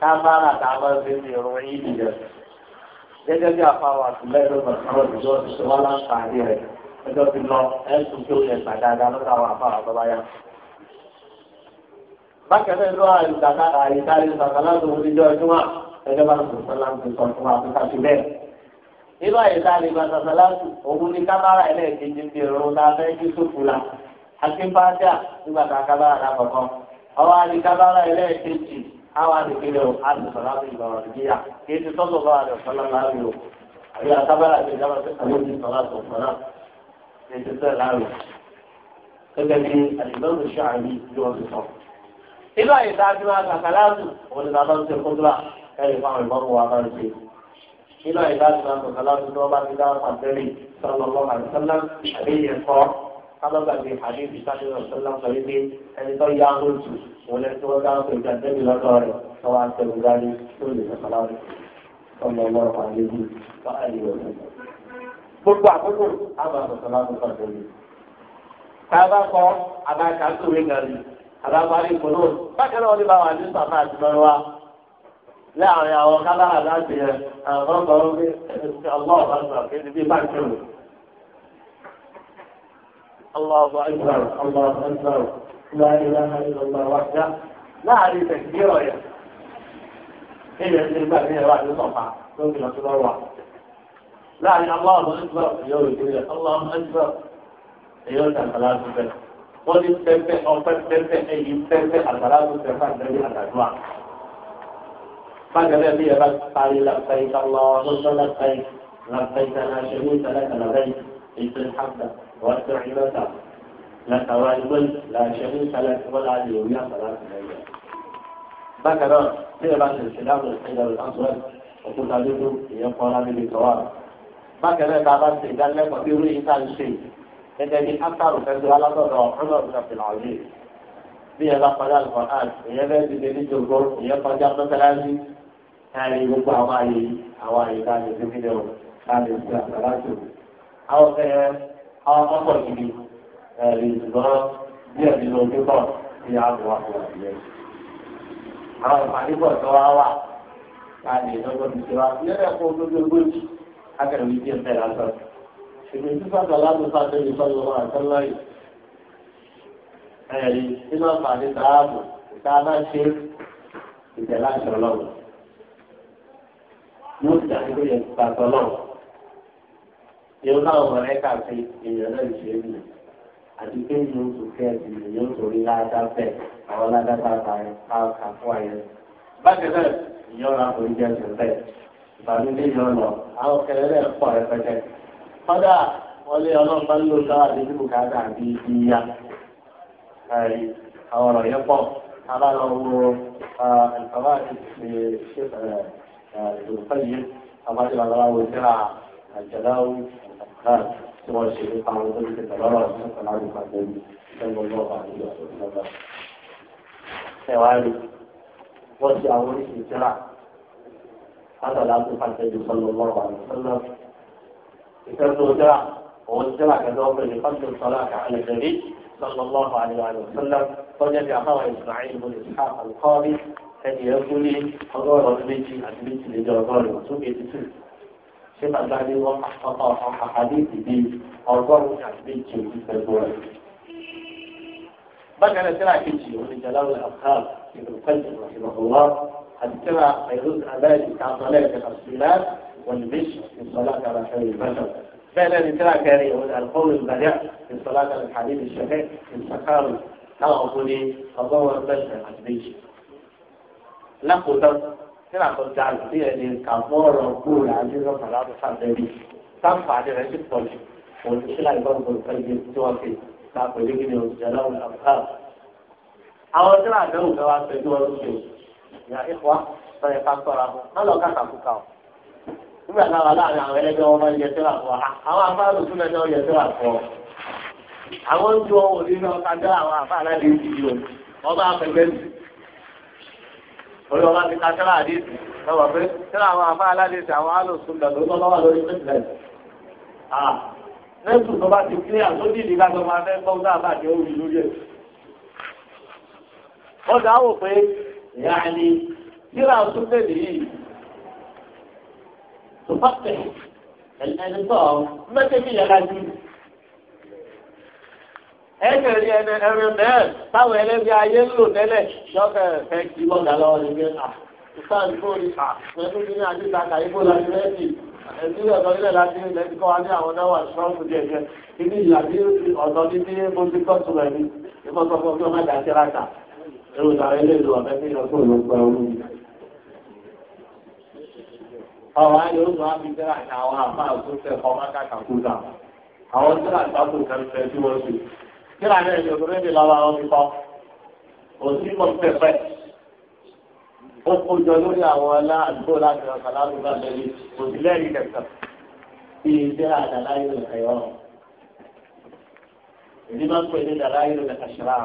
kábàrà táwọn ṣe ń rún yín nìyẹn gẹ́gẹ́ bí àfàwọn àtìlẹ́yìn ló bá sọ̀rọ̀ ìjọ ìṣe wá láǹfààní rẹ̀ ẹjọ́ ti lọ ẹ̀sùn tó yẹ gbàdáda lọ́dọ̀ àwọn àfàwọn àbábá yá. bákan náà ló àyè ìdàkà àyè ìdárè sàkàlà tó ń díjọ́ ẹjọ́ wà ẹjọ́ bá sọ̀rọ̀ sọ́lá ń ti sọ̀rọ̀ fún àfikà sí bẹ́ẹ̀. nínú àyè ìdárè sàkàlà òun ni kábàrà ẹlẹ́ẹ̀kejì ń bèrè òun lábẹ́ Yusuf ọwọ́ àdìkábára ẹlẹ́ẹ̀kejì àwọn àdìkílẹ̀ o àdìsọ̀rọ̀ àti ìgbọ̀rọ̀ ìgbéyà kì í ti tọ́jú bá àdìsọ̀rọ̀ sọ́lá láàrin o àbí àkábára àti ìjọba àti ìsọ̀rọ̀ àti ìsọ̀rọ̀ kì í ti tẹ̀ láàrin o gẹ́gẹ́ bí àdìgbọ́n ìṣàlì bí wọ́n ti sọ. inú àyè tá a ti máa kàkà láàrú òun ni bàbá ń ṣe kúndúrà kẹ́rin fáwọn ìmọ̀rún wa kábàgbàgbé àdéhùn ìtàkùn ọ̀sọ́lá sọ wípé ẹni tó yá lóòtù òun ẹni tó dá ọkọ̀ ìjà débi ń tẹ̀wé dání الله أكبر الله أكبر لا إله إلا الله وحده لا عليه تكبير ولا إلا الإمام هي واحد صفعة ممكن أصبر واحد لا يعني الله أكبر يقول كذا الله أكبر يقول الصلاة كذا قل يستمتع أو تستمتع أي يستمتع الصلاة كذا الذي أتى فقال لي يا رب قال لبيك الله اللهم لبيك لبيك لا شريك لك لبيك إن الحمد وسعيرته لك والبل لا شريك لك ولا لوليك ولا تبين بكرة تبع الإسلام الحجر الأسود وكنت أجد يقول لي بالكوارث bákẹ́lẹ́ bá bá ṣe ìdánilẹ́kọ̀ọ́ bí irú yìí ká ń ṣe gẹ́gẹ́ bí ákàrò fẹ́ tó alábọ̀dọ̀ ọ̀hún ọ̀gbìn ọ̀gbìn ọ̀gbìn bí ẹ bá kọjá lọ hàn ìyẹn bẹ́ẹ̀ ti lè ní jòkó ìyẹn kọjá mọ́sálásí káàrin gbogbo àwọn àyè àwọn àyè ká lè fi mílíọ̀nù ká lè fi àgbàlá tó àwọn fẹ́ẹ́ àwọn ọmọ ìbí ẹ̀rí ìṣùgbọ́n díẹ̀ nínú ojú bọ̀ sí àbúrò àbúrò ìyẹn. Àwọn ìpàdé tó wá wà láti ìdọ́gbọ́n ti ṣe lẹ́yìn ẹ̀kọ́ olójú ogójì akẹ́rù ìdí ẹ̀fẹ́ lásán. Ṣèlú ìdí sọ́dọ̀ láti sáré ní sọ́dọ̀ wọn àti lọ́yìn. Ẹ̀rí nínú àǹfààní sàáàbù ìta bá ṣe ìtẹ̀láṣọ lọ́wọ́. Yóò ti àdúgbò yẹn ti irun táwọn mọ̀lẹ́kà fi èèyàn náà ṣe é àti pé yóò tó kẹ́ ẹ̀sìn lè yóò tó rí ládàá bẹ́ẹ̀ àwọn ládàá bá ta ká fún àyẹ̀. bákan náà ìyọ́ra kò ní jẹ́ sùn bẹ́ẹ̀ ìbànújẹ́ ìyọ́nà àwọn kẹlẹ́ náà pọ̀ rẹpẹtẹ. kọ́dà wọ́n lé ọlọ́pàá lò sáwà ní ìlú kàdà bí ìyá. àwọn ọ̀rọ̀ yẹn pọ̀ abáná wo ìfọwọ́ àti ṣe ṣe ìlú fẹ́ yìí àbájọ الفقهاء سواء الشريف عن ذلك الدلالة والسفر عن المقدم صلى الله عليه وسلم سواري وسع ورث الشرع حتى لا تفعل النبي صلى الله عليه وسلم كتابه داع والداع كذوب لقبل الصلاة على النبي صلى الله عليه وسلم وجد أخاه إسماعيل بن إسحاق القاضي أن يقول حضارة بيتي أتبيت لجربان وسوء يتسلسل ṣé bàbá ni wọ́n kọ́kọ́ àkàdé ìdí ọgọ́rùn-ún àti méjì òbí pẹ̀lú rẹ̀. bákan náà síra kejì òun ni jalawo alhaf ìdókòjì ìrọ̀lọ́ àti síra àìrúz abẹ́rẹ́ ìtàkọ́lẹ̀ ìtàkọ́sílẹ̀ wọn méjì ìsọlá kàrà fẹ́rẹ̀ ìbájọ́. bẹ́ẹ̀ náà ni síra kẹrin òun alkọ́wé ìbàdà ìsọlá kàrà kàdé ìṣẹ̀lẹ̀ ìsàkárù nínú àtọ́jà àti ẹni kàmọ́ọ̀rọ̀ gbòòrò àdúrà fàlàtò sàbẹ̀rì sáǹfààní rẹ̀ ti pọ̀ jù òun ti ṣílá ìbọn gbòòrò pẹ̀lú tí wọ́n fi ta pẹ̀lú kí ni o jẹ́ lọ́wọ́ àbúrà. àwọn tí wọ́n àdéhùn fẹ́ wá pé kí wọ́n ṣe ìyá ìfọ́ sọ̀rọ̀ ká sọ̀rọ̀ àwọn má lọ ká kàkúkà o. nígbà táwa láàrin àwọn ẹlẹ́gbẹ́ wọn máa ń yẹ sílà fún wa àwọn afárò tún lẹ́jọ́ yẹ sílà fún ọ. àwọn ń ju ohun òní náà ká olùwà bá ti ka sẹ́ra àdéhùn lọ́wọ́ pé sẹ́ra àwọn afá aládéhùn àwọn alòsùn lọ́dún lọ́wọ́ lórí pẹ̀lẹ́. lẹ́sùn tó bá ti kílé àtúndì ìdíkà tó máa fẹ́ gbọ́ sáà bá ti ó rí lórí ẹ̀. wọ́n dá wò pé yàní síra tún lè nìyí. tó bá tẹ̀ ẹ̀ẹ́dẹ́gbọ́n mẹ́tẹ́bí yàrá jù. e rí ẹni ẹ̀rí mẹ́ẹ̀ táwọn ẹlẹ́bí ayé ń lò tẹ́lẹ̀ lọ́kẹ̀ ẹ̀ kí lọ́gà lọ́wọ́ ní bí à ìsáàlì fóònù à pẹ̀lú ní àdìsá kàyí láti rẹ́ẹ̀dì ẹ̀sìn ọ̀dọ́ ilẹ̀ láti ilẹ̀ ti wa ní àwọn náwà díẹ̀ ibi ìyàbí ọ̀dọ́ ní bí mo ti kọ́ tù rẹ̀ ní ìfọ́sọ́fọ́ kí wọ́n má dàá kíra náà ní obìnrin mi lọ́wọ́ àwọn ikọ̀ òsì mọ̀ pẹ̀pẹ̀ ó kójọ lórí àwọn ọlá láti ọ̀sán lálùbá lẹ́yìn òsì lẹ́yìn kẹ̀kẹ́ bí ilé àdàláyé rẹ̀ ẹ̀yọ́ èdè máa ń pè ní àdàláyé rẹ̀ àṣírà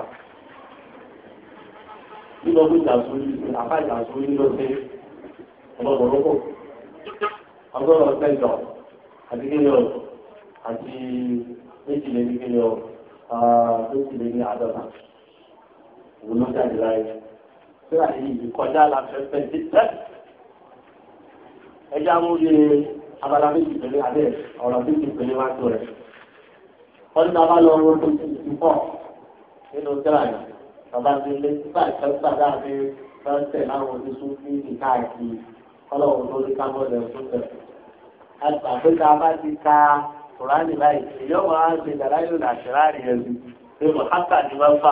nínú ọdún ìdàsórí àbá ìdàsórí ló dé ọlọ́dọ̀ ọgọ́rùn-ún ọ̀sẹ̀ ìjọ àti kéde ọ̀ àti méjìlélẹ́gbẹ̀rẹ̀ ọ̀ tó sì lé ní àádọ́ta òun ló jáde láyé síra yìí kọjá láfẹ́fẹ́ títẹ́ ẹjá mú bí abala méjì pẹ̀lú abẹ́ ọ̀rọ̀ méjì pẹ̀lú wá tó rẹ̀ wọ́n ní abá lọ rọ́ tó ti ti pọ̀ nínú síra yìí bàbá ti lé nígbà ìtẹ́síta dáadé bá ń tẹ̀ láwọn oníṣú ní ìka àti ọlọ́run lórí kábọ̀dẹ̀ fún tẹ̀ àgbà pé bá ti ka kùránì láì èyí ọmọ á ṣe dàráyò làṣẹrà rẹ ẹni pé mọ̀háká ni máa ń fà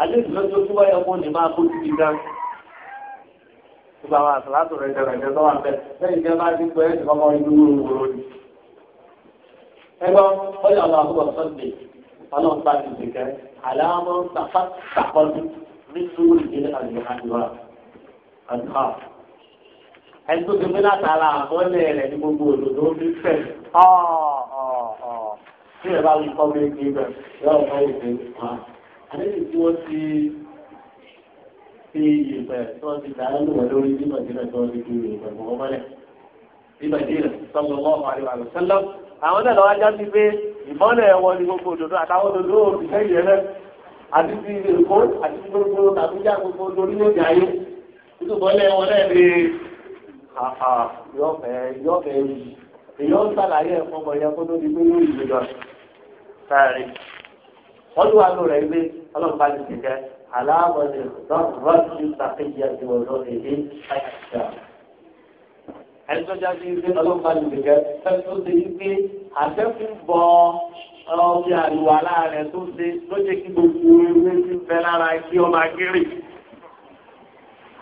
àdéhùn lọ́jọ́ tí wọ́n yẹ kó ní máa kó ti di gan. Nígbà àwọn àṣàlátò rẹ̀ jẹ́ rẹ̀ tó wà bẹ́ẹ̀ lẹ́yìn jẹ́ máa ti pẹ́ ẹ̀ kọ́kọ́ inú wúrowúro ni. Ẹgbọ́n ó yà lọ àkókò sọ́ọ̀dẹ̀ ọlọ́run bá ti dìkẹ́ àlàámọ́ sàkọ́dún ní sùúrù ìdílé ẹni tó ti gbé látara àbọ̀lẹ̀ rẹ̀ ní gbogbo òdòdó ó fi fẹ̀. tí ẹ bá wí kọ́ bí kí bẹ̀ yọ̀ọ́ kọ́ òfin wa. àlejò tí wọ́n ti fi ìyẹ̀pẹ̀ tí wọ́n ti dáná lùwẹ̀ lórí nígbà tí wọ́n ti fi ìyẹ̀pẹ̀ bọ̀ wọ́pẹ́lẹ̀. nígbà tí ìrẹ̀ sọ́mọ lọ́wọ́ àríwá rẹ̀ sẹ́lẹ̀. àwọn náà lọ́wọ́ ajá sí pé ìmọ́lẹ̀ wọn ni gbogbo òdòdó àtàwọn òdòdó òdìṣẹ́ ìyẹ̀rẹ́ àti ti èkó àti gbogbo tàbí já gbogbo lórílẹ̀-èdè ayé. ìtúbọ̀lẹ̀ wọn náà yọ fẹ́ yí èyí ó sàlàyé ẹ̀fọn ọmọ yẹn kó tó di pé yóò yí lọ sáré wọ́n lù wá lò rẹ̀ gbé ọlọ́pàá ti tẹ̀kẹ́ aláàbọ̀dé rọ́ọ̀tì sàkéjì àti ọ̀dọ́ èdè àìsàn. ẹni tó jáde ilé ọlọ́pàá ti tẹ̀kẹ́ fẹ́ẹ́ tó ṣe wípé àtẹ́kùn bọ ọ̀bí àlùwà láàrẹ̀ tó ṣe ló kí gbogbo ewé ti fẹ́ lára kí ọmọ akéré.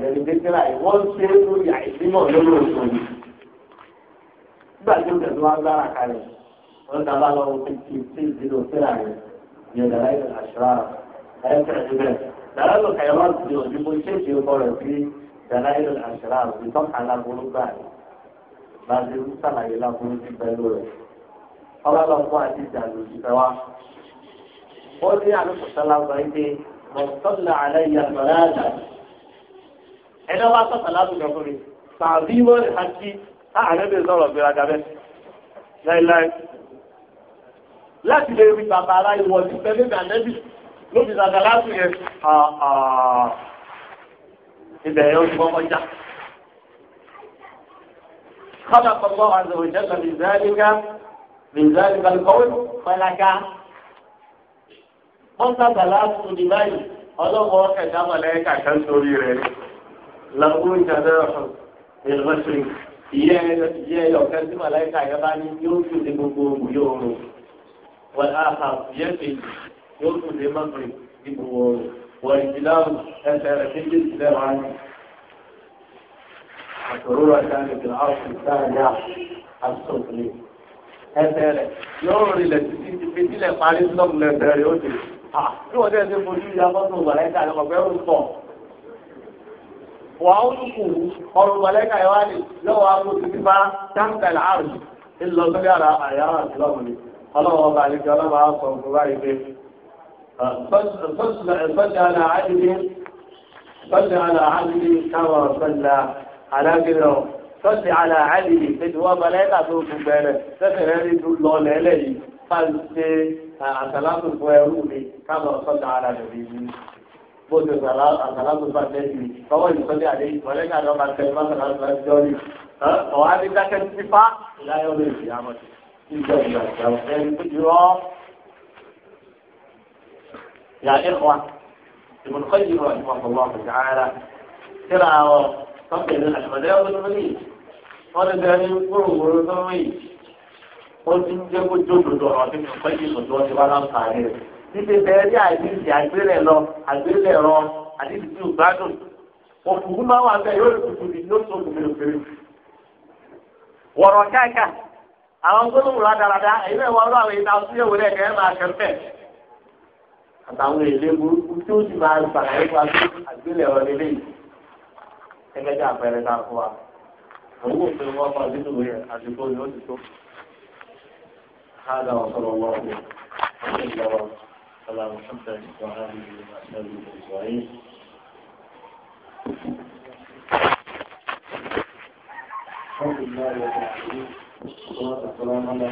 lẹ́nu dẹ́tẹ́rà yìí wọ́n ṣe é lórí àìsímọ̀ lórí oṣù yìí. nígbà tí ó tẹ̀síwá gbára kalẹ̀ wọ́n dábàá lọ sí ti sí ìdílé òṣèlú rẹ̀ ní ọ̀dàlá ìlú àṣírà ẹ̀ẹ́dẹ̀rẹ̀ síbẹ̀. dàrá ló kàyọ́ wá sí òbí mo ṣe ìṣe ọkọ rẹ̀ sí ìdàlá ìlú àṣírà ìtọ́ka aláboró gbà rẹ̀ bá ti ń sàlàyé láboró sí pẹ̀lú rẹ̀. ọba lọ fún àti ìdàlù ìfẹ́ wa. ó ní àlùkò sọ́lá gbọ́ ẹ̀dọ́ bá sọ̀tà látòjọ fún mi tàbí wọ́n àti àrẹ́bẹ̀ sọ̀rọ̀ gbéraga bẹ́ẹ̀ láíláí láti lè rí bàbá ara ìwọ̀ sí pẹ̀lú ìdánẹ́bì ló fi sàgà láti yẹ ibẹ̀ yóò ti kọ́kọ́ já. Kọ́lá kọ́kọ́ àzọ̀ òjẹ́ kan ìzáríga ìzáríga kọ́wé pẹ̀lága. Wọ́n sàgà láti ní báyìí ọlọ́wọ́ ẹ̀dá mọ̀lẹ́kà kan sórí rẹ̀ lọ́wọ́ ìjọba ìrọ̀ṣẹ̀ ìyẹ́ ìyẹ́ ọ̀kẹ́ sí màláìka yẹn bá ní yóò tún lé gbogbo ògùn yóò rò wọ́n á ha ìyẹ́ yóò tún lé mọ́tòrì ní gbogbo wọ́n ìdílé ẹsẹ̀ rẹ̀ méjèèjì lẹ́wọ̀ á ní. àtòrò rẹ̀ ká ní kí àwọn ìdáyà àtòkùnrin ẹsẹ̀ rẹ̀ yóò rìnlẹ̀ títí ti fi sílẹ̀ parí sọ́ọ̀mù lẹ́sẹ̀ rẹ̀ ó ti. àbí wọ́n tẹ̀ wà ó ń kù ọrùn mọ̀lẹ́kà yẹn wá ní lọ́wọ́ àwọn òṣìṣẹ́ bá táǹkà láàrùn ńlọ sórí àrà àyàrá ìlọ́wọ́ ni ọlọ́wọ́ ọba àlejò ọlọ́wọ́ àwọn sọ̀rọ̀ fún báyìí pé sọ́jà àlà àdìdì sọ́jà àlà àdìdì káwọn sọ́jà àlágbèrè sọ́jà àlà àdìdì pẹ̀lú wọn mọ̀lẹ́kà tó kù bẹ̀rẹ̀ sẹ́sẹ̀ rẹ̀ ní lọ lẹ́lẹ́ yìí fáwọn ṣe ah, àtàlámù fún ẹrú mi káwọn sọ́jà àlà àdìdì bó ti sàrà àtàlà tó bá tẹ́sí tọwọ́ ìsọ́lé àdé ìsọ̀lẹ́ ní àdó máa tẹ̀lé máa sàrà àtàlà tó jọ́rí ọ̀wá ní dákẹ́ ti fa ìláyọ̀ lè fi àmọ́ sí ìjọ ìgbà ìjàwó ẹni tó ti rọ́ yà ẹ̀kọ́ ìmọ̀lùkọ́ yìí rọ̀ ìmọ̀ ọ̀gbọ̀n ọ̀gbọ̀n ṣàárà síra ọ̀ tọ́kẹ̀lẹ́ àtàlẹ́ ọ̀gbọ̀n wọ́n ti bẹ̀rẹ̀ ní gbòòrò tó ń rìn ó ti ń jẹ́ kó jókòó ọ̀rọ̀ tí mo fẹ́ yìí lọ́dún ọdún wa láǹfààní rẹ̀. níbi bẹ́ẹ̀ rí àìsí àgbélẹ̀ lọ àgbélẹ̀ rọ àdìsí tí ò gbádùn òkùnkùn máa wà bẹ́ẹ̀ yóò tutù ní ló tó gbèrè gbèrè. wọ̀rọ̀ káàkà àwọn gbólóhùn rà dáradára èyí náà àwọn sí rẹ̀ máa àtàwọn èlé burúkú tí ó sì máa على محمد وآله وأصحابه أجمعين الحمد لله رب العالمين والصلاة والسلام على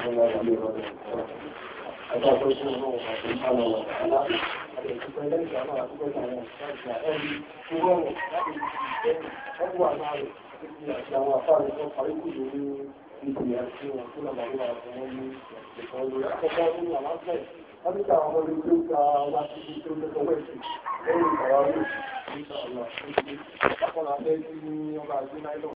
رسول الله وعلى آله سبحانه وتعالى كذلك على عقوبة على أهل كبار أقوى معرفة لو أصاب الطريق من في أسفل وكل ما هو عظيم لقوله أخذ من العظيم Afirka àwọn ọmọdé tó ga wá sí ibi tó lọ́tọ̀ wẹ̀sì lẹ́yìn ìgbàwárí ìṣàlọ́. Ọkọ̀ làbẹ́ tí ọba àti náírà.